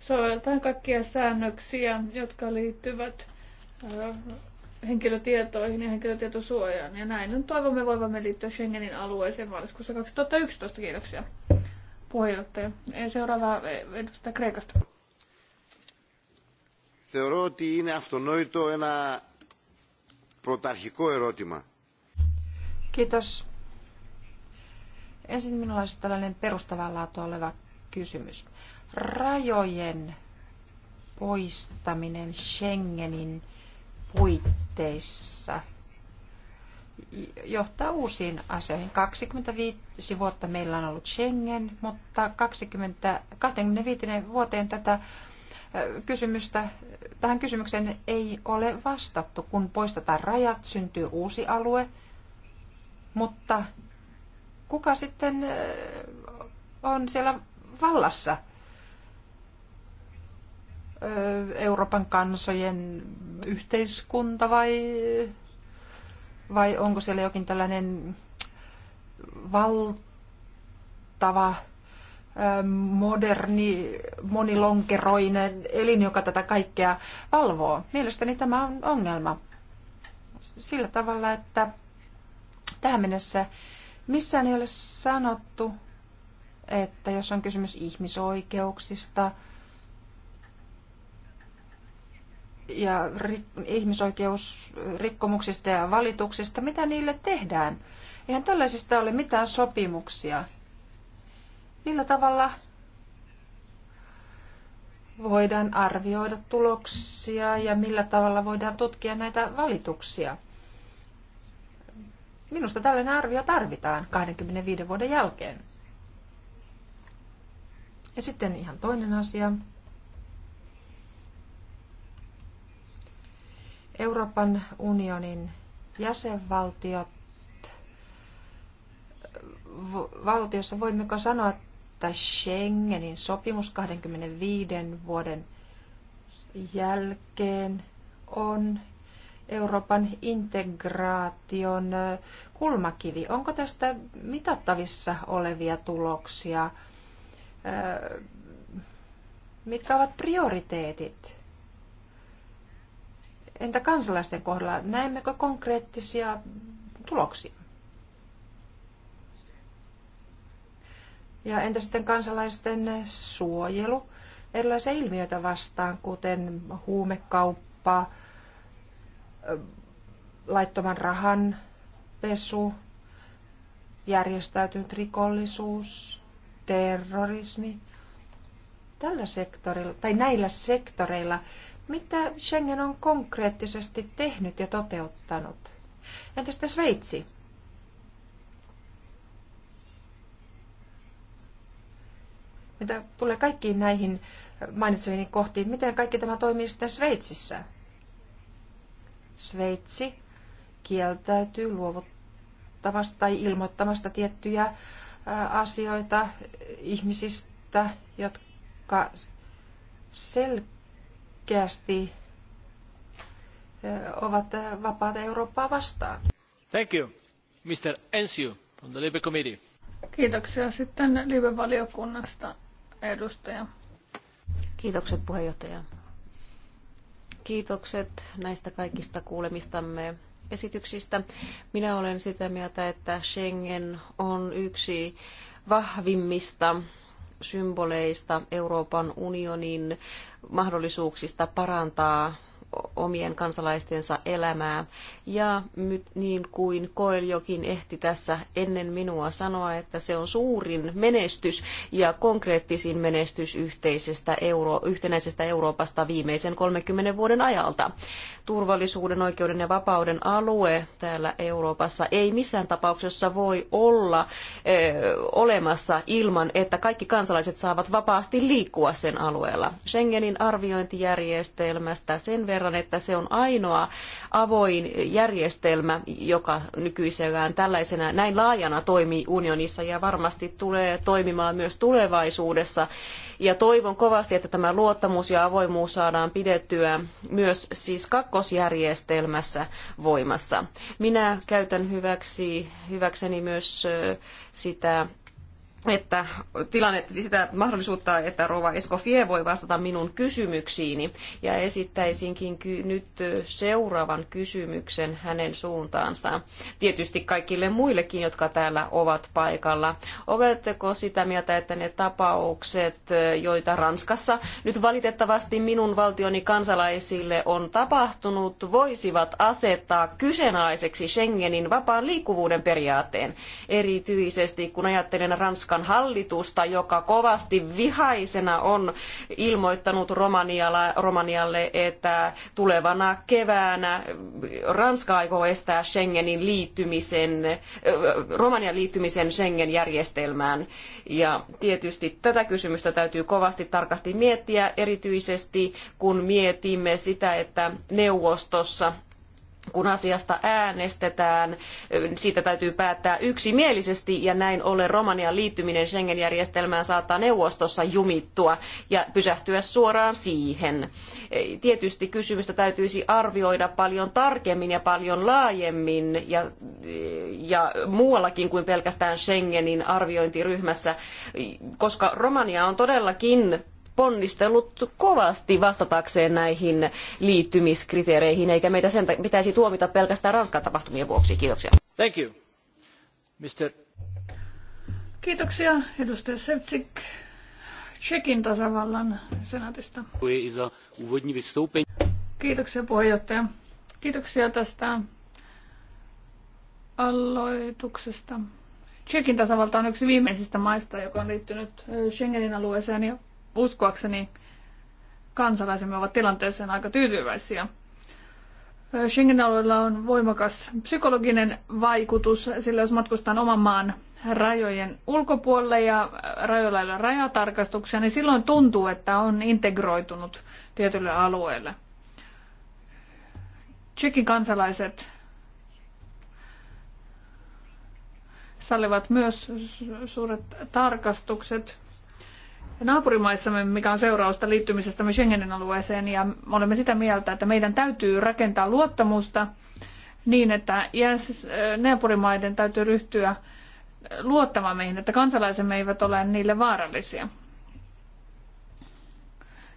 soveltaen kaikkia säännöksiä, jotka liittyvät henkilötietoihin ja henkilötietosuojaan. Ja näin nyt toivomme voivamme liittyä Schengenin alueeseen maaliskuussa 2011. Kiitoksia puheenjohtaja. Seuraava e, edustaja Kreikasta θεωρώ ότι είναι αυτονόητο ένα πρωταρχικό ερώτημα. Kiitos. Ensin minulla olisi tällainen perustavaa laatua oleva kysymys. Rajojen poistaminen Schengenin puitteissa johtaa uusiin asioihin. 25 vuotta meillä on ollut Schengen, mutta 20, 25 vuoteen tätä kysymystä, tähän kysymykseen ei ole vastattu. Kun poistetaan rajat, syntyy uusi alue, mutta kuka sitten on siellä vallassa? Euroopan kansojen yhteiskunta vai, vai onko siellä jokin tällainen valtava moderni, monilonkeroinen elin, joka tätä kaikkea valvoo. Mielestäni tämä on ongelma sillä tavalla, että tähän mennessä missään ei ole sanottu, että jos on kysymys ihmisoikeuksista ja ihmisoikeusrikkomuksista ja valituksista, mitä niille tehdään. Eihän tällaisista ole mitään sopimuksia. Millä tavalla voidaan arvioida tuloksia ja millä tavalla voidaan tutkia näitä valituksia? Minusta tällainen arvio tarvitaan 25 vuoden jälkeen. Ja sitten ihan toinen asia. Euroopan unionin jäsenvaltiot, valtiossa voimmeko sanoa, että Schengenin sopimus 25 vuoden jälkeen on Euroopan integraation kulmakivi. Onko tästä mitattavissa olevia tuloksia? Mitkä ovat prioriteetit? Entä kansalaisten kohdalla? Näemmekö konkreettisia tuloksia? Ja entä sitten kansalaisten suojelu erilaisia ilmiöitä vastaan, kuten huumekauppa, laittoman rahan pesu, järjestäytynyt rikollisuus, terrorismi. Tällä sektorilla, tai näillä sektoreilla, mitä Schengen on konkreettisesti tehnyt ja toteuttanut? Entä sitten Sveitsi? mitä tulee kaikkiin näihin mainitsemiin kohtiin, miten kaikki tämä toimii sitten Sveitsissä? Sveitsi kieltäytyy luovuttamasta tai ilmoittamasta tiettyjä asioita ihmisistä, jotka selkeästi ovat vapaata Eurooppaa vastaan. Thank you, Mr. Ensio from the Libre Committee. Kiitoksia sitten Libe-valiokunnasta edustaja. Kiitokset puheenjohtaja. Kiitokset näistä kaikista kuulemistamme esityksistä. Minä olen sitä mieltä, että Schengen on yksi vahvimmista symboleista Euroopan unionin mahdollisuuksista parantaa omien kansalaistensa elämää. Ja niin kuin Koeljokin ehti tässä ennen minua sanoa, että se on suurin menestys ja konkreettisin menestys yhteisestä euro, yhtenäisestä Euroopasta viimeisen 30 vuoden ajalta. Turvallisuuden, oikeuden ja vapauden alue täällä Euroopassa ei missään tapauksessa voi olla ö, olemassa ilman, että kaikki kansalaiset saavat vapaasti liikkua sen alueella. Schengenin arviointijärjestelmästä sen verran, kerran, että se on ainoa avoin järjestelmä, joka nykyisellään tällaisena näin laajana toimii unionissa ja varmasti tulee toimimaan myös tulevaisuudessa. Ja toivon kovasti, että tämä luottamus ja avoimuus saadaan pidettyä myös siis kakkosjärjestelmässä voimassa. Minä käytän hyväksi, hyväkseni myös sitä että tilanne, sitä mahdollisuutta, että Rova Escoffier voi vastata minun kysymyksiini. Ja esittäisinkin nyt seuraavan kysymyksen hänen suuntaansa. Tietysti kaikille muillekin, jotka täällä ovat paikalla. Oletteko sitä mieltä, että ne tapaukset, joita Ranskassa nyt valitettavasti minun valtioni kansalaisille on tapahtunut, voisivat asettaa kyseenalaiseksi Schengenin vapaan liikkuvuuden periaatteen? Erityisesti kun ajattelen Ranskan Kreikan hallitusta, joka kovasti vihaisena on ilmoittanut Romanialle, että tulevana keväänä Ranska aikoo estää Schengenin liittymisen, Romanian liittymisen Schengen-järjestelmään. Ja tietysti tätä kysymystä täytyy kovasti tarkasti miettiä, erityisesti kun mietimme sitä, että neuvostossa kun asiasta äänestetään, siitä täytyy päättää yksimielisesti ja näin ollen Romanian liittyminen Schengen-järjestelmään saattaa neuvostossa jumittua ja pysähtyä suoraan siihen. Tietysti kysymystä täytyisi arvioida paljon tarkemmin ja paljon laajemmin ja, ja muuallakin kuin pelkästään Schengenin arviointiryhmässä, koska Romania on todellakin ponnistellut kovasti vastatakseen näihin liittymiskriteereihin, eikä meitä sen pitäisi tuomita pelkästään Ranskan tapahtumien vuoksi. Kiitoksia. Thank you. Mister. Kiitoksia, edustaja Sepsik. Tsekin tasavallan senaatista. Kiitoksia puheenjohtaja. Kiitoksia tästä aloituksesta. Tsekin tasavalta on yksi viimeisistä maista, joka on liittynyt Schengenin alueeseen ja uskoakseni kansalaisemme ovat tilanteeseen aika tyytyväisiä. Schengen-alueella on voimakas psykologinen vaikutus, sillä jos matkustaan oman maan rajojen ulkopuolelle ja rajoilla ei ole rajatarkastuksia, niin silloin tuntuu, että on integroitunut tietylle alueelle. Tsekin kansalaiset sallivat myös suuret tarkastukset naapurimaissamme, mikä on seurausta liittymisestämme Schengenin alueeseen, ja olemme sitä mieltä, että meidän täytyy rakentaa luottamusta niin, että yes, äh, naapurimaiden täytyy ryhtyä luottamaan meihin, että kansalaisemme eivät ole niille vaarallisia.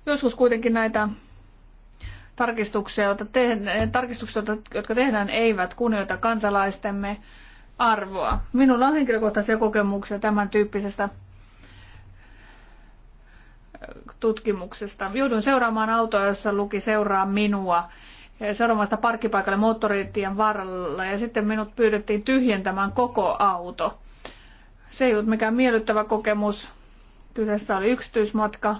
Joskus kuitenkin näitä tarkistuksia, joita, te, tarkistuksia, jotka tehdään, eivät kunnioita kansalaistemme arvoa. Minulla on henkilökohtaisia kokemuksia tämän tyyppisestä tutkimuksesta. Jouduin seuraamaan autoa, jossa luki seuraa minua seuraamasta parkkipaikalle moottoritien varrella ja sitten minut pyydettiin tyhjentämään koko auto. Se ei ollut mikään miellyttävä kokemus. Kyseessä oli yksityismatka.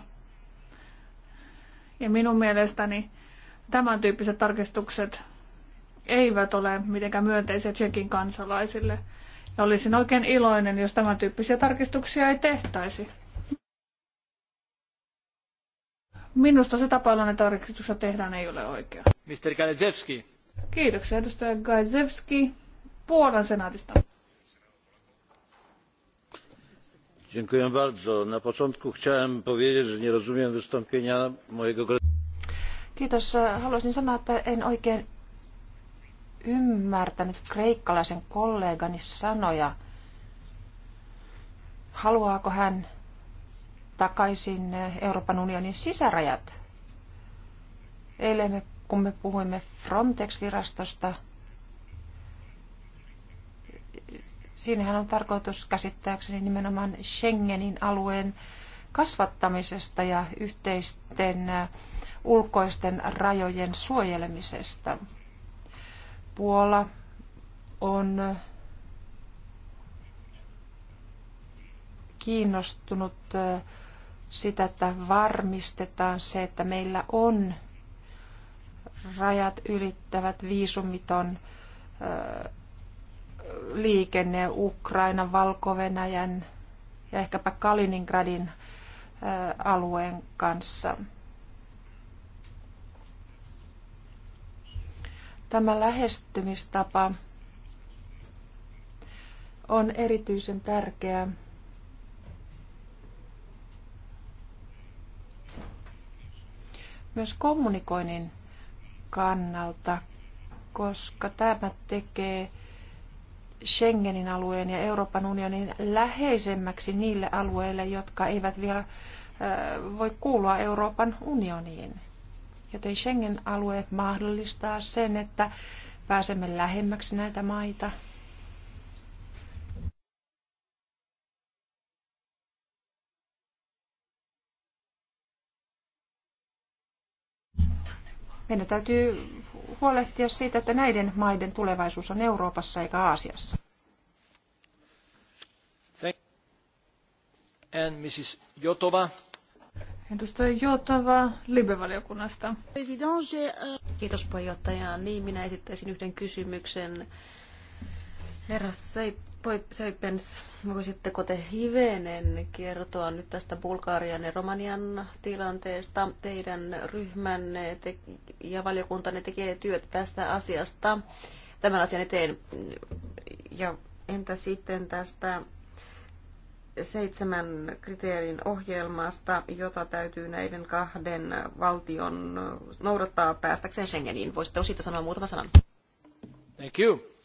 Ja minun mielestäni tämän tyyppiset tarkistukset eivät ole mitenkään myönteisiä Tsekin kansalaisille. Ja olisin oikein iloinen, jos tämän tyyppisiä tarkistuksia ei tehtäisi. Minusta se tapa, jolla ne tarkistukset tehdään, ei ole oikea. Mr. Gajewski. Kiitoksia, edustaja Gajewski, Puolan senaatista. Dziękuję bardzo. Na początku chciałem powiedzieć, że nie rozumiem wystąpienia mojego Kiitos. Haluaisin sanoa, että en oikein ymmärtänyt kreikkalaisen kollegani sanoja. Haluaako hän takaisin Euroopan unionin sisärajat. Eilen kun me puhuimme Frontex-virastosta, siinähän on tarkoitus käsittääkseni nimenomaan Schengenin alueen kasvattamisesta ja yhteisten äh, ulkoisten rajojen suojelemisesta. Puola on äh, kiinnostunut äh, sitä, että varmistetaan se, että meillä on rajat ylittävät viisumiton liikenne Ukraina, valko ja ehkäpä Kaliningradin alueen kanssa. Tämä lähestymistapa on erityisen tärkeä myös kommunikoinnin kannalta, koska tämä tekee Schengenin alueen ja Euroopan unionin läheisemmäksi niille alueille, jotka eivät vielä voi kuulua Euroopan unioniin. Joten Schengen-alue mahdollistaa sen, että pääsemme lähemmäksi näitä maita, Meidän täytyy huolehtia siitä, että näiden maiden tulevaisuus on Euroopassa eikä Aasiassa. And Mrs. Jotova. Edustaja Jotova, Libe-valiokunnasta. Euh, Kiitos puheenjohtaja. Niin, minä esittäisin yhden kysymyksen Herra Seipens, voisitteko te hivenen kertoa nyt tästä Bulgarian ja Romanian tilanteesta? Teidän ryhmänne te- ja valiokuntanne tekee työtä tästä asiasta, tämän asian eteen. Ja entä sitten tästä seitsemän kriteerin ohjelmasta, jota täytyy näiden kahden valtion noudattaa päästäkseen Schengeniin. Voisitteko siitä sanoa muutama sanan? Thank you.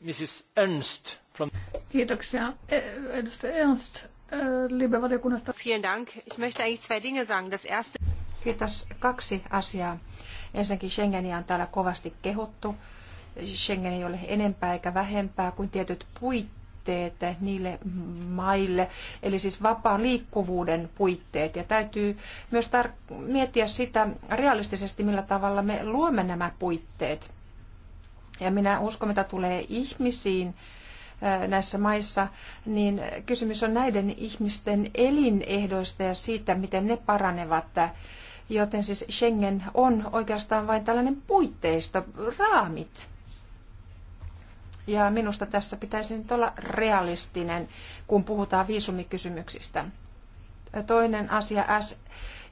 Mrs. Ernst from... Kiitoksia. E, edustaja Ernst, e, libe Vielen Dank. Ich möchte eigentlich zwei Dinge sagen. Das erste... Kiitos. Kaksi asiaa. Ensinnäkin Schengeniä on täällä kovasti kehuttu. Schengen ei ole enempää eikä vähempää kuin tietyt puitteet niille maille, eli siis vapaan liikkuvuuden puitteet. Ja täytyy myös miettiä sitä realistisesti, millä tavalla me luomme nämä puitteet. Ja minä uskon, mitä tulee ihmisiin näissä maissa, niin kysymys on näiden ihmisten elinehdoista ja siitä, miten ne paranevat. Joten siis Schengen on oikeastaan vain tällainen puitteista, raamit. Ja minusta tässä pitäisi nyt olla realistinen, kun puhutaan viisumikysymyksistä. Toinen asia, S,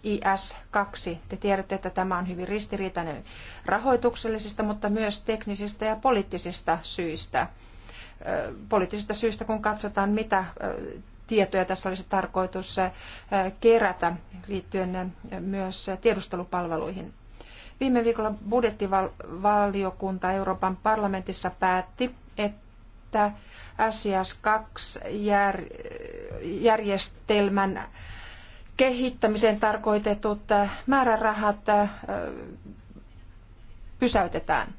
IS-2. Te tiedätte, että tämä on hyvin ristiriitainen rahoituksellisista, mutta myös teknisistä ja poliittisista syistä. Poliittisista syistä, kun katsotaan, mitä tietoja tässä olisi tarkoitus kerätä liittyen myös tiedustelupalveluihin. Viime viikolla budjettivaliokunta Euroopan parlamentissa päätti, että SIS-2-järjestelmän jär, kehittämiseen tarkoitetut äh, määrärahat äh, pysäytetään.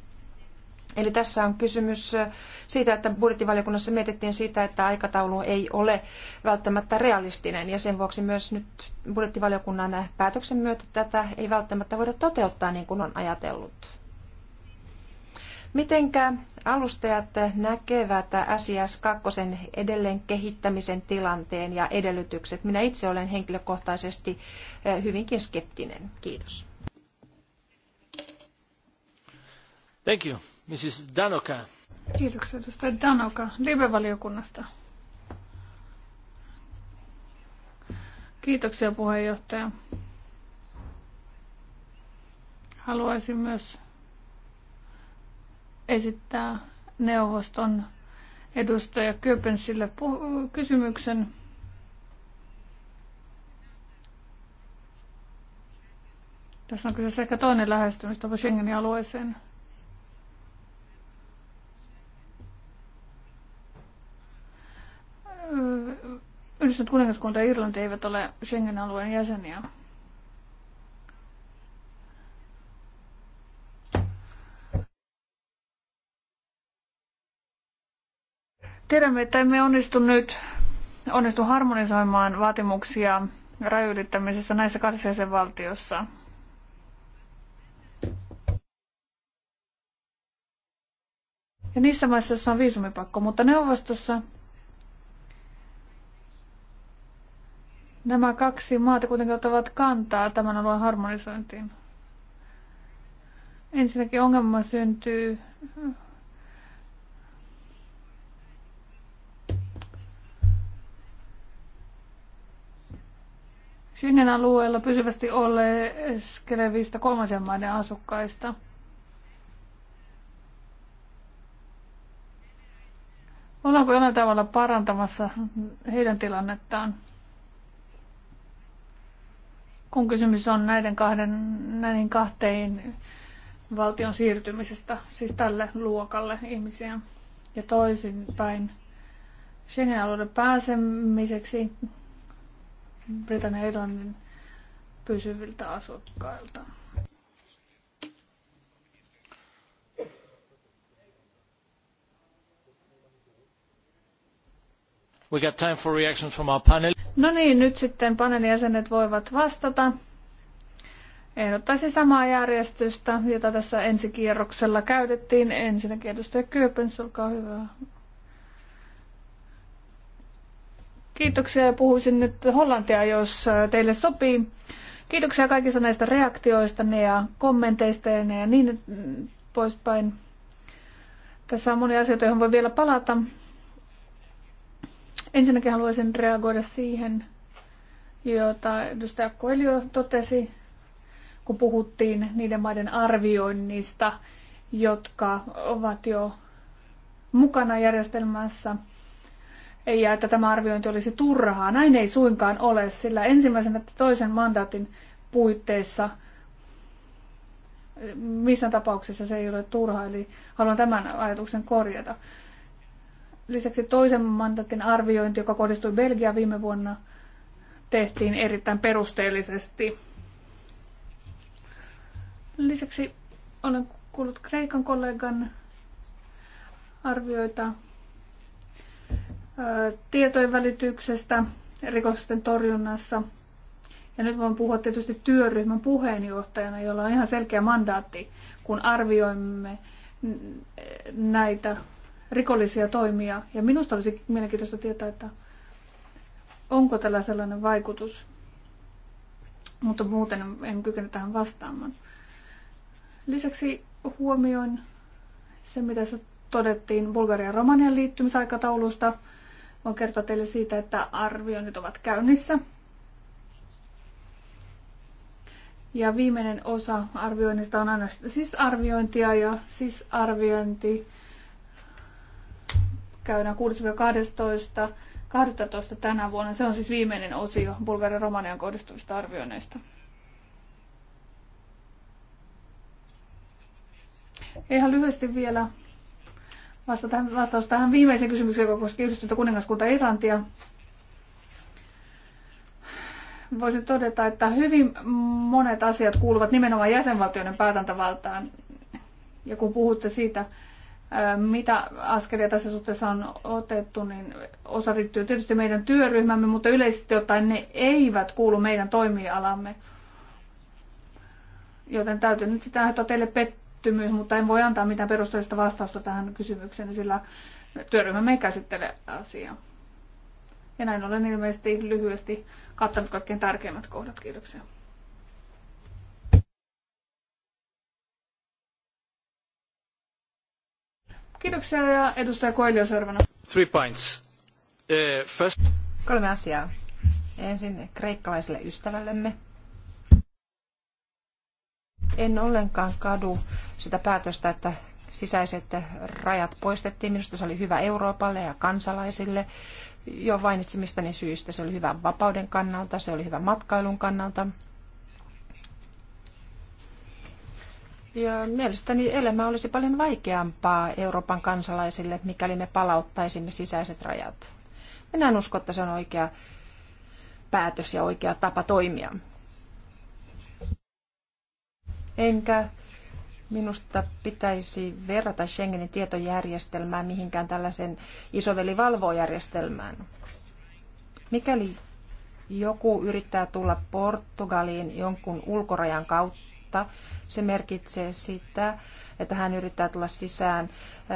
Eli tässä on kysymys äh, siitä, että budjettivaliokunnassa mietittiin sitä, että aikataulu ei ole välttämättä realistinen ja sen vuoksi myös nyt budjettivaliokunnan päätöksen myötä tätä ei välttämättä voida toteuttaa niin kuin on ajatellut. Mitenkä alustajat näkevät SIS 2 edelleen kehittämisen tilanteen ja edellytykset? Minä itse olen henkilökohtaisesti eh, hyvinkin skeptinen. Kiitos. Thank you, Mrs. Danoka. Kiitoksia, edustaja Danoka, Live-valiokunnasta. Kiitoksia, puheenjohtaja. Haluaisin myös esittää neuvoston edustaja Köpensille kysymyksen. Tässä on kyseessä ehkä toinen lähestymistapa Schengenin alueeseen. Yhdistynyt kuningaskunta ja Irlanti eivät ole Schengen-alueen jäseniä. Tiedämme, että emme onnistu nyt onnistu harmonisoimaan vaatimuksia rajoittamisessa näissä kahdessa jäsenvaltiossa. Ja niissä maissa, joissa on viisumipakko, mutta neuvostossa nämä kaksi maata kuitenkin ottavat kantaa tämän alueen harmonisointiin. Ensinnäkin ongelma syntyy Schengen-alueella pysyvästi oleskelevista kolmansien maiden asukkaista. Ollaanko jollain tavalla parantamassa heidän tilannettaan? Kun kysymys on näiden kahden, näihin kahteen valtion siirtymisestä, siis tälle luokalle ihmisiä ja toisinpäin Schengen-alueelle pääsemiseksi Britannian ja Irlannin pysyviltä asukkailta. We got time for reactions from our panel. No niin, nyt sitten paneelin jäsenet voivat vastata. Ehdottaisin samaa järjestystä, jota tässä ensikierroksella käytettiin. Ensinnäkin edustaja Kyöpens, olkaa hyvä. Kiitoksia ja puhuisin nyt hollantia, jos teille sopii. Kiitoksia kaikista näistä reaktioista ja kommenteista ja niin poispäin. Tässä on monia asioita, joihin voi vielä palata. Ensinnäkin haluaisin reagoida siihen, jota edustaja Koelio totesi, kun puhuttiin niiden maiden arvioinnista, jotka ovat jo mukana järjestelmässä – ja että tämä arviointi olisi turhaa. Näin ei suinkaan ole, sillä ensimmäisen että toisen mandaatin puitteissa missään tapauksessa se ei ole turha, eli haluan tämän ajatuksen korjata. Lisäksi toisen mandaatin arviointi, joka kohdistui Belgia viime vuonna, tehtiin erittäin perusteellisesti. Lisäksi olen kuullut Kreikan kollegan arvioita tietojen välityksestä rikosten torjunnassa. Ja nyt voin puhua tietysti työryhmän puheenjohtajana, jolla on ihan selkeä mandaatti, kun arvioimme näitä rikollisia toimia. Ja minusta olisi mielenkiintoista tietää, että onko tällä sellainen vaikutus. Mutta muuten en kykene tähän vastaamaan. Lisäksi huomioin se, mitä todettiin Bulgarian Romanian liittymisaikataulusta – voin kertoa teille siitä, että arvioinnit ovat käynnissä. Ja viimeinen osa arvioinnista on aina siis arviointia ja siis arviointi käydään 6-12 12 tänä vuonna. Se on siis viimeinen osio Bulgarian Romanian kohdistuvista arvioinneista. Ihan lyhyesti vielä vasta tähän, vastaus tähän viimeiseen kysymykseen, joka koski yhdistyntä kuningaskunta Irlantia. Voisin todeta, että hyvin monet asiat kuuluvat nimenomaan jäsenvaltioiden päätäntävaltaan. Ja kun puhutte siitä, mitä askelia tässä suhteessa on otettu, niin osa riittyy tietysti meidän työryhmämme, mutta yleisesti ottaen ne eivät kuulu meidän toimialamme. Joten täytyy nyt sitä aiheuttaa teille pet- työttömyys, mutta en voi antaa mitään perusteellista vastausta tähän kysymykseen, sillä työryhmä ei käsittele asiaa. Ja näin olen ilmeisesti lyhyesti kattanut kaikkein tärkeimmät kohdat. Kiitoksia. Kiitoksia ja edustaja Koilio seuraavana. Three points. Uh, first... Kolme asiaa. Ensin kreikkalaiselle ystävällemme en ollenkaan kadu sitä päätöstä, että sisäiset rajat poistettiin. Minusta se oli hyvä Euroopalle ja kansalaisille jo vainitsemistani syistä. Se oli hyvä vapauden kannalta, se oli hyvä matkailun kannalta. Ja mielestäni elämä olisi paljon vaikeampaa Euroopan kansalaisille, mikäli me palauttaisimme sisäiset rajat. Minä en usko, että se on oikea päätös ja oikea tapa toimia. Enkä minusta pitäisi verrata Schengenin tietojärjestelmää mihinkään tällaisen isovelivalvojärjestelmään. Mikäli joku yrittää tulla Portugaliin jonkun ulkorajan kautta, se merkitsee sitä, että hän yrittää tulla sisään äh,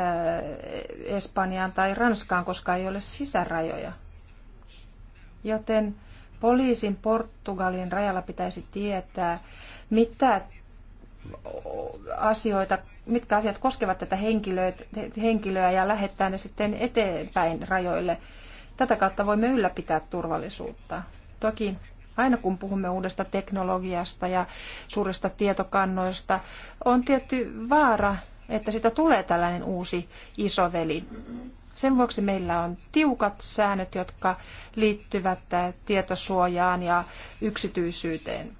Espanjaan tai Ranskaan, koska ei ole sisärajoja. Joten poliisin Portugalin rajalla pitäisi tietää, mitä asioita, mitkä asiat koskevat tätä henkilöä ja lähettää ne sitten eteenpäin rajoille. Tätä kautta voimme ylläpitää turvallisuutta. Toki aina kun puhumme uudesta teknologiasta ja suurista tietokannoista, on tietty vaara, että sitä tulee tällainen uusi isoveli. Sen vuoksi meillä on tiukat säännöt, jotka liittyvät tietosuojaan ja yksityisyyteen.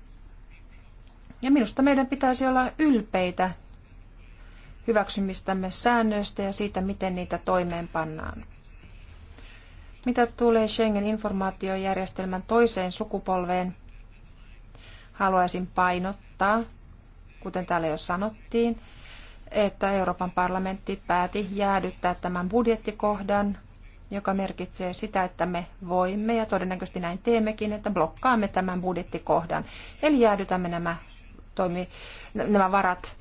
Ja minusta meidän pitäisi olla ylpeitä hyväksymistämme säännöistä ja siitä, miten niitä toimeenpannaan. Mitä tulee Schengen-informaatiojärjestelmän toiseen sukupolveen, haluaisin painottaa, kuten täällä jo sanottiin, että Euroopan parlamentti pääti jäädyttää tämän budjettikohdan, joka merkitsee sitä, että me voimme, ja todennäköisesti näin teemmekin, että blokkaamme tämän budjettikohdan. Eli jäädytämme nämä toimi, nämä varat,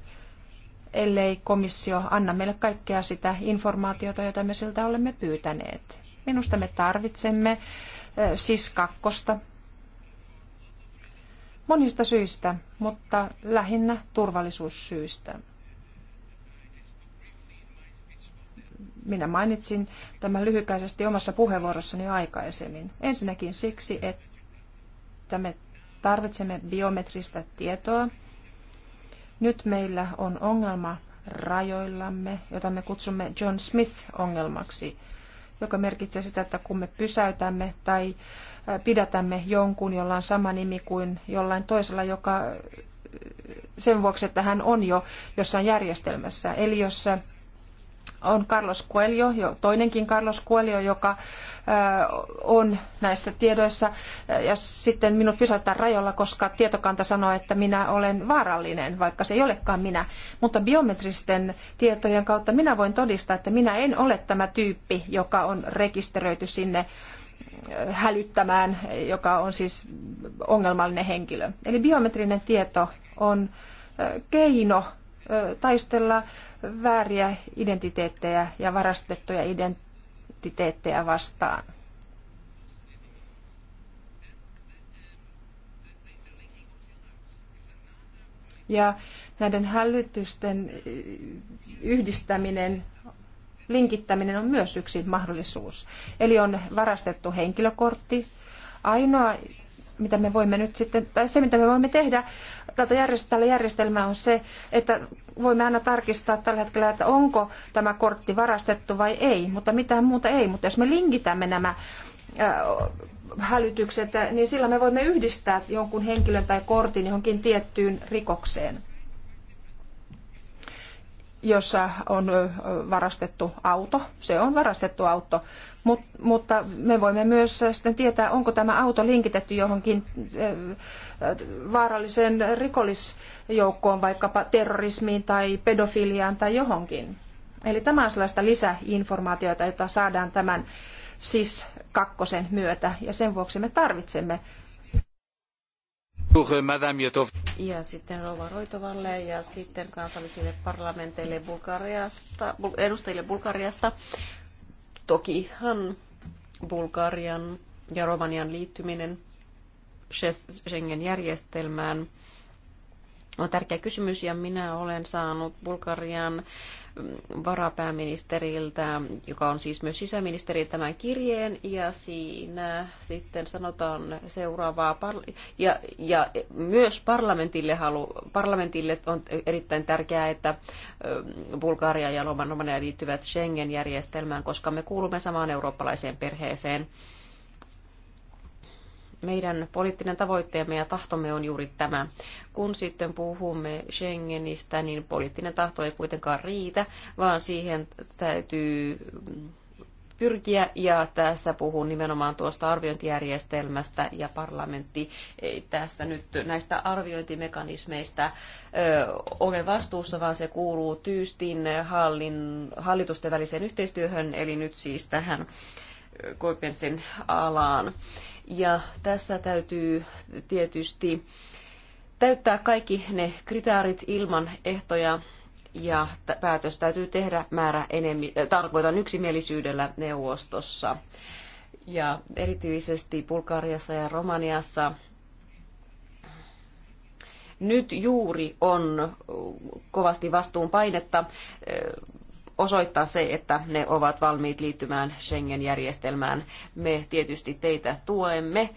ellei komissio anna meille kaikkea sitä informaatiota, jota me siltä olemme pyytäneet. Minusta me tarvitsemme siis kakkosta monista syistä, mutta lähinnä turvallisuussyistä. minä mainitsin tämän lyhykäisesti omassa puheenvuorossani aikaisemmin. Ensinnäkin siksi, että me tarvitsemme biometristä tietoa nyt meillä on ongelma rajoillamme, jota me kutsumme John Smith-ongelmaksi, joka merkitsee sitä, että kun me pysäytämme tai pidätämme jonkun, jolla on sama nimi kuin jollain toisella, joka sen vuoksi, että hän on jo jossain järjestelmässä. Eli jos on Carlos Coelho, jo toinenkin Carlos Coelho, joka äh, on näissä tiedoissa. Äh, ja sitten minut pysäyttää rajoilla, koska tietokanta sanoo, että minä olen vaarallinen, vaikka se ei olekaan minä. Mutta biometristen tietojen kautta minä voin todistaa, että minä en ole tämä tyyppi, joka on rekisteröity sinne äh, hälyttämään, joka on siis ongelmallinen henkilö. Eli biometrinen tieto on keino taistella vääriä identiteettejä ja varastettuja identiteettejä vastaan. Ja näiden hälytysten yhdistäminen, linkittäminen on myös yksi mahdollisuus. Eli on varastettu henkilökortti. Ainoa, mitä me voimme nyt sitten, tai se mitä me voimme tehdä tältä järjestelmää on se, että voimme aina tarkistaa tällä hetkellä, että onko tämä kortti varastettu vai ei, mutta mitään muuta ei. Mutta jos me linkitämme nämä äh, hälytykset, niin silloin me voimme yhdistää jonkun henkilön tai kortin johonkin tiettyyn rikokseen jossa on varastettu auto. Se on varastettu auto, Mut, mutta me voimme myös sitten tietää, onko tämä auto linkitetty johonkin vaaralliseen rikollisjoukkoon, vaikkapa terrorismiin tai pedofiliaan tai johonkin. Eli tämä on sellaista lisäinformaatiota, jota saadaan tämän sis kakkosen myötä, ja sen vuoksi me tarvitsemme Euh, ja sitten Rouva Roitovalle ja sitten kansallisille parlamenteille Bulgariasta, edustajille Bulgariasta. Tokihan Bulgarian ja Romanian liittyminen Schengen-järjestelmään on tärkeä kysymys ja minä olen saanut Bulgarian mm, varapääministeriltä, joka on siis myös sisäministeri, tämän kirjeen ja siinä sitten sanotaan seuraavaa. ja, ja myös parlamentille, halu, parlamentille on erittäin tärkeää, että mm, Bulgaria ja Romania liittyvät Schengen-järjestelmään, koska me kuulumme samaan eurooppalaiseen perheeseen meidän poliittinen tavoitteemme ja tahtomme on juuri tämä. Kun sitten puhumme Schengenistä, niin poliittinen tahto ei kuitenkaan riitä, vaan siihen täytyy pyrkiä, ja tässä puhun nimenomaan tuosta arviointijärjestelmästä, ja parlamentti ei tässä nyt näistä arviointimekanismeista ole vastuussa, vaan se kuuluu tyystin hallin, hallitusten väliseen yhteistyöhön, eli nyt siis tähän Koipensin alaan. Ja tässä täytyy tietysti täyttää kaikki ne kriteerit ilman ehtoja ja päätös täytyy tehdä määrä enemmän, äh, tarkoitan yksimielisyydellä neuvostossa. Ja erityisesti Bulgariassa ja Romaniassa nyt juuri on kovasti vastuun painetta äh, osoittaa se, että ne ovat valmiit liittymään Schengen-järjestelmään. Me tietysti teitä tuemme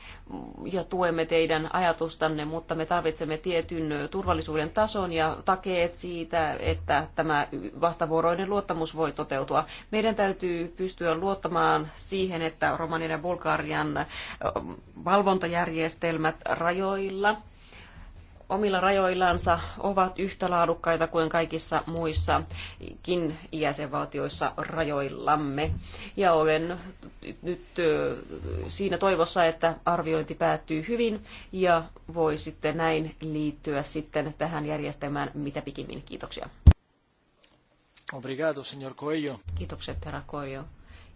ja tuemme teidän ajatustanne, mutta me tarvitsemme tietyn turvallisuuden tason ja takeet siitä, että tämä vastavuoroinen luottamus voi toteutua. Meidän täytyy pystyä luottamaan siihen, että Romanian ja Bulgarian valvontajärjestelmät rajoilla – omilla rajoillansa ovat yhtä laadukkaita kuin kaikissa muissakin jäsenvaltioissa rajoillamme. Ja olen nyt siinä toivossa, että arviointi päättyy hyvin ja voi sitten näin liittyä sitten tähän järjestelmään mitä pikimmin. Kiitoksia. Obrigado, signor Coelho. Kiitokset, herra Coelho.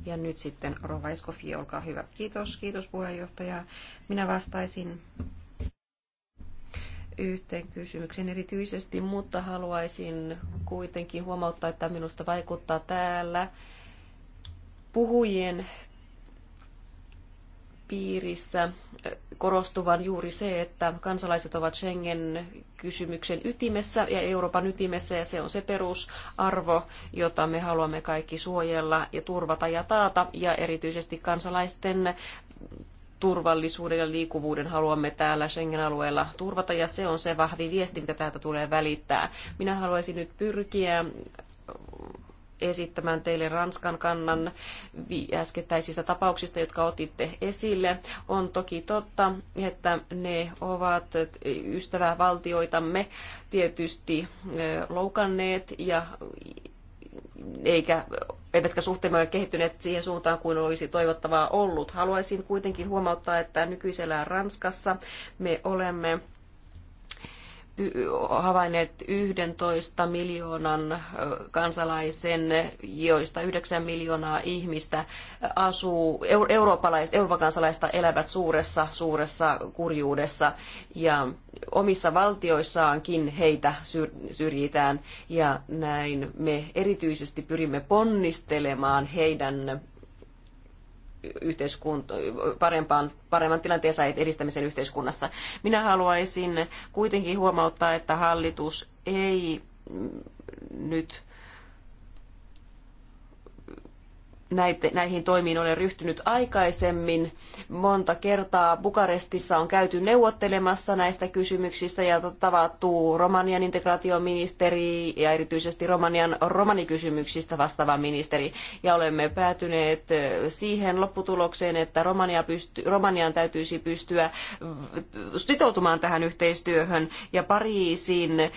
Ja nyt sitten Rova Eskofi, olkaa hyvä. Kiitos, kiitos puheenjohtaja. Minä vastaisin yhteen kysymykseen erityisesti, mutta haluaisin kuitenkin huomauttaa, että minusta vaikuttaa täällä puhujien piirissä korostuvan juuri se, että kansalaiset ovat Schengen-kysymyksen ytimessä ja Euroopan ytimessä, ja se on se perusarvo, jota me haluamme kaikki suojella ja turvata ja taata, ja erityisesti kansalaisten turvallisuuden ja liikkuvuuden haluamme täällä Schengen-alueella turvata, ja se on se vahvi viesti, mitä täältä tulee välittää. Minä haluaisin nyt pyrkiä esittämään teille Ranskan kannan äskettäisistä tapauksista, jotka otitte esille. On toki totta, että ne ovat ystävävaltioitamme tietysti loukanneet ja eikä eivätkä suhteemme ole kehittyneet siihen suuntaan kuin olisi toivottavaa ollut. Haluaisin kuitenkin huomauttaa, että nykyisellään Ranskassa me olemme havainneet 11 miljoonan kansalaisen, joista 9 miljoonaa ihmistä asuu, eurooppalaiset, Euroopan kansalaista elävät suuressa, suuressa kurjuudessa ja omissa valtioissaankin heitä syrjitään ja näin me erityisesti pyrimme ponnistelemaan heidän yhteiskunt- parempaan, paremman tilanteensa edistämisen yhteiskunnassa. Minä haluaisin kuitenkin huomauttaa, että hallitus ei nyt näihin toimiin olen ryhtynyt aikaisemmin. Monta kertaa Bukarestissa on käyty neuvottelemassa näistä kysymyksistä ja tavattu Romanian integraatioministeri ja erityisesti Romanian romanikysymyksistä vastaava ministeri. Ja olemme päätyneet eh, siihen lopputulokseen, että Romania pysty, Romanian täytyisi pystyä sitoutumaan tähän yhteistyöhön. Ja Pariisin, eh,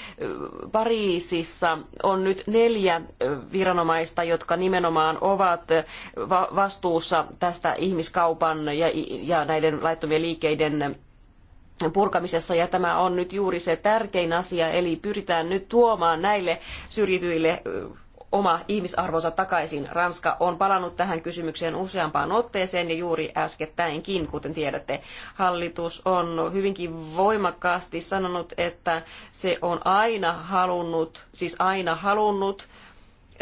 Pariisissa on nyt neljä eh, viranomaista, jotka nimenomaan ovat vastuussa tästä ihmiskaupan ja, ja näiden laittomien liikkeiden purkamisessa ja tämä on nyt juuri se tärkein asia, eli pyritään nyt tuomaan näille syrjityille oma ihmisarvonsa takaisin. Ranska on palannut tähän kysymykseen useampaan otteeseen ja juuri äskettäinkin, kuten tiedätte. Hallitus on hyvinkin voimakkaasti sanonut, että se on aina halunnut, siis aina halunnut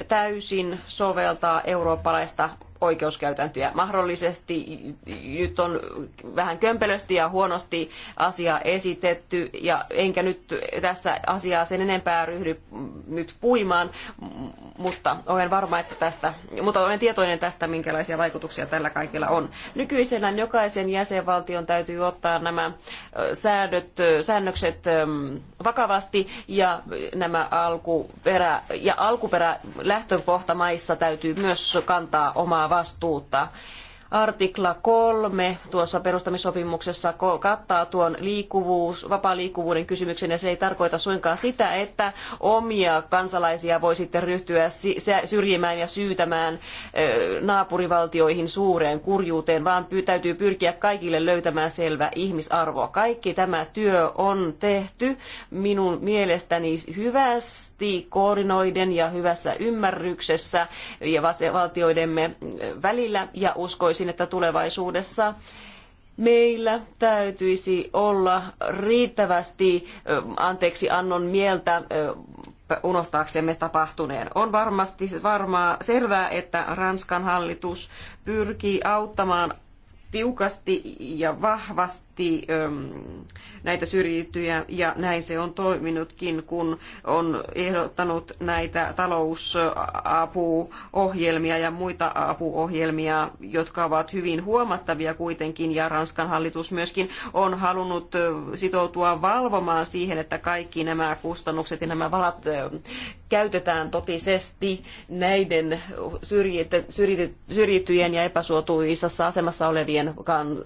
täysin soveltaa eurooppalaista oikeuskäytäntöjä. Mahdollisesti nyt on vähän kömpelösti ja huonosti asia esitetty, ja enkä nyt tässä asiaa sen enempää ryhdy nyt puimaan, mutta olen varma, että tästä, mutta olen tietoinen tästä, minkälaisia vaikutuksia tällä kaikilla on. nykyisellä jokaisen jäsenvaltion täytyy ottaa nämä säädöt, säännökset vakavasti, ja nämä alkuperä, ja alkuperä lähtökohtamaissa täytyy myös kantaa omaa vastuuta. Artikla 3 tuossa perustamissopimuksessa kattaa tuon liikkuvuus, vapaa liikkuvuuden kysymyksen ja se ei tarkoita suinkaan sitä, että omia kansalaisia voi sitten ryhtyä syrjimään ja syytämään naapurivaltioihin suureen kurjuuteen, vaan täytyy pyrkiä kaikille löytämään selvä ihmisarvo. Kaikki tämä työ on tehty minun mielestäni hyvästi koordinoiden ja hyvässä ymmärryksessä ja valtioidemme välillä ja uskoisin, toivoisin, että tulevaisuudessa meillä täytyisi olla riittävästi anteeksi annon mieltä unohtaaksemme tapahtuneen. On varmasti varmaa selvää, että Ranskan hallitus pyrkii auttamaan tiukasti ja vahvasti kohti ähm, näitä syrjittyjä ja näin se on toiminutkin, kun on ehdottanut näitä talousapuohjelmia ja muita apuohjelmia, jotka ovat hyvin huomattavia kuitenkin ja Ranskan hallitus myöskin on halunnut äh, sitoutua valvomaan siihen, että kaikki nämä kustannukset ja nämä varat äh, käytetään totisesti näiden syrjittyjen ja epäsuotuisassa asemassa olevien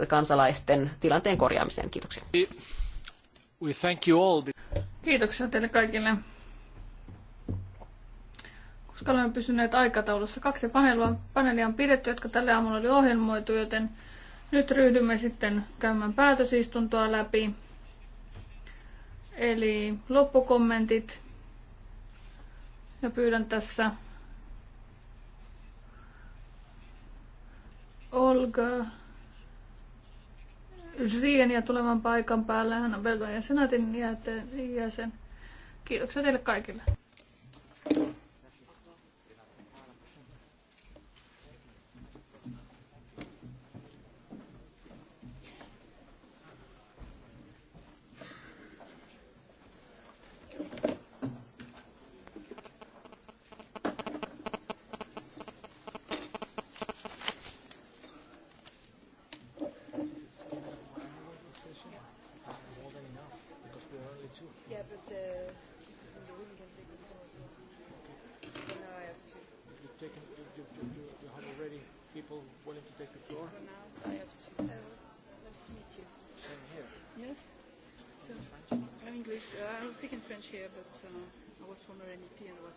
kansalaisten tilanteen korjaamiseen. Kiitoksia. We thank you all. Kiitoksia teille kaikille. Koska olemme pysyneet aikataulussa, kaksi paneelua, paneelia on pidetty, jotka tälle aamulla oli ohjelmoitu, joten nyt ryhdymme sitten käymään päätösistuntoa läpi. Eli loppukommentit. Ja pyydän tässä Olga zrien ja tulevan paikan päälle. Hän on Belgian senaatin jäsen. Kiitoksia teille kaikille.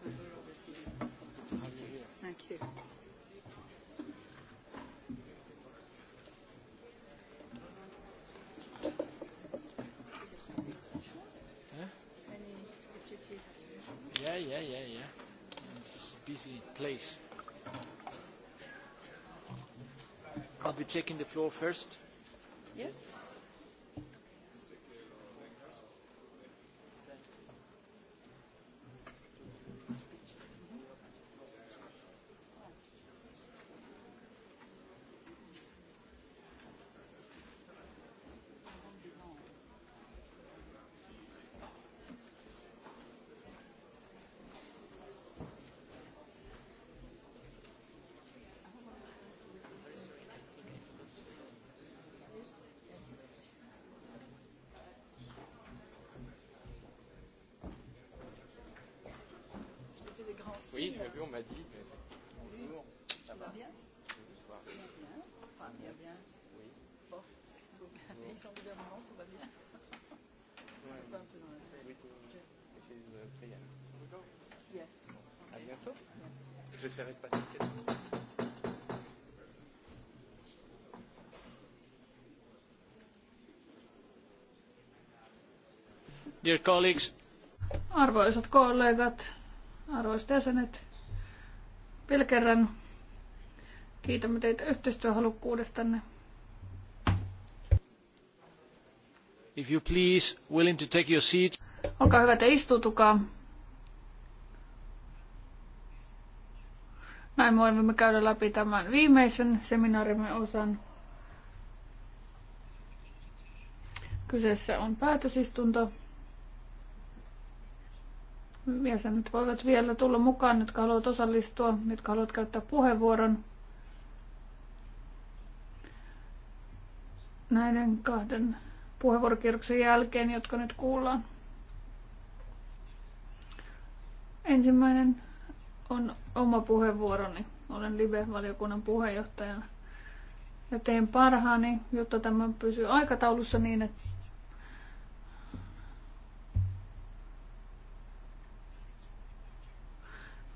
vad Thank you. Yeah, yeah, yeah, yeah. It's a busy place. I'll be taking the floor first. Yes. savais pas si c'était. Dear colleagues. Arvoisat kollegat, arvoisat jäsenet, vielä kerran kiitämme teitä yhteistyöhalukkuudestanne. If you please, willing to take your seat. Olkaa hyvä, te istuutukaa. Näin voimme käydä läpi tämän viimeisen seminaarimme osan. Kyseessä on päätösistunto. Jäsenet voivat vielä tulla mukaan, jotka haluat osallistua, jotka haluat käyttää puheenvuoron. Näiden kahden puheenvuorokierroksen jälkeen, jotka nyt kuullaan. Ensimmäinen on oma puheenvuoroni. Olen Live-valiokunnan puheenjohtajana. Ja teen parhaani, jotta tämä pysyy aikataulussa niin, että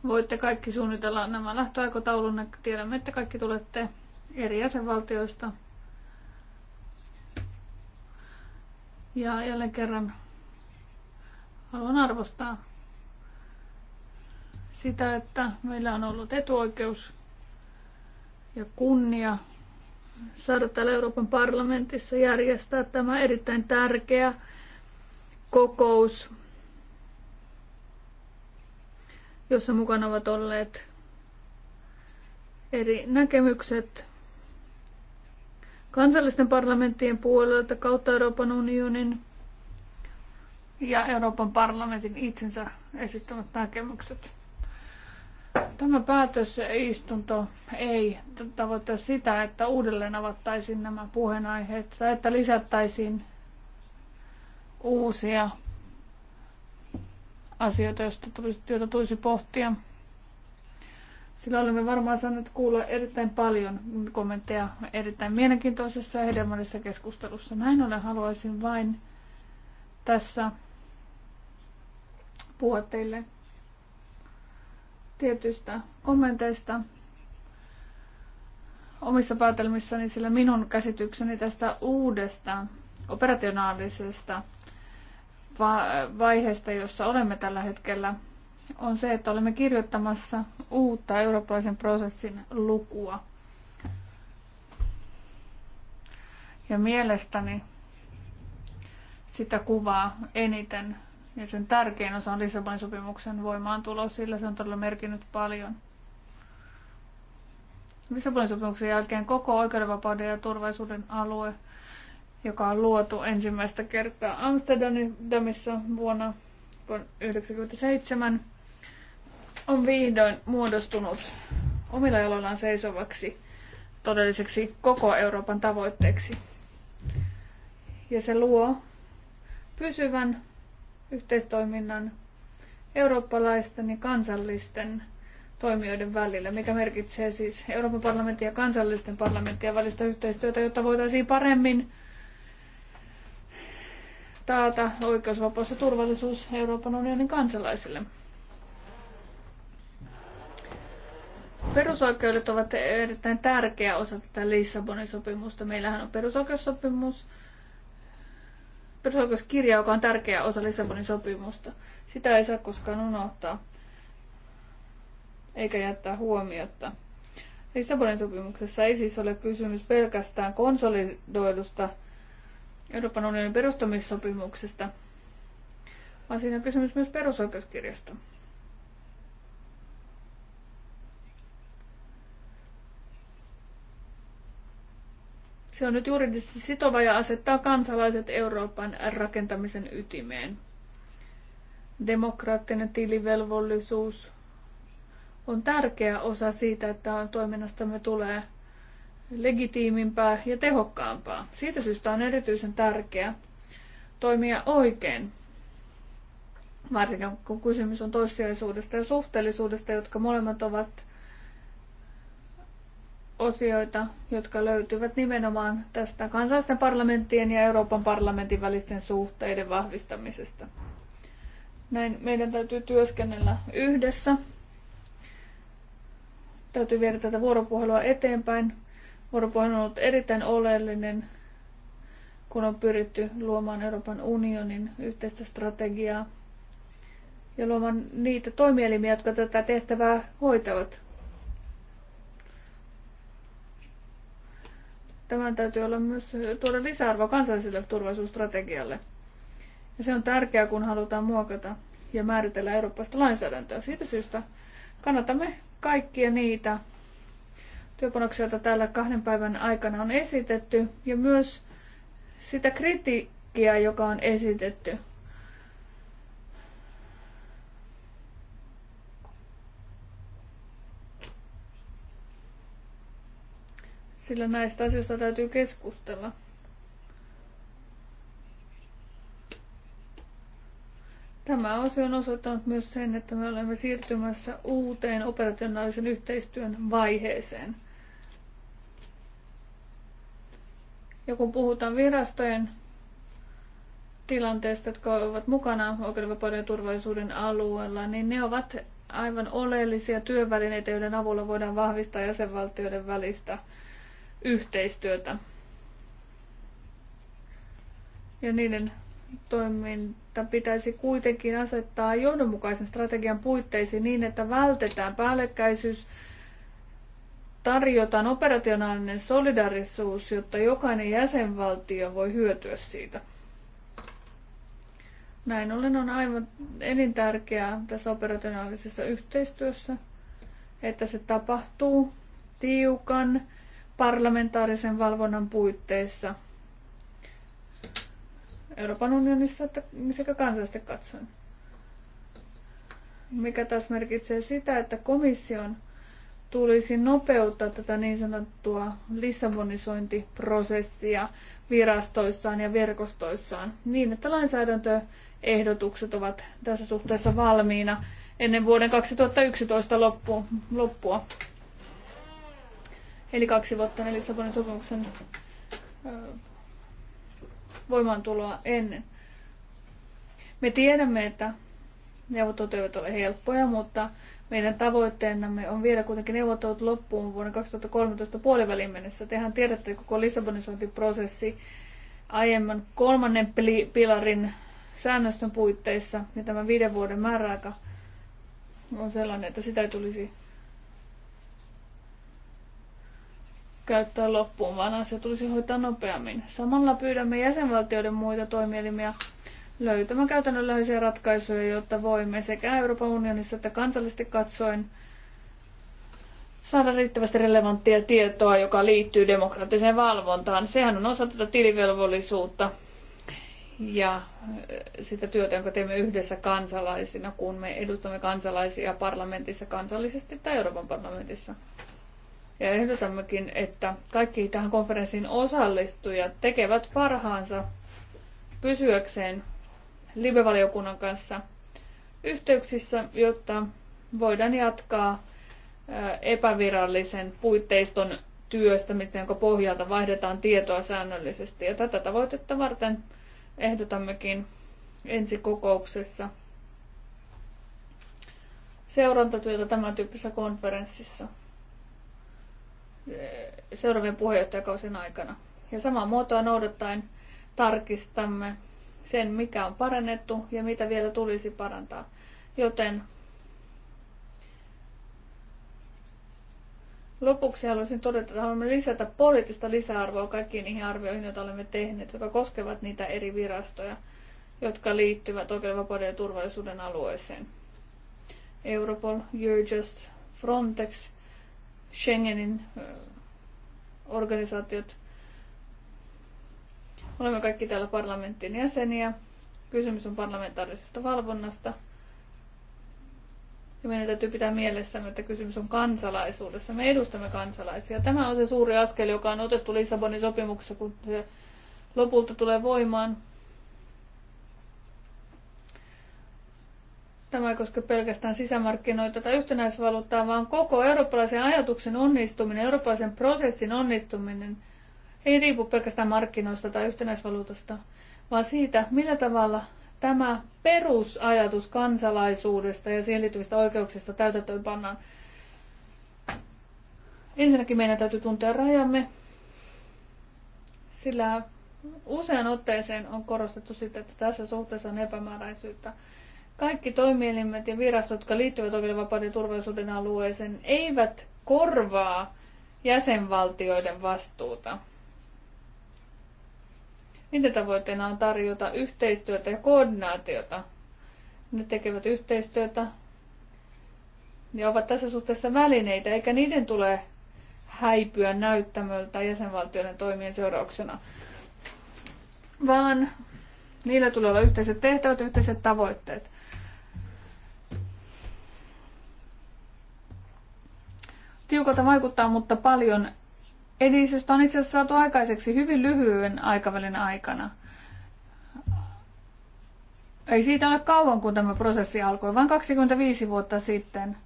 voitte kaikki suunnitella nämä lähtöaikataulun. Tiedämme, että kaikki tulette eri jäsenvaltioista. Ja jälleen kerran haluan arvostaa sitä, että meillä on ollut etuoikeus ja kunnia saada täällä Euroopan parlamentissa järjestää tämä erittäin tärkeä kokous, jossa mukana ovat olleet eri näkemykset kansallisten parlamenttien puolelta kautta Euroopan unionin ja Euroopan parlamentin itsensä esittämät näkemykset. Tämä päätösistunto ei tavoita sitä, että uudelleen avattaisiin nämä puheenaiheet, että lisättäisiin uusia asioita, joista tulisi, joita tulisi pohtia. Sillä olemme varmaan saaneet kuulla erittäin paljon kommentteja erittäin mielenkiintoisessa ja hedelmällisessä keskustelussa. Näin ollen haluaisin vain tässä puhua teille tietyistä kommenteista omissa päätelmissäni, sillä minun käsitykseni tästä uudesta operationaalisesta vaiheesta, jossa olemme tällä hetkellä, on se, että olemme kirjoittamassa uutta eurooppalaisen prosessin lukua. Ja mielestäni sitä kuvaa eniten ja sen tärkein osa on Lissabonin sopimuksen voimaantulo, sillä se on todella merkinnyt paljon. Lissabonin sopimuksen jälkeen koko oikeudenvapauden ja turvallisuuden alue, joka on luotu ensimmäistä kertaa Amsterdamissa vuonna 1997, on vihdoin muodostunut omilla jaloillaan seisovaksi todelliseksi koko Euroopan tavoitteeksi. Ja se luo pysyvän yhteistoiminnan eurooppalaisten ja kansallisten toimijoiden välillä, mikä merkitsee siis Euroopan parlamentin ja kansallisten parlamenttien välistä yhteistyötä, jotta voitaisiin paremmin taata oikeusvapaus ja turvallisuus Euroopan unionin kansalaisille. Perusoikeudet ovat erittäin tärkeä osa tätä Lissabonin sopimusta. Meillähän on perusoikeussopimus, perusoikeuskirja, joka on tärkeä osa Lissabonin sopimusta. Sitä ei saa koskaan unohtaa eikä jättää huomiota. Lissabonin sopimuksessa ei siis ole kysymys pelkästään konsolidoidusta Euroopan unionin perustamissopimuksesta, vaan siinä on kysymys myös perusoikeuskirjasta. Se on nyt juridisesti sitova ja asettaa kansalaiset Euroopan rakentamisen ytimeen. Demokraattinen tilivelvollisuus on tärkeä osa siitä, että toiminnastamme tulee legitiimimpää ja tehokkaampaa. Siitä syystä on erityisen tärkeää toimia oikein, varsinkin kun kysymys on toissijaisuudesta ja suhteellisuudesta, jotka molemmat ovat osioita, jotka löytyvät nimenomaan tästä kansallisten parlamenttien ja Euroopan parlamentin välisten suhteiden vahvistamisesta. Näin meidän täytyy työskennellä yhdessä. Täytyy viedä tätä vuoropuhelua eteenpäin. Vuoropuhelu on ollut erittäin oleellinen, kun on pyritty luomaan Euroopan unionin yhteistä strategiaa ja luomaan niitä toimielimiä, jotka tätä tehtävää hoitavat Tämän täytyy olla myös tuoda lisäarvo kansalliselle turvallisuusstrategialle. Ja se on tärkeää, kun halutaan muokata ja määritellä eurooppalaista lainsäädäntöä. Siitä syystä kannatamme kaikkia niitä työpanoksia, joita täällä kahden päivän aikana on esitetty, ja myös sitä kritiikkiä, joka on esitetty sillä näistä asioista täytyy keskustella. Tämä osio on osoittanut myös sen, että me olemme siirtymässä uuteen operationaalisen yhteistyön vaiheeseen. Ja kun puhutaan virastojen tilanteesta, jotka ovat mukana oikeudenvapauden ja turvallisuuden alueella, niin ne ovat aivan oleellisia työvälineitä, joiden avulla voidaan vahvistaa jäsenvaltioiden välistä yhteistyötä. Ja niiden toiminta pitäisi kuitenkin asettaa johdonmukaisen strategian puitteisiin niin, että vältetään päällekkäisyys, tarjotaan operationaalinen solidarisuus, jotta jokainen jäsenvaltio voi hyötyä siitä. Näin ollen on aivan elintärkeää tässä operationaalisessa yhteistyössä, että se tapahtuu tiukan parlamentaarisen valvonnan puitteissa Euroopan unionissa että sekä kansallisesti katsoen. Mikä taas merkitsee sitä, että komission tulisi nopeuttaa tätä niin sanottua lissabonisointiprosessia virastoissaan ja verkostoissaan niin, että lainsäädäntöehdotukset ovat tässä suhteessa valmiina ennen vuoden 2011 loppua eli kaksi vuotta ennen Lissabonin sopimuksen voimaantuloa ennen. Me tiedämme, että neuvottelut eivät ole helppoja, mutta meidän tavoitteenamme on viedä kuitenkin neuvottelut loppuun vuonna 2013 puolivälin mennessä. Tehän tiedätte koko Lissabonisointiprosessi aiemman kolmannen pilarin säännöstön puitteissa, niin tämä viiden vuoden määräaika on sellainen, että sitä ei tulisi käyttää loppuun, vaan asia tulisi hoitaa nopeammin. Samalla pyydämme jäsenvaltioiden muita toimielimiä löytämään käytännönläheisiä ratkaisuja, jotta voimme sekä Euroopan unionissa että kansallisesti katsoen saada riittävästi relevanttia tietoa, joka liittyy demokraattiseen valvontaan. Sehän on osa tätä tilivelvollisuutta ja eh, sitä työtä, jonka teemme yhdessä kansalaisina, kun me edustamme kansalaisia parlamentissa kansallisesti tai Euroopan parlamentissa. Ja ehdotammekin, että kaikki tähän konferenssiin osallistujat tekevät parhaansa pysyäkseen live-valiokunnan kanssa yhteyksissä, jotta voidaan jatkaa epävirallisen puitteiston työstämistä, jonka pohjalta vaihdetaan tietoa säännöllisesti. Ja tätä tavoitetta varten ehdotammekin ensi kokouksessa seurantatyötä tämän tyyppisessä konferenssissa seuraavien puheenjohtajakausien aikana. Ja samaa muotoa noudattaen tarkistamme sen, mikä on parannettu ja mitä vielä tulisi parantaa. Joten Lopuksi haluaisin todeta, että haluamme lisätä poliittista lisäarvoa kaikkiin niihin arvioihin, joita olemme tehneet, jotka koskevat niitä eri virastoja, jotka liittyvät oikeudenvapauden ja turvallisuuden alueeseen. Europol, Eurojust, Frontex Schengenin organisaatiot. Olemme kaikki täällä parlamentin jäseniä. Kysymys on parlamentaarisesta valvonnasta. Ja meidän täytyy pitää mielessämme, että kysymys on kansalaisuudessa. Me edustamme kansalaisia. Tämä on se suuri askel, joka on otettu Lissabonin sopimuksessa, kun se lopulta tulee voimaan. Tämä ei koske pelkästään sisämarkkinoita tai yhtenäisvaluuttaa, vaan koko eurooppalaisen ajatuksen onnistuminen, eurooppalaisen prosessin onnistuminen ei riipu pelkästään markkinoista tai yhtenäisvaluutasta, vaan siitä, millä tavalla tämä perusajatus kansalaisuudesta ja siihen liittyvistä oikeuksista täytäntöön pannaan. Ensinnäkin meidän täytyy tuntea rajamme, sillä usean otteeseen on korostettu sitä, että tässä suhteessa on epämääräisyyttä. Kaikki toimielimet ja virastot, jotka liittyvät oikeudenvapauden turvallisuuden alueeseen, eivät korvaa jäsenvaltioiden vastuuta. Niiden tavoitteena on tarjota yhteistyötä ja koordinaatiota. Ne tekevät yhteistyötä ja ovat tässä suhteessa välineitä, eikä niiden tule häipyä näyttämöltä jäsenvaltioiden toimien seurauksena, vaan niillä tulee olla yhteiset tehtävät, ja yhteiset tavoitteet. tiukalta vaikuttaa, mutta paljon edistystä on itse asiassa saatu aikaiseksi hyvin lyhyen aikavälin aikana. Ei siitä ole kauan, kun tämä prosessi alkoi, vain 25 vuotta sitten.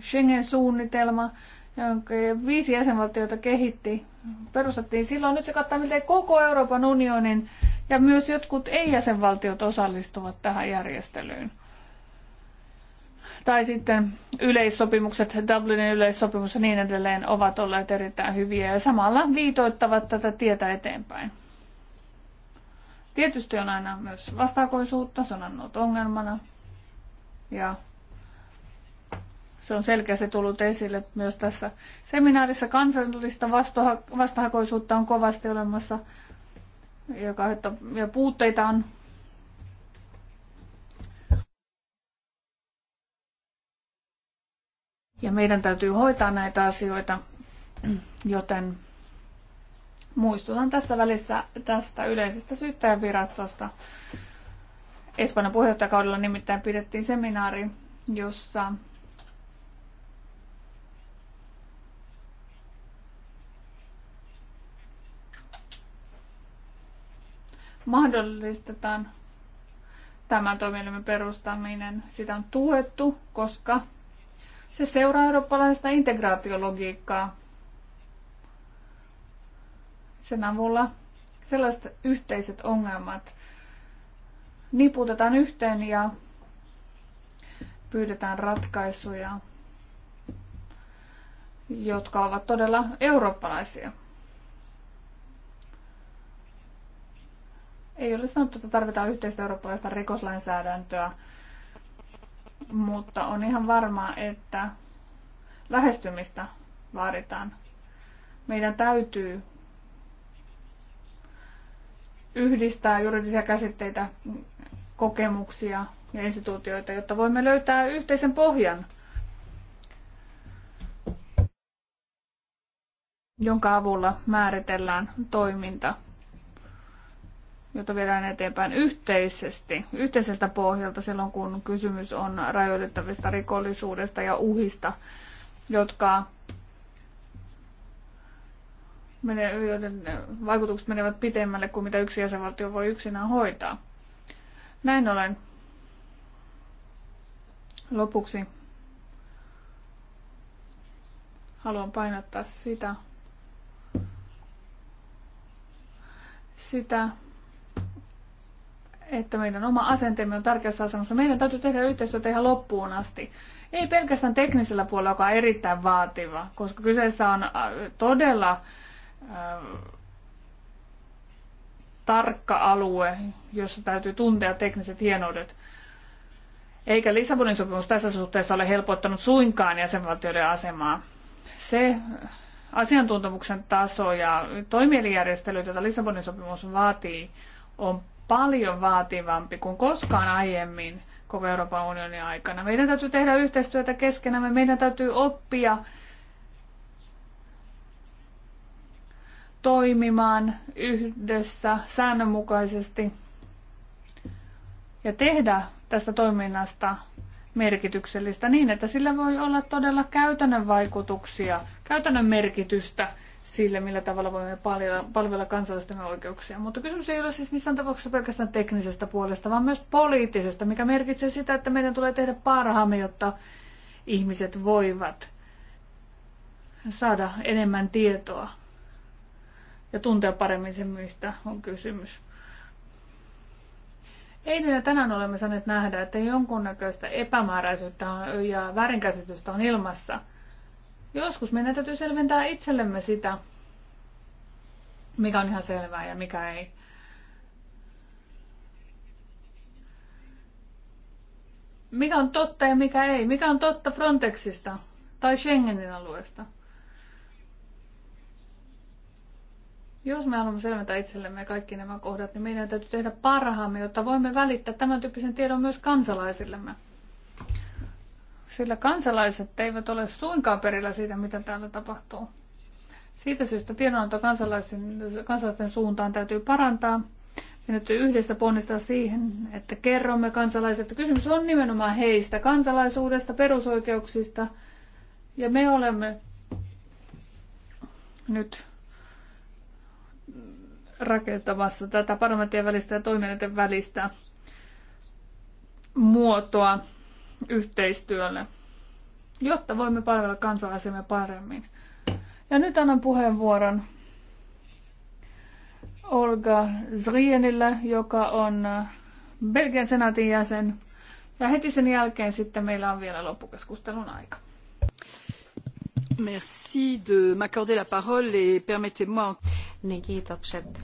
Schengen-suunnitelma, jonka viisi jäsenvaltiota kehitti, perustettiin silloin. Nyt se kattaa miltei koko Euroopan unionin ja myös jotkut ei-jäsenvaltiot osallistuvat tähän järjestelyyn tai sitten yleissopimukset, Dublinin yleissopimus ja niin edelleen ovat olleet erittäin hyviä ja samalla viitoittavat tätä tietä eteenpäin. Tietysti on aina myös vastaakoisuutta, se on annut ongelmana ja se on selkeästi tullut esille myös tässä seminaarissa. Kansallista vastahakoisuutta on kovasti olemassa joka, että, ja puutteita on Ja meidän täytyy hoitaa näitä asioita, joten muistutan tässä välissä tästä yleisestä syyttäjänvirastosta. Espanjan puheenjohtajakaudella nimittäin pidettiin seminaari, jossa mahdollistetaan tämän toimielimen perustaminen. Sitä on tuettu, koska se seuraa eurooppalaista integraatiologiikkaa. Sen avulla sellaiset yhteiset ongelmat niputetaan yhteen ja pyydetään ratkaisuja, jotka ovat todella eurooppalaisia. Ei ole sanottu, että tarvitaan yhteistä eurooppalaista rikoslainsäädäntöä, mutta on ihan varmaa, että lähestymistä vaaditaan. Meidän täytyy yhdistää juridisia käsitteitä, kokemuksia ja instituutioita, jotta voimme löytää yhteisen pohjan, jonka avulla määritellään toiminta jota viedään eteenpäin yhteisesti, yhteiseltä pohjalta silloin, kun kysymys on rajoitettavista rikollisuudesta ja uhista, jotka joiden vaikutukset menevät pitemmälle kuin mitä yksi jäsenvaltio voi yksinään hoitaa. Näin ollen lopuksi haluan painottaa sitä, sitä, että meidän oma asenteemme on tärkeässä asemassa. Meidän täytyy tehdä yhteistyötä ihan loppuun asti. Ei pelkästään teknisellä puolella, joka on erittäin vaativa, koska kyseessä on äh, todella äh, tarkka alue, jossa täytyy tuntea tekniset hienoudet. Eikä Lissabonin sopimus tässä suhteessa ole helpottanut suinkaan jäsenvaltioiden asemaa. Se äh, asiantuntemuksen taso ja toimielijärjestely, jota Lissabonin sopimus vaatii, on paljon vaativampi kuin koskaan aiemmin koko Euroopan unionin aikana. Meidän täytyy tehdä yhteistyötä keskenämme, meidän täytyy oppia toimimaan yhdessä säännönmukaisesti ja tehdä tästä toiminnasta merkityksellistä niin, että sillä voi olla todella käytännön vaikutuksia, käytännön merkitystä sille, millä tavalla voimme palvella, palvella kansalaisten oikeuksia. Mutta kysymys ei ole siis missään tapauksessa pelkästään teknisestä puolesta, vaan myös poliittisesta, mikä merkitsee sitä, että meidän tulee tehdä parhaamme, jotta ihmiset voivat saada enemmän tietoa ja tuntea paremmin sen, mistä on kysymys. Eilen ja tänään olemme saaneet nähdä, että jonkunnäköistä epämääräisyyttä ja väärinkäsitystä on ilmassa – Joskus meidän täytyy selventää itsellemme sitä, mikä on ihan selvää ja mikä ei. Mikä on totta ja mikä ei? Mikä on totta Frontexista tai Schengenin alueesta? Jos me haluamme selventää itsellemme kaikki nämä kohdat, niin meidän täytyy tehdä parhaamme, jotta voimme välittää tämän tyyppisen tiedon myös kansalaisillemme sillä kansalaiset eivät ole suinkaan perillä siitä, mitä täällä tapahtuu. Siitä syystä tiedonanto kansalaisten suuntaan täytyy parantaa. Meidän täytyy yhdessä ponnistaa siihen, että kerromme kansalaiset, että kysymys on nimenomaan heistä, kansalaisuudesta, perusoikeuksista. Ja me olemme nyt rakentamassa tätä parlamenttien välistä ja toimijoiden välistä muotoa yhteistyölle, jotta voimme palvella kansalaisemme paremmin. Ja nyt annan puheenvuoron Olga Zrienille, joka on Belgian senaatin jäsen. Ja heti sen jälkeen sitten meillä on vielä loppukeskustelun aika. Merci de m'accorder la parole et permettez-moi... Niin, kiitokset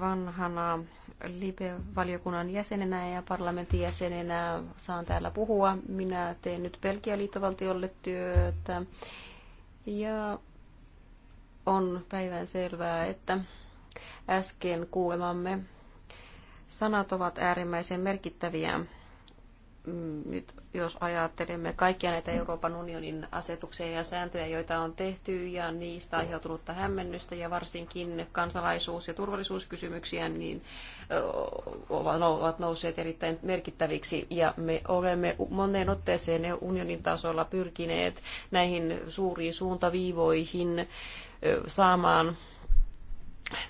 vanhana Libe-valiokunnan jäsenenä ja parlamentin jäsenenä saan täällä puhua. Minä teen nyt Belgian liittovaltiolle työtä ja on päivän selvää, että äsken kuulemamme sanat ovat äärimmäisen merkittäviä nyt jos ajattelemme kaikkia näitä Euroopan unionin asetuksia ja sääntöjä, joita on tehty ja niistä aiheutunutta hämmennystä ja varsinkin kansalaisuus- ja turvallisuuskysymyksiä, niin ovat nousseet erittäin merkittäviksi ja me olemme moneen otteeseen unionin tasolla pyrkineet näihin suuriin suuntaviivoihin saamaan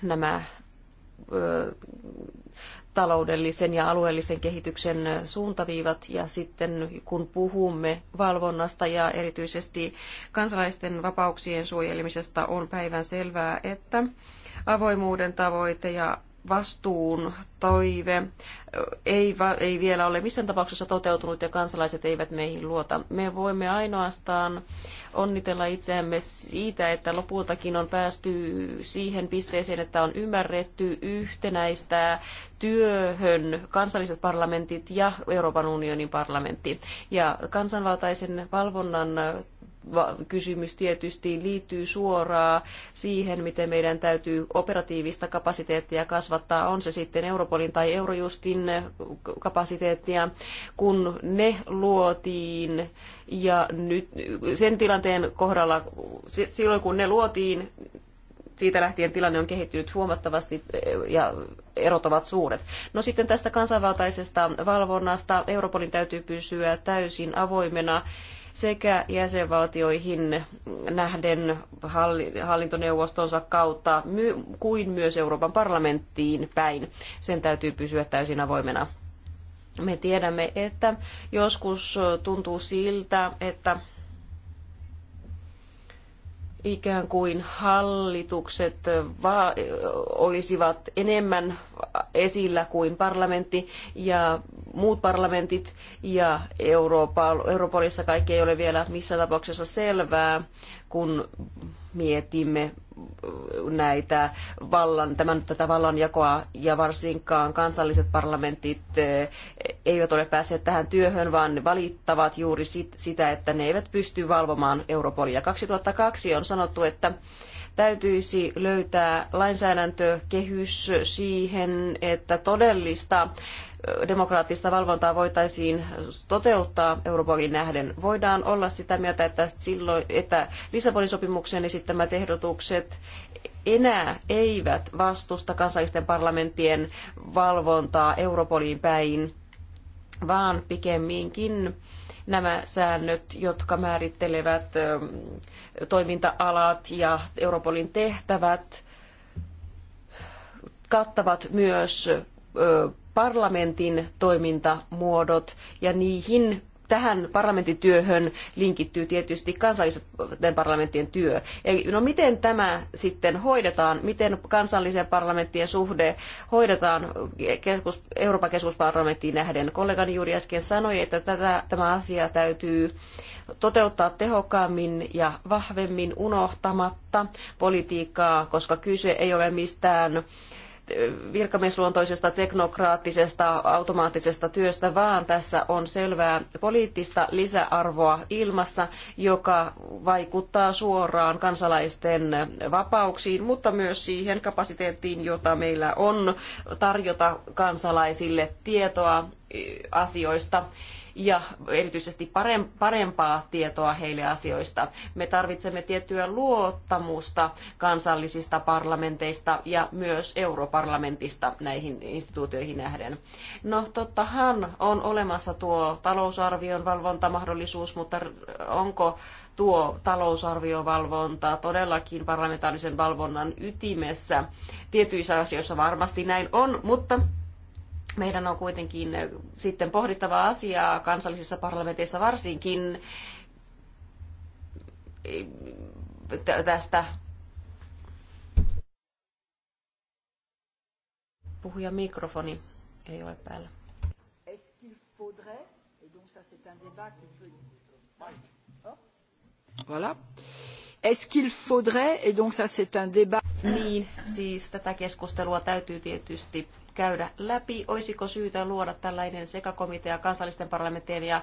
nämä taloudellisen ja alueellisen kehityksen suuntaviivat ja sitten kun puhumme valvonnasta ja erityisesti kansalaisten vapauksien suojelemisesta on päivän selvää, että avoimuuden tavoite ja vastuun toive ei, ei vielä ole missään tapauksessa toteutunut ja kansalaiset eivät meihin luota. Me voimme ainoastaan onnitella itseämme siitä, että lopultakin on päästy siihen pisteeseen, että on ymmärretty yhtenäistää työhön kansalliset parlamentit ja Euroopan unionin parlamentti. Ja kansanvaltaisen valvonnan kysymys tietysti liittyy suoraan siihen, miten meidän täytyy operatiivista kapasiteettia kasvattaa, on se sitten Europolin tai Eurojustin kapasiteettia, kun ne luotiin ja nyt sen tilanteen kohdalla, silloin kun ne luotiin, siitä lähtien tilanne on kehittynyt huomattavasti ja erot ovat suuret. No sitten tästä kansanvaltaisesta valvonnasta Europolin täytyy pysyä täysin avoimena sekä jäsenvaltioihin nähden hallintoneuvostonsa kautta kuin myös Euroopan parlamenttiin päin. Sen täytyy pysyä täysin avoimena. Me tiedämme, että joskus tuntuu siltä, että ikään kuin hallitukset äh, äh, olisivat enemmän esillä kuin parlamentti ja muut parlamentit ja Euroopassa Europolissa kaikki ei ole vielä missään tapauksessa selvää, kun mietimme näitä vallan, tämän, tätä vallanjakoa ja varsinkaan kansalliset parlamentit eh, eivät ole päässeet tähän työhön, vaan ne valittavat juuri sitä, että ne eivät pysty valvomaan Europolia. 2002 on sanottu, että täytyisi löytää lainsäädäntökehys siihen, että todellista demokraattista valvontaa voitaisiin toteuttaa Euroopakin nähden. Voidaan olla sitä mieltä, että, silloin, että Lissabonin sopimuksen esittämät ehdotukset enää eivät vastusta kansallisten parlamenttien valvontaa Europoliin päin, vaan pikemminkin nämä säännöt, jotka määrittelevät ähm, toiminta-alat ja Europolin tehtävät, kattavat myös äh, parlamentin toimintamuodot ja niihin tähän parlamentin työhön linkittyy tietysti kansallisten parlamenttien työ. Eli no miten tämä sitten hoidetaan, miten kansallisen parlamenttien suhde hoidetaan keskus, Euroopan keskusparlamenttiin nähden. Kollegani juuri äsken sanoi, että tätä, tämä asia täytyy toteuttaa tehokkaammin ja vahvemmin unohtamatta politiikkaa, koska kyse ei ole mistään virkamiesluontoisesta teknokraattisesta automaattisesta työstä, vaan tässä on selvää poliittista lisäarvoa ilmassa, joka vaikuttaa suoraan kansalaisten vapauksiin, mutta myös siihen kapasiteettiin, jota meillä on tarjota kansalaisille tietoa asioista ja erityisesti parempaa tietoa heille asioista. Me tarvitsemme tiettyä luottamusta kansallisista parlamenteista ja myös europarlamentista näihin instituutioihin nähden. No tottahan on olemassa tuo talousarvion valvontamahdollisuus, mutta onko tuo talousarviovalvonta todellakin parlamentaarisen valvonnan ytimessä. Tietyissä asioissa varmasti näin on, mutta meidän on kuitenkin eh, sitten pohdittava asiaa kansallisissa parlamenteissa varsinkin eh, tästä puhuja mikrofoni ei ole päällä. Voilà. Est-ce qu'il faudrait, et donc ça c'est un débat... Niin, siis tätä keskustelua täytyy tietysti käydä läpi. Olisiko syytä luoda tällainen sekakomitea kansallisten parlamenttien ja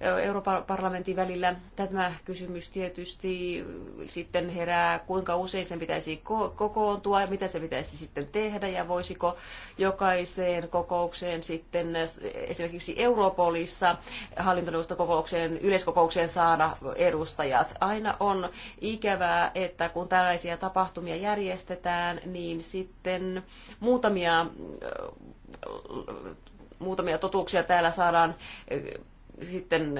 Euroopan parlamentin välillä. Tämä kysymys tietysti sitten herää, kuinka usein sen pitäisi kokoontua ja mitä se pitäisi sitten tehdä ja voisiko jokaiseen kokoukseen sitten esimerkiksi Europolissa kokoukseen, yleiskokoukseen saada edustajat. Aina on ikävää, että kun tällaisia tapahtumia järjestetään, niin sitten muutamia muutamia totuuksia täällä saadaan sitten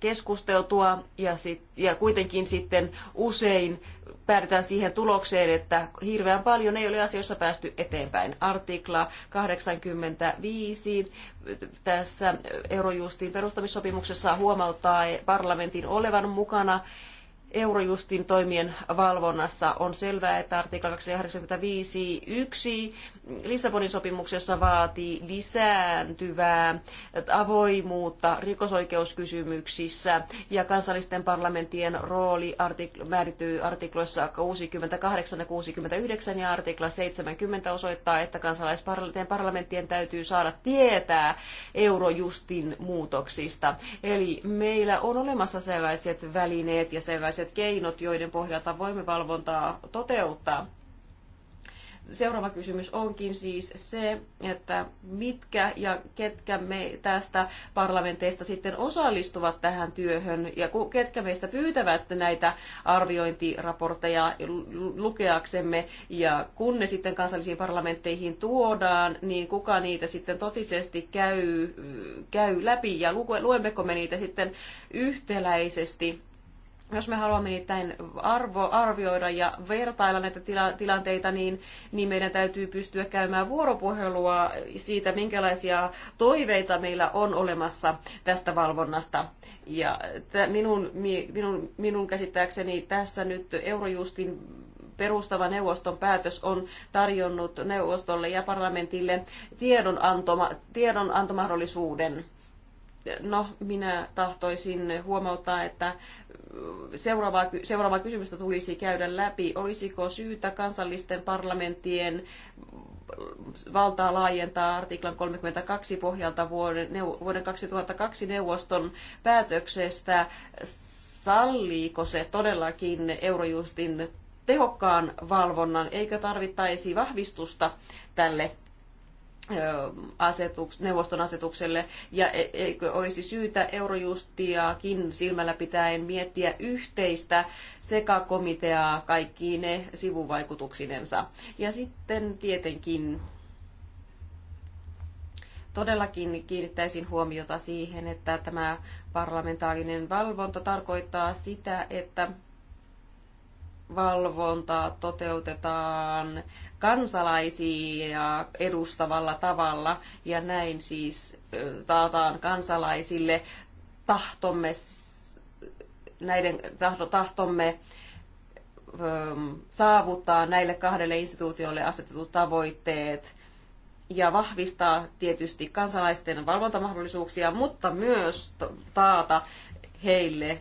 keskusteltua ja, sit, ja kuitenkin sitten usein päädytään siihen tulokseen, että hirveän paljon ei ole asioissa päästy eteenpäin. Artikla 85 tässä Eurojustin perustamissopimuksessa huomauttaa parlamentin olevan mukana Eurojustin toimien valvonnassa on selvää, että artikla yksi Lissabonin sopimuksessa vaatii lisääntyvää avoimuutta rikosoikeuskysymyksissä ja kansallisten parlamenttien rooli artik- määrittyy artikloissa 68 ja 69 ja artikla 70 osoittaa, että kansallisten parlamenttien täytyy saada tietää eurojustin muutoksista. Eli meillä on olemassa sellaiset välineet ja sellaiset keinot, joiden pohjalta voimme valvontaa toteuttaa Seuraava kysymys onkin siis se, että mitkä ja ketkä me tästä parlamenteista sitten osallistuvat tähän työhön ja ketkä meistä pyytävät näitä arviointiraportteja lukeaksemme ja kun ne sitten kansallisiin parlamentteihin tuodaan, niin kuka niitä sitten totisesti käy, käy läpi ja luemmeko me niitä sitten yhtäläisesti jos me haluamme niitä arvo, arvioida ja vertailla näitä tila, tilanteita, niin, niin meidän täytyy pystyä käymään vuoropuhelua siitä, minkälaisia toiveita meillä on olemassa tästä valvonnasta. Ja t- minun, minun, minun käsittääkseni tässä nyt Eurojustin perustava neuvoston päätös on tarjonnut neuvostolle ja parlamentille tiedonantoma, tiedonantomahdollisuuden No, minä tahtoisin huomauttaa, että seuraavaa, seuraavaa kysymystä tulisi käydä läpi. Olisiko syytä kansallisten parlamenttien valtaa laajentaa artiklan 32 pohjalta vuoden, vuoden 2002 neuvoston päätöksestä? Salliiko se todellakin Eurojustin tehokkaan valvonnan, eikä tarvittaisi vahvistusta tälle asetuks, neuvoston asetukselle, ja e-, eikö olisi syytä Eurojustiakin silmällä pitäen miettiä yhteistä sekakomiteaa kaikkiin ne sivuvaikutuksinensa. Ja sitten tietenkin todellakin kiinnittäisin huomiota siihen, että tämä parlamentaarinen valvonta tarkoittaa sitä, että valvontaa toteutetaan kansalaisia edustavalla tavalla ja näin siis taataan kansalaisille tahtomme näiden tahtomme saavuttaa näille kahdelle instituutiolle asetetut tavoitteet ja vahvistaa tietysti kansalaisten valvontamahdollisuuksia, mutta myös taata heille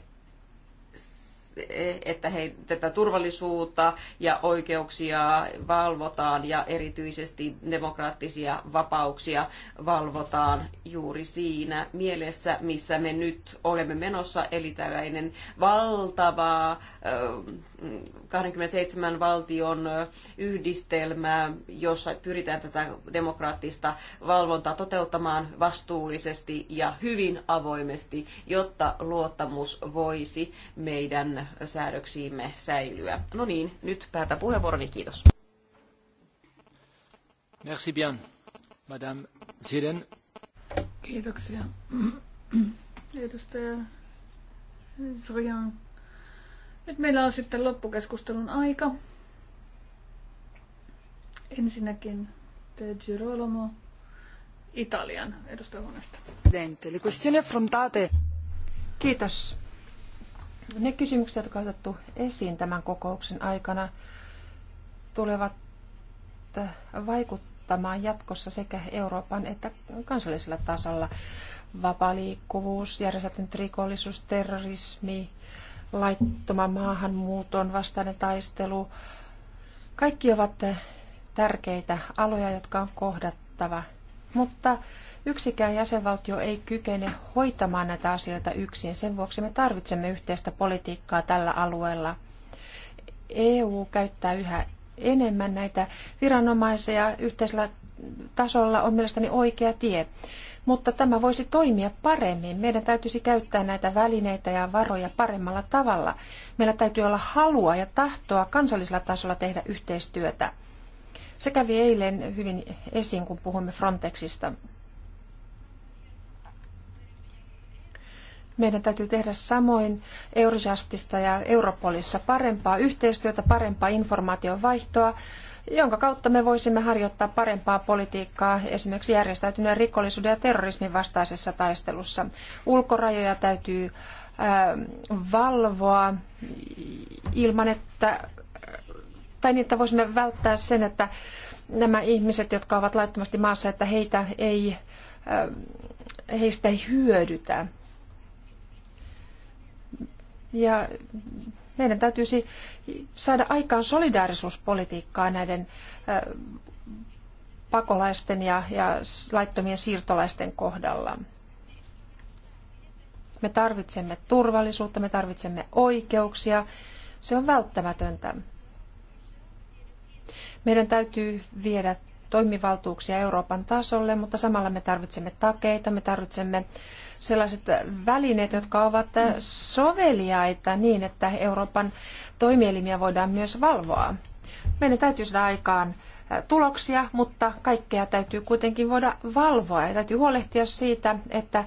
että he, tätä turvallisuutta ja oikeuksia valvotaan ja erityisesti demokraattisia vapauksia valvotaan juuri siinä mielessä, missä me nyt olemme menossa, eli tällainen valtava 27 valtion yhdistelmä, jossa pyritään tätä demokraattista valvontaa toteuttamaan vastuullisesti ja hyvin avoimesti, jotta luottamus voisi meidän säädöksiimme säilyä. No niin, nyt päätän puheenvuoroni. Kiitos. Merci bien, Madame Ziden. Kiitoksia. Edustaja Zrian. Nyt meillä on sitten loppukeskustelun aika. Ensinnäkin De Girolamo Italian edustajahuoneesta. Kiitos ne kysymykset, jotka on otettu esiin tämän kokouksen aikana, tulevat äh, vaikuttamaan jatkossa sekä Euroopan että kansallisella tasolla. Vapaa liikkuvuus, rikollisuus, terrorismi, laittoman maahanmuuton vastainen taistelu. Kaikki ovat äh, tärkeitä aloja, jotka on kohdattava. Mutta Yksikään jäsenvaltio ei kykene hoitamaan näitä asioita yksin. Sen vuoksi me tarvitsemme yhteistä politiikkaa tällä alueella. EU käyttää yhä enemmän näitä viranomaisia yhteisellä tasolla on mielestäni oikea tie. Mutta tämä voisi toimia paremmin. Meidän täytyisi käyttää näitä välineitä ja varoja paremmalla tavalla. Meillä täytyy olla halua ja tahtoa kansallisella tasolla tehdä yhteistyötä. Se kävi eilen hyvin esiin, kun puhuimme Frontexista. Meidän täytyy tehdä samoin Eurojustista ja Europolissa parempaa yhteistyötä, parempaa informaation vaihtoa, jonka kautta me voisimme harjoittaa parempaa politiikkaa esimerkiksi järjestäytyneen rikollisuuden ja terrorismin vastaisessa taistelussa. Ulkorajoja täytyy ähm, valvoa ilman, että tai niin, että voisimme välttää sen, että nämä ihmiset, jotka ovat laittomasti maassa, että heitä ei, ähm, heistä ei hyödytä. Ja meidän täytyisi saada aikaan solidaarisuuspolitiikkaa näiden pakolaisten ja, ja laittomien siirtolaisten kohdalla. Me tarvitsemme turvallisuutta, me tarvitsemme oikeuksia. Se on välttämätöntä. Meidän täytyy viedä toimivaltuuksia Euroopan tasolle, mutta samalla me tarvitsemme takeita, me tarvitsemme sellaiset välineet, jotka ovat soveliaita niin, että Euroopan toimielimiä voidaan myös valvoa. Meidän täytyy saada aikaan tuloksia, mutta kaikkea täytyy kuitenkin voida valvoa ja täytyy huolehtia siitä, että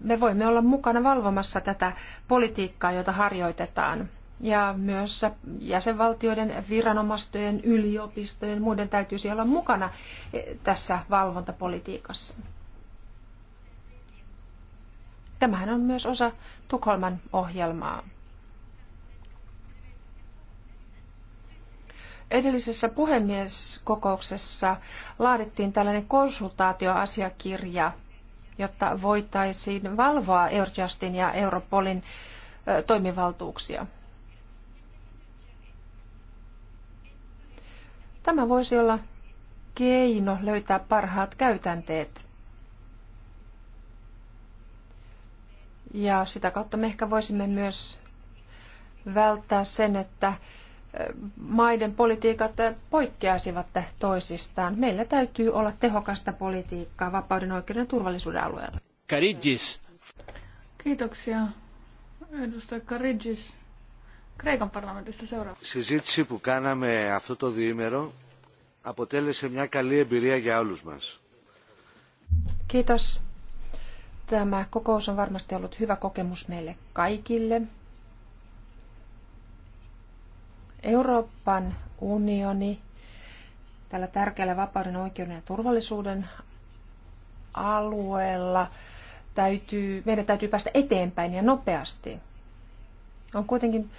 me voimme olla mukana valvomassa tätä politiikkaa, jota harjoitetaan ja myös jäsenvaltioiden viranomastojen, yliopistojen, muiden täytyisi olla mukana eh, tässä valvontapolitiikassa. Tämähän on myös osa Tukholman ohjelmaa. Edellisessä puhemieskokouksessa laadittiin tällainen konsultaatioasiakirja, jotta voitaisiin valvoa Eurojustin ja Europolin eh, toimivaltuuksia. Tämä voisi olla keino löytää parhaat käytänteet. Ja sitä kautta me ehkä voisimme myös välttää sen, että maiden politiikat poikkeaisivat toisistaan. Meillä täytyy olla tehokasta politiikkaa vapauden, oikeuden ja turvallisuuden alueella. Karidis. Kiitoksia, edustaja Karidis. Kreikan parlamentista seuraava. Συζήτηση που κάναμε αυτό το διήμερο αποτέλεσε μια καλή εμπειρία για όλους μας. Kiitos. Tämä kokous on varmasti ollut hyvä kokemus meille kaikille. Euroopan unioni tällä tärkeällä vapauden, oikeuden ja turvallisuuden alueella täytyy, meidän täytyy päästä eteenpäin ja nopeasti. On kuitenkin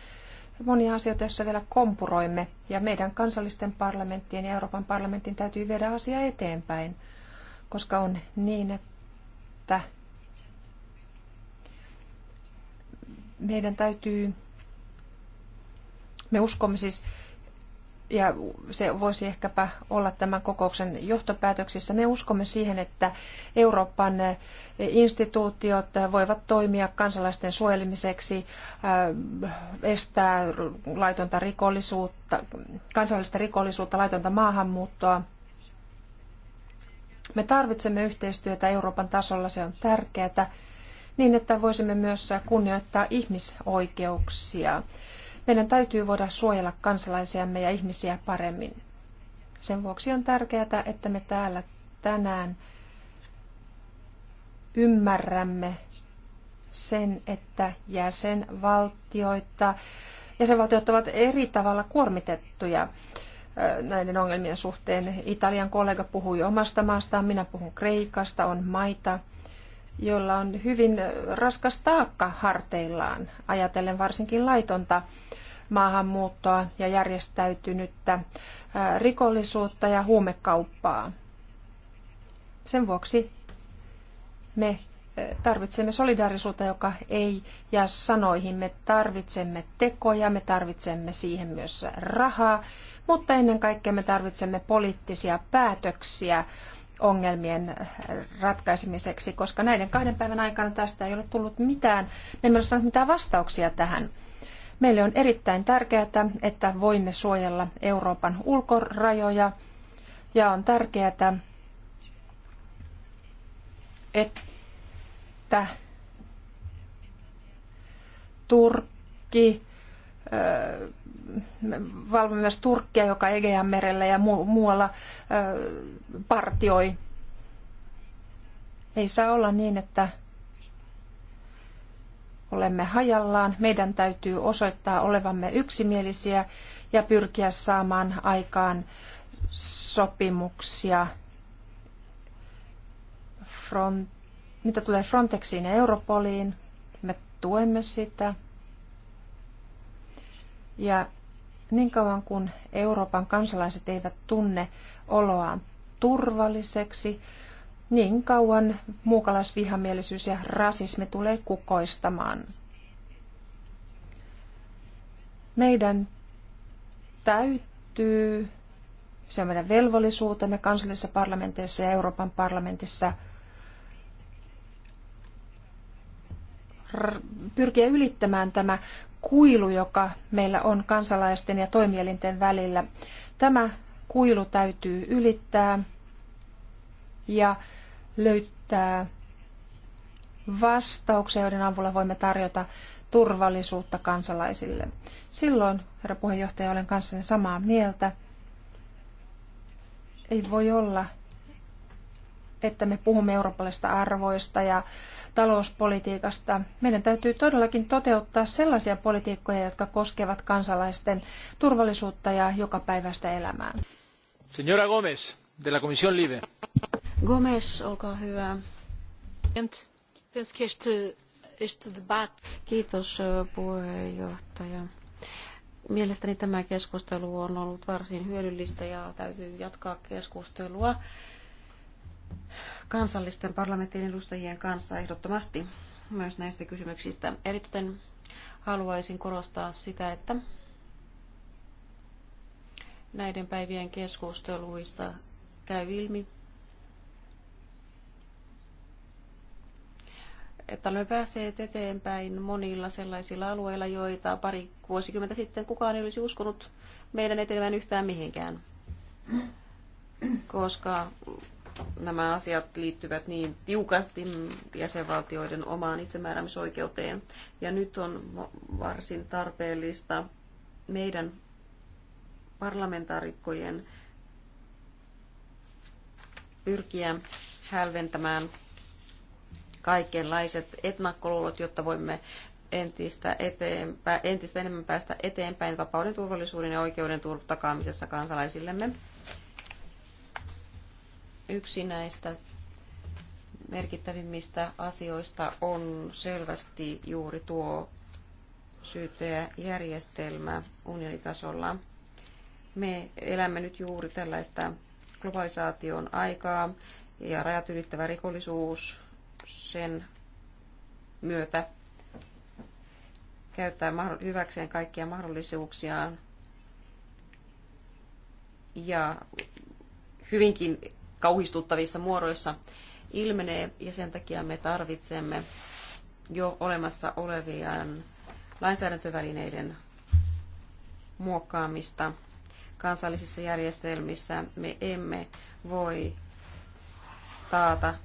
monia asioita, joissa vielä kompuroimme, ja meidän kansallisten parlamenttien ja Euroopan parlamentin täytyy viedä asia eteenpäin, koska on niin, että meidän täytyy, me uskomme siis ja se voisi ehkäpä olla tämän kokouksen johtopäätöksissä. Me uskomme siihen, että Euroopan eh, instituutiot voivat toimia kansalaisten suojelemiseksi, eh, estää laitonta rikollisuutta, kansallista rikollisuutta, laitonta maahanmuuttoa. Me tarvitsemme yhteistyötä Euroopan tasolla, se on tärkeää, niin että voisimme myös kunnioittaa ihmisoikeuksia meidän täytyy voida suojella kansalaisiamme ja ihmisiä paremmin. Sen vuoksi on tärkeää, että me täällä tänään ymmärrämme sen, että jäsenvaltioita, jäsenvaltiot ovat eri tavalla kuormitettuja näiden ongelmien suhteen. Italian kollega puhui omasta maastaan, minä puhun Kreikasta, on maita, jolla on hyvin raskas taakka harteillaan, ajatellen varsinkin laitonta maahanmuuttoa ja järjestäytynyttä äh, rikollisuutta ja huumekauppaa. Sen vuoksi me äh, tarvitsemme solidaarisuutta, joka ei jää sanoihin. Me tarvitsemme tekoja, me tarvitsemme siihen myös rahaa, mutta ennen kaikkea me tarvitsemme poliittisia päätöksiä, ongelmien ratkaisemiseksi, koska näiden kahden päivän aikana tästä ei ole tullut mitään, me emme ole saaneet mitään vastauksia tähän. Meille on erittäin tärkeää, että voimme suojella Euroopan ulkorajoja ja on tärkeää, että Turkki valvomme myös Turkkia, joka Egean merellä ja muualla partioi. Ei saa olla niin, että olemme hajallaan. Meidän täytyy osoittaa olevamme yksimielisiä ja pyrkiä saamaan aikaan sopimuksia. Front, mitä tulee Frontexiin ja Europoliin, me tuemme sitä ja niin kauan kuin Euroopan kansalaiset eivät tunne oloaan turvalliseksi, niin kauan muukalaisvihamielisyys ja rasismi tulee kukoistamaan. Meidän täytyy, se on meidän velvollisuutemme kansallisessa parlamenteissa ja Euroopan parlamentissa, pyrkiä ylittämään tämä kuilu, joka meillä on kansalaisten ja toimielinten välillä. Tämä kuilu täytyy ylittää ja löytää vastauksia, joiden avulla voimme tarjota turvallisuutta kansalaisille. Silloin, herra puheenjohtaja, olen kanssani samaa mieltä. Ei voi olla että me puhumme eurooppalaisista arvoista ja talouspolitiikasta. Meidän täytyy todellakin toteuttaa sellaisia politiikkoja, jotka koskevat kansalaisten turvallisuutta ja jokapäiväistä elämää. Señora Gomes, de la Comisión Libre. Gomes, olkaa hyvä. Kiitos puheenjohtaja. Mielestäni tämä keskustelu on ollut varsin hyödyllistä ja täytyy jatkaa keskustelua kansallisten parlamenttien edustajien kanssa ehdottomasti myös näistä kysymyksistä. Erityisen haluaisin korostaa sitä, että näiden päivien keskusteluista käy ilmi, että olemme päässeet eteenpäin monilla sellaisilla alueilla, joita pari vuosikymmentä sitten kukaan ei olisi uskonut meidän etenemään yhtään mihinkään. Koska nämä asiat liittyvät niin tiukasti jäsenvaltioiden omaan itsemääräämisoikeuteen. Ja nyt on varsin tarpeellista meidän parlamentaarikkojen pyrkiä hälventämään kaikenlaiset etnakkoluulot, jotta voimme entistä, eteenpäin, entistä enemmän päästä eteenpäin vapauden, turvallisuuden ja oikeuden takaamisessa kansalaisillemme. Yksi näistä merkittävimmistä asioista on selvästi juuri tuo syyttäjäjärjestelmä unionitasolla. Me elämme nyt juuri tällaista globalisaation aikaa ja rajat ylittävä rikollisuus sen myötä käyttää hyväkseen kaikkia mahdollisuuksiaan ja hyvinkin kauhistuttavissa muodoissa ilmenee ja sen takia me tarvitsemme jo olemassa olevien lainsäädäntövälineiden muokkaamista kansallisissa järjestelmissä. Me emme voi taata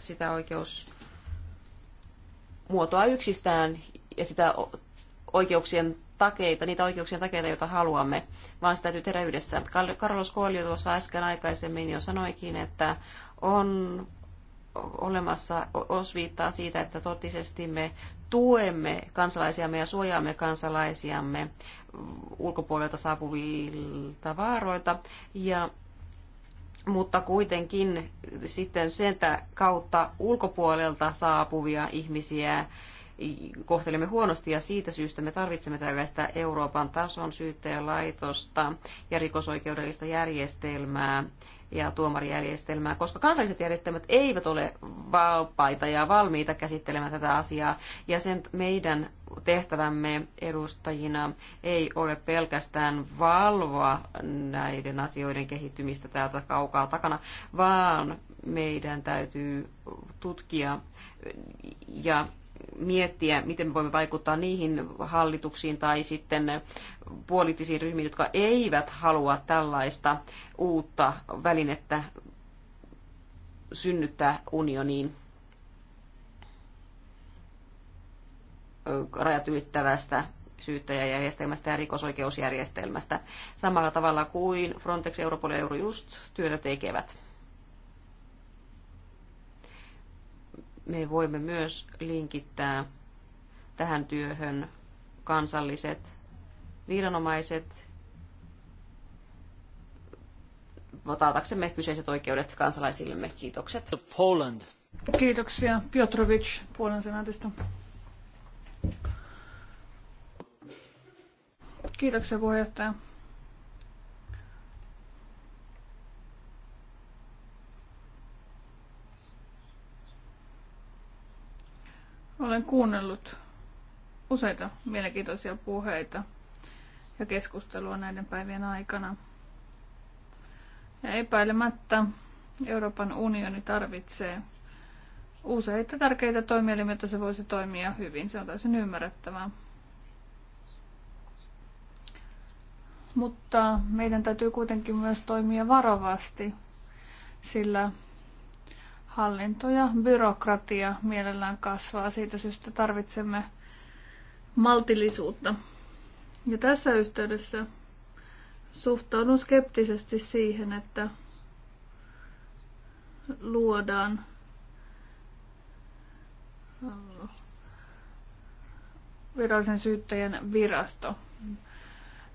sitä oikeusmuotoa yksistään ja sitä oikeuksien takeita, niitä oikeuksien takeita, joita haluamme, vaan sitä täytyy tehdä yhdessä. Carlos Coelho tuossa äsken aikaisemmin jo sanoikin, että on olemassa osviittaa siitä, että totisesti me tuemme kansalaisiamme ja suojaamme kansalaisiamme ulkopuolelta saapuvilta vaaroilta. Ja mutta kuitenkin sitten sieltä kautta ulkopuolelta saapuvia ihmisiä kohtelemme huonosti ja siitä syystä me tarvitsemme tällaista Euroopan tason syyttäjälaitosta ja rikosoikeudellista järjestelmää ja tuomarijärjestelmää, koska kansalliset järjestelmät eivät ole valpaita ja valmiita käsittelemään tätä asiaa. Ja sen meidän tehtävämme edustajina ei ole pelkästään valvoa näiden asioiden kehittymistä täältä kaukaa takana, vaan meidän täytyy tutkia ja miettiä, miten me voimme vaikuttaa niihin hallituksiin tai sitten poliittisiin ryhmiin, jotka eivät halua tällaista uutta välinettä synnyttää unioniin rajat ylittävästä syyttäjäjärjestelmästä ja rikosoikeusjärjestelmästä samalla tavalla kuin Frontex, Europol ja Eurojust työtä tekevät. me voimme myös linkittää tähän työhön kansalliset viranomaiset taataksemme kyseiset oikeudet kansalaisillemme. Kiitokset. Poland. Kiitoksia. Piotrovic, Puolan senaatista. Kiitoksia puheenjohtaja. Olen kuunnellut useita mielenkiintoisia puheita ja keskustelua näiden päivien aikana. Ja epäilemättä Euroopan unioni tarvitsee useita tärkeitä toimielimiä, että se voisi toimia hyvin. Se on täysin ymmärrettävää. Mutta meidän täytyy kuitenkin myös toimia varovasti, sillä hallinto ja byrokratia mielellään kasvaa. Siitä syystä tarvitsemme maltillisuutta. Ja tässä yhteydessä suhtaudun skeptisesti siihen, että luodaan virallisen syyttäjän virasto.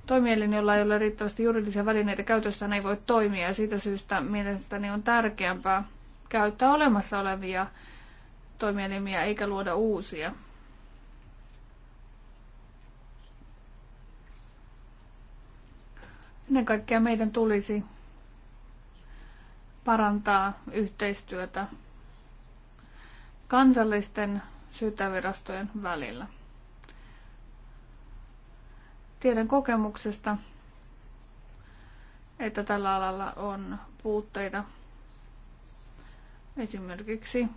Toimielin, jolla ei ole riittävästi juridisia välineitä käytössä, ei voi toimia ja siitä syystä mielestäni on tärkeämpää – käyttää olemassa olevia toimielimiä eikä luoda uusia. Ennen kaikkea meidän tulisi parantaa yhteistyötä kansallisten syyttävirastojen välillä. Tiedän kokemuksesta, että tällä alalla on puutteita Esimerkiksi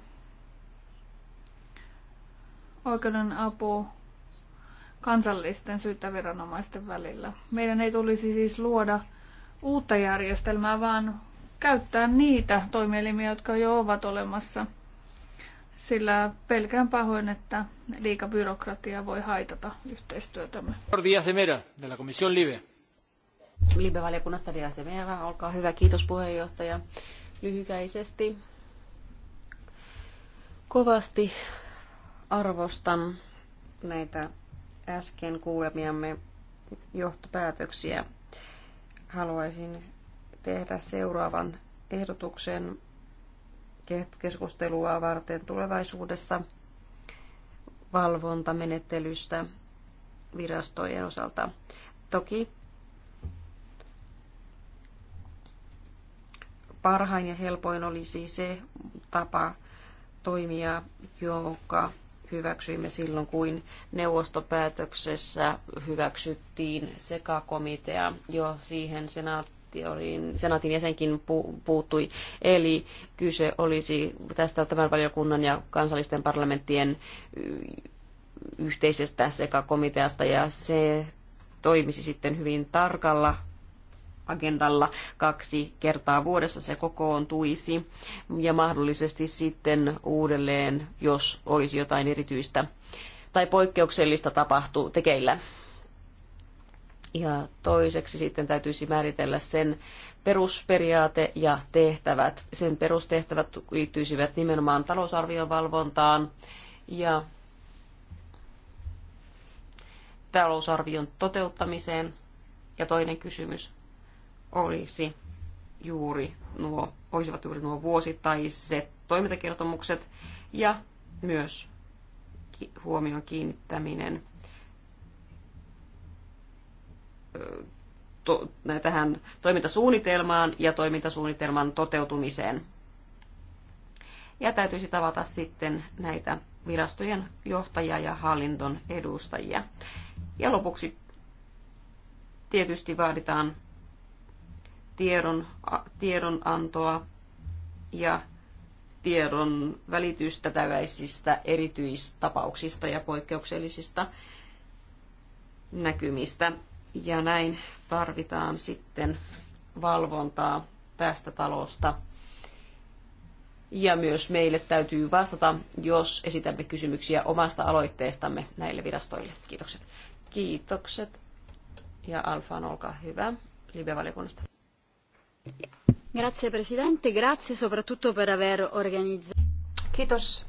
oikeuden apu kansallisten syyttäviranomaisten välillä. Meidän ei tulisi siis luoda uutta järjestelmää, vaan käyttää niitä toimielimiä, jotka jo ovat olemassa. Sillä pelkään pahoin, että liika byrokratia voi haitata yhteistyötämme. Jordi de Mera, de la Comisión Libe. Libe-valiokunnasta Díaz Mera, olkaa hyvä. Kiitos puheenjohtaja. Lyhykäisesti Kovasti arvostan näitä äsken kuulemiamme johtopäätöksiä. Haluaisin tehdä seuraavan ehdotuksen keskustelua varten tulevaisuudessa valvontamenettelystä virastojen osalta. Toki parhain ja helpoin olisi se tapa toimija, joka hyväksyimme silloin, kuin neuvostopäätöksessä hyväksyttiin sekakomitea. Jo siihen senaatti senaatin jäsenkin puuttui. Eli kyse olisi tästä tämän valiokunnan ja kansallisten parlamenttien yhteisestä sekakomiteasta ja se toimisi sitten hyvin tarkalla agendalla kaksi kertaa vuodessa se kokoontuisi ja mahdollisesti sitten uudelleen, jos olisi jotain erityistä tai poikkeuksellista tapahtuu tekeillä. Ja toiseksi sitten täytyisi määritellä sen perusperiaate ja tehtävät. Sen perustehtävät liittyisivät nimenomaan talousarvion valvontaan ja talousarvion toteuttamiseen. Ja toinen kysymys olisi juuri nuo, olisivat juuri nuo vuosittaiset toimintakertomukset ja myös huomion kiinnittäminen tähän toimintasuunnitelmaan ja toimintasuunnitelman toteutumiseen. Ja täytyisi tavata sitten näitä virastojen johtajia ja hallinton edustajia. Ja lopuksi tietysti vaaditaan tiedon, tiedonantoa ja tiedon välitystä tällaisista erityistapauksista ja poikkeuksellisista näkymistä. Ja näin tarvitaan sitten valvontaa tästä talosta. Ja myös meille täytyy vastata, jos esitämme kysymyksiä omasta aloitteestamme näille virastoille. Kiitokset. Kiitokset. Ja Alfaan, olkaa hyvä. Libe-valiokunnasta. Grazie Presidente, grazie soprattutto per aver organizzato. Kiitos.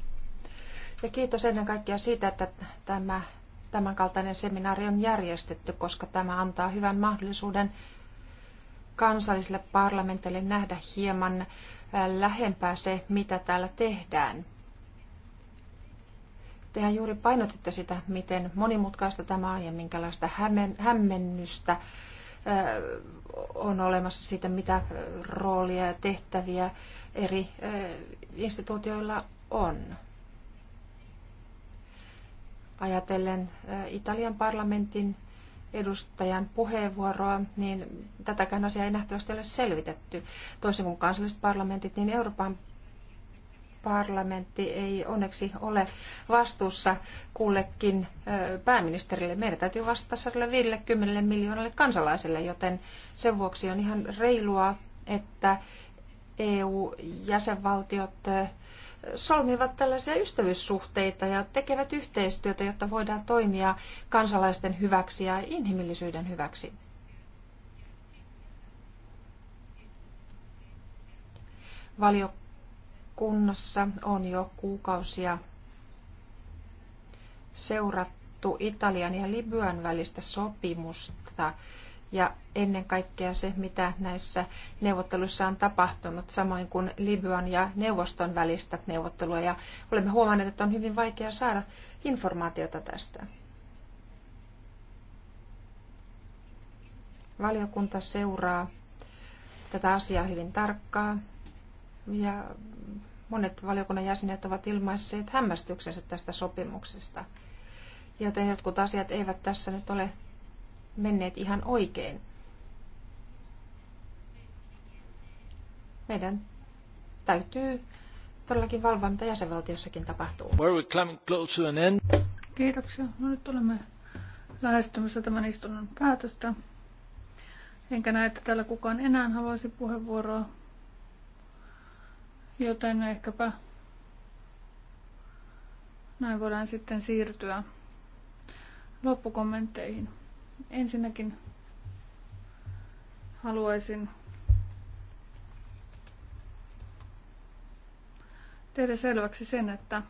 Ja kiitos ennen kaikkea siitä, että tämä, tämänkaltainen seminaari on järjestetty, koska tämä antaa hyvän mahdollisuuden kansallisille parlamentille nähdä hieman äh, lähempää se, mitä täällä tehdään. Tehän juuri painotitte sitä, miten monimutkaista tämä on ja minkälaista hämmennystä on olemassa siitä, mitä roolia ja tehtäviä eri instituutioilla on. Ajatellen Italian parlamentin edustajan puheenvuoroa, niin tätäkään asiaa ei nähtävästi ole selvitetty. Toisin kuin kansalliset parlamentit, niin Euroopan parlamentti ei onneksi ole vastuussa kullekin pääministerille. Meidän täytyy vastata 150 miljoonalle kansalaiselle, joten sen vuoksi on ihan reilua, että EU-jäsenvaltiot solmivat tällaisia ystävyyssuhteita ja tekevät yhteistyötä, jotta voidaan toimia kansalaisten hyväksi ja inhimillisyyden hyväksi. Valiokunta Kunnassa on jo kuukausia seurattu Italian ja Libyan välistä sopimusta ja ennen kaikkea se, mitä näissä neuvotteluissa on tapahtunut, samoin kuin Libyan ja neuvoston välistä neuvottelua. Ja olemme huomanneet, että on hyvin vaikea saada informaatiota tästä. Valiokunta seuraa tätä asiaa hyvin tarkkaan ja monet valiokunnan jäsenet ovat ilmaisseet hämmästyksensä tästä sopimuksesta. Joten jotkut asiat eivät tässä nyt ole menneet ihan oikein. Meidän täytyy todellakin valvoa, mitä jäsenvaltiossakin tapahtuu. Kiitoksia. No nyt olemme lähestymässä tämän istunnon päätöstä. Enkä näe, että täällä kukaan enää haluaisi puheenvuoroa. Joten ehkäpä näin voidaan sitten siirtyä loppukommentteihin. Ensinnäkin haluaisin tehdä selväksi sen, että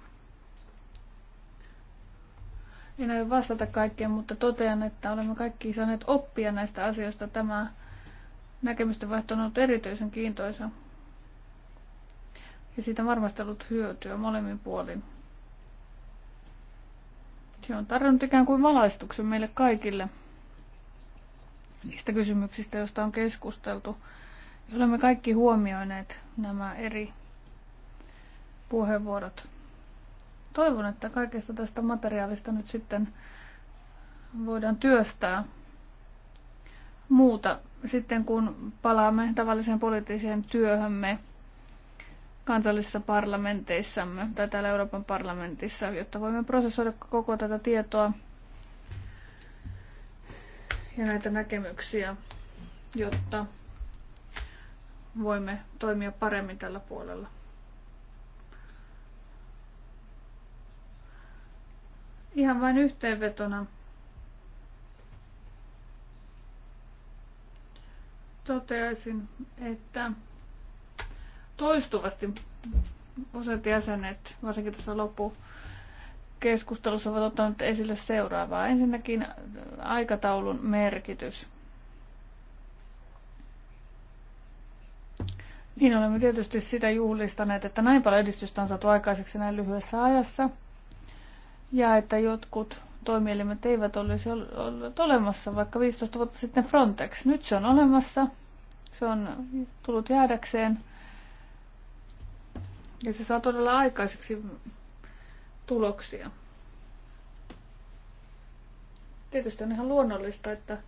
en aio vastata kaikkeen, mutta totean, että olemme kaikki saaneet oppia näistä asioista. Tämä näkemysten vaihto on ollut erityisen kiintoisa. Ja siitä on varmasti ollut hyötyä molemmin puolin. Se on tarjonnut ikään kuin valaistuksen meille kaikille niistä kysymyksistä, joista on keskusteltu. Ja olemme kaikki huomioineet nämä eri puheenvuorot. Toivon, että kaikesta tästä materiaalista nyt sitten voidaan työstää muuta sitten, kun palaamme tavalliseen poliittiseen työhömme – kansallisissa parlamenteissamme tai täällä Euroopan parlamentissa, jotta voimme prosessoida koko tätä tietoa ja näitä näkemyksiä, jotta voimme toimia paremmin tällä puolella. Ihan vain yhteenvetona toteaisin, että toistuvasti useat jäsenet, varsinkin tässä loppu keskustelussa ovat ottaneet esille seuraavaa. Ensinnäkin äh, aikataulun merkitys. Niin olemme tietysti sitä juhlistaneet, että näin paljon edistystä on saatu aikaiseksi näin lyhyessä ajassa. Ja että jotkut toimielimet eivät olisi olleet olemassa vaikka 15 vuotta sitten Frontex. Nyt se on olemassa. Se on tullut jäädäkseen. Ja se saa todella aikaiseksi tuloksia. Tietysti on ihan luonnollista, että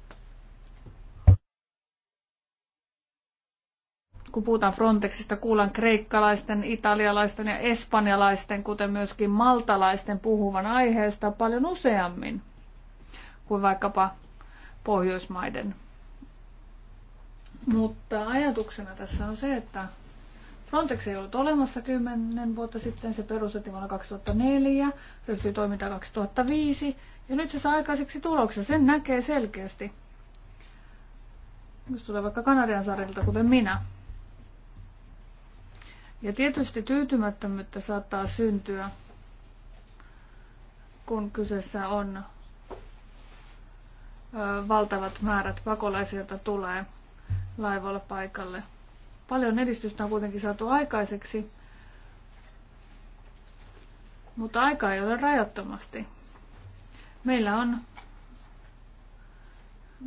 kun puhutaan Frontexista, kuulan kreikkalaisten, italialaisten ja espanjalaisten, kuten myöskin maltalaisten puhuvan aiheesta paljon useammin kuin vaikkapa Pohjoismaiden. Mutta ajatuksena tässä on se, että Frontex ei ollut olemassa 10 vuotta sitten, se perustettiin vuonna 2004, ryhtyi toimintaan 2005 ja nyt se saa aikaiseksi tuloksen, sen näkee selkeästi. Jos tulee vaikka Kanarian sarilta, kuten minä. Ja tietysti tyytymättömyyttä saattaa syntyä, kun kyseessä on valtavat määrät pakolaisia, joita tulee laivalla paikalle – Paljon edistystä on kuitenkin saatu aikaiseksi, mutta aika ei ole rajattomasti. Meillä on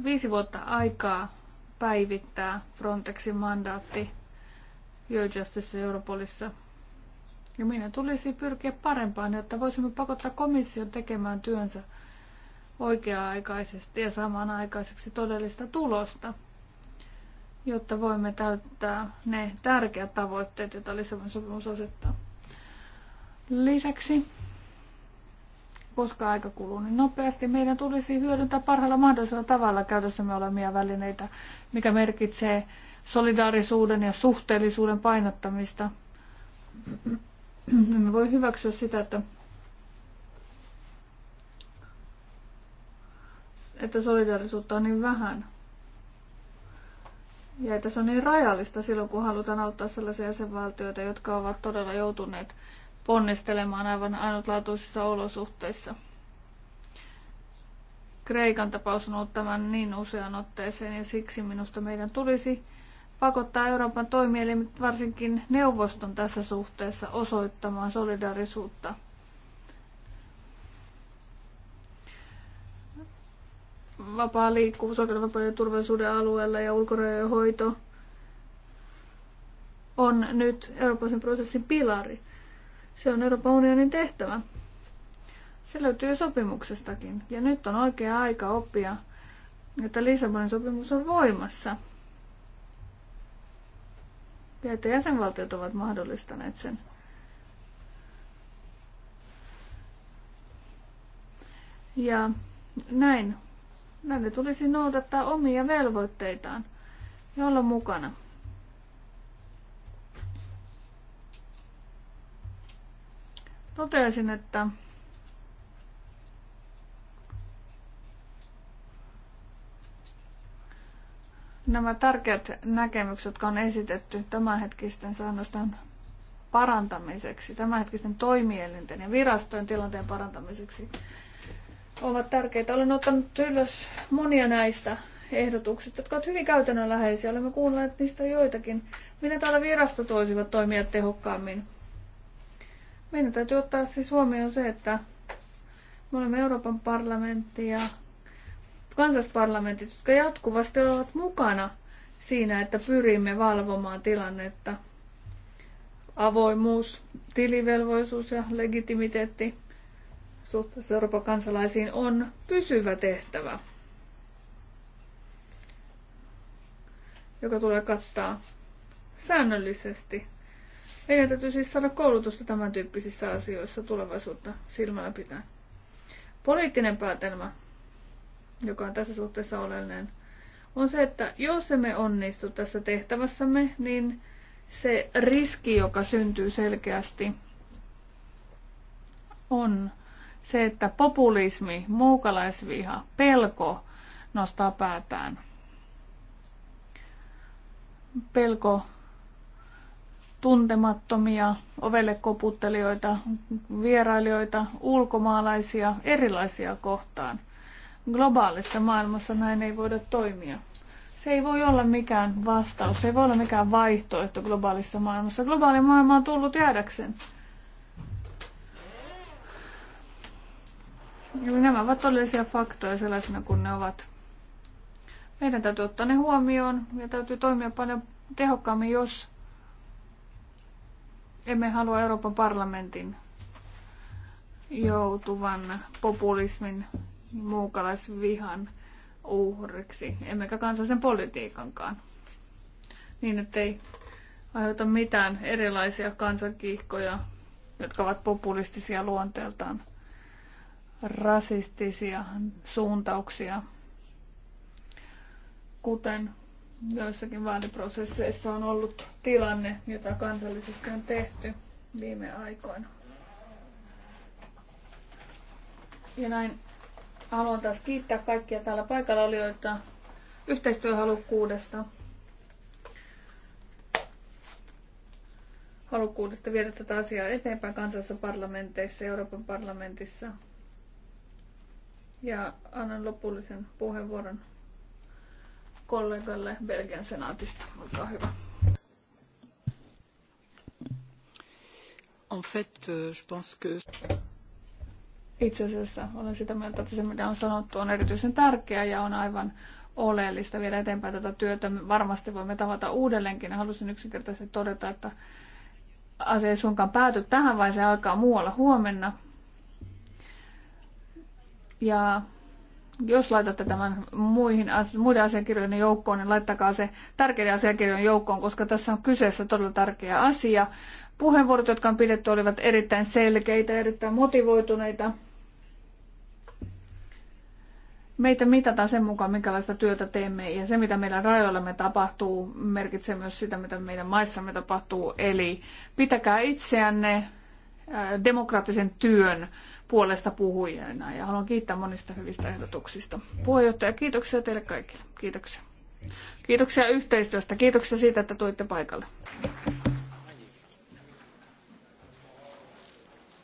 viisi vuotta aikaa päivittää Frontexin mandaatti Justice Europolissa. Ja minä tulisi pyrkiä parempaan, jotta voisimme pakottaa komission tekemään työnsä oikea-aikaisesti ja samanaikaiseksi todellista tulosta jotta voimme täyttää ne tärkeät tavoitteet, joita Lissabonin sopimus asettaa. Lisäksi, koska aika kuluu niin nopeasti, meidän tulisi hyödyntää parhaalla mahdollisella tavalla käytössämme olemia välineitä, mikä merkitsee solidaarisuuden ja suhteellisuuden painottamista. Me voi hyväksyä sitä, että että solidaarisuutta on niin vähän. Ja että se on niin rajallista silloin, kun halutaan auttaa sellaisia jäsenvaltioita, jotka ovat todella joutuneet ponnistelemaan aivan ainutlaatuisissa olosuhteissa. Kreikan tapaus on ollut tämän niin usean otteeseen ja siksi minusta meidän tulisi pakottaa Euroopan toimielimet, varsinkin neuvoston tässä suhteessa, osoittamaan solidaarisuutta – vapaa liikkuvuus, oikeudenvapauden turvallisuuden alueella ja ulkorajojen hoito on nyt eurooppalaisen prosessin pilari. Se on Euroopan unionin tehtävä. Se löytyy sopimuksestakin. Ja nyt on oikea aika oppia, että Lissabonin sopimus on voimassa. Ja että jäsenvaltiot ovat mahdollistaneet sen. Ja näin näiden tulisi noudattaa omia velvoitteitaan ja olla mukana. Toteaisin, että nämä tärkeät näkemykset, jotka on esitetty tämänhetkisten säännösten parantamiseksi, tämänhetkisten toimielinten ja virastojen tilanteen parantamiseksi, ovat tärkeitä. Olen ottanut ylös monia näistä ehdotuksista, jotka ovat hyvin käytännönläheisiä. Olemme kuulleet niistä joitakin. Minä täällä virasto toisivat toimia tehokkaammin? Meidän täytyy ottaa siis huomioon se, että me olemme Euroopan parlamentti ja kansallisparlamentit, jotka jatkuvasti ovat mukana siinä, että pyrimme valvomaan tilannetta. Avoimuus, tilivelvollisuus ja legitimiteetti – suhteessa Euroopan kansalaisiin on pysyvä tehtävä, joka tulee kattaa säännöllisesti. Meidän täytyy siis saada koulutusta tämän tyyppisissä asioissa tulevaisuutta silmällä pitää. Poliittinen päätelmä, joka on tässä suhteessa oleellinen, on se, että jos emme onnistu tässä tehtävässämme, niin se riski, joka syntyy selkeästi, on se, että populismi, muukalaisviha, pelko nostaa päätään. Pelko tuntemattomia ovelle koputtelijoita, vierailijoita, ulkomaalaisia, erilaisia kohtaan. Globaalissa maailmassa näin ei voida toimia. Se ei voi olla mikään vastaus, se ei voi olla mikään vaihtoehto globaalissa maailmassa. Globaali maailma on tullut jäädäkseen. Nämä ovat todellisia faktoja sellaisina kuin ne ovat. Meidän täytyy ottaa ne huomioon ja täytyy toimia paljon tehokkaammin, jos emme halua Euroopan parlamentin joutuvan populismin muukalaisvihan uhriksi, emmekä kansallisen politiikankaan. Niin, ettei aiheuta mitään erilaisia kansankiihkoja, jotka ovat populistisia luonteeltaan rasistisia suuntauksia, kuten joissakin vaaliprosesseissa on ollut tilanne, jota kansallisesti on tehty viime aikoina. Ja näin haluan taas kiittää kaikkia täällä paikalla olijoita yhteistyöhalukkuudesta. Halukkuudesta viedä tätä asiaa eteenpäin kansallisissa parlamenteissa, Euroopan parlamentissa – ja annan lopullisen puheenvuoron kollegalle Belgian senaatista. Olkaa hyvä. En fait, euh, je pense que... Itse asiassa olen sitä mieltä, että se mitä on sanottu on erityisen tärkeää ja on aivan oleellista viedä eteenpäin tätä työtä. Me varmasti voimme tavata uudelleenkin. Halusin yksinkertaisesti todeta, että asia ei suinkaan pääty tähän, vaan se alkaa muualla huomenna. Ja jos laitatte tämän muihin, muiden asiakirjojen joukkoon, niin laittakaa se tärkeiden asiakirjojen joukkoon, koska tässä on kyseessä todella tärkeä asia. Puheenvuorot, jotka on pidetty, olivat erittäin selkeitä, erittäin motivoituneita. Meitä mitataan sen mukaan, minkälaista työtä teemme, ja se, mitä meidän rajoillamme tapahtuu, merkitsee myös sitä, mitä meidän maissamme tapahtuu. Eli pitäkää itseänne demokraattisen työn puolesta puhujana ja haluan kiittää monista hyvistä ehdotuksista. Puheenjohtaja, kiitoksia teille kaikille. Kiitoksia. Kiitoksia yhteistyöstä. Kiitoksia siitä, että tuitte paikalle.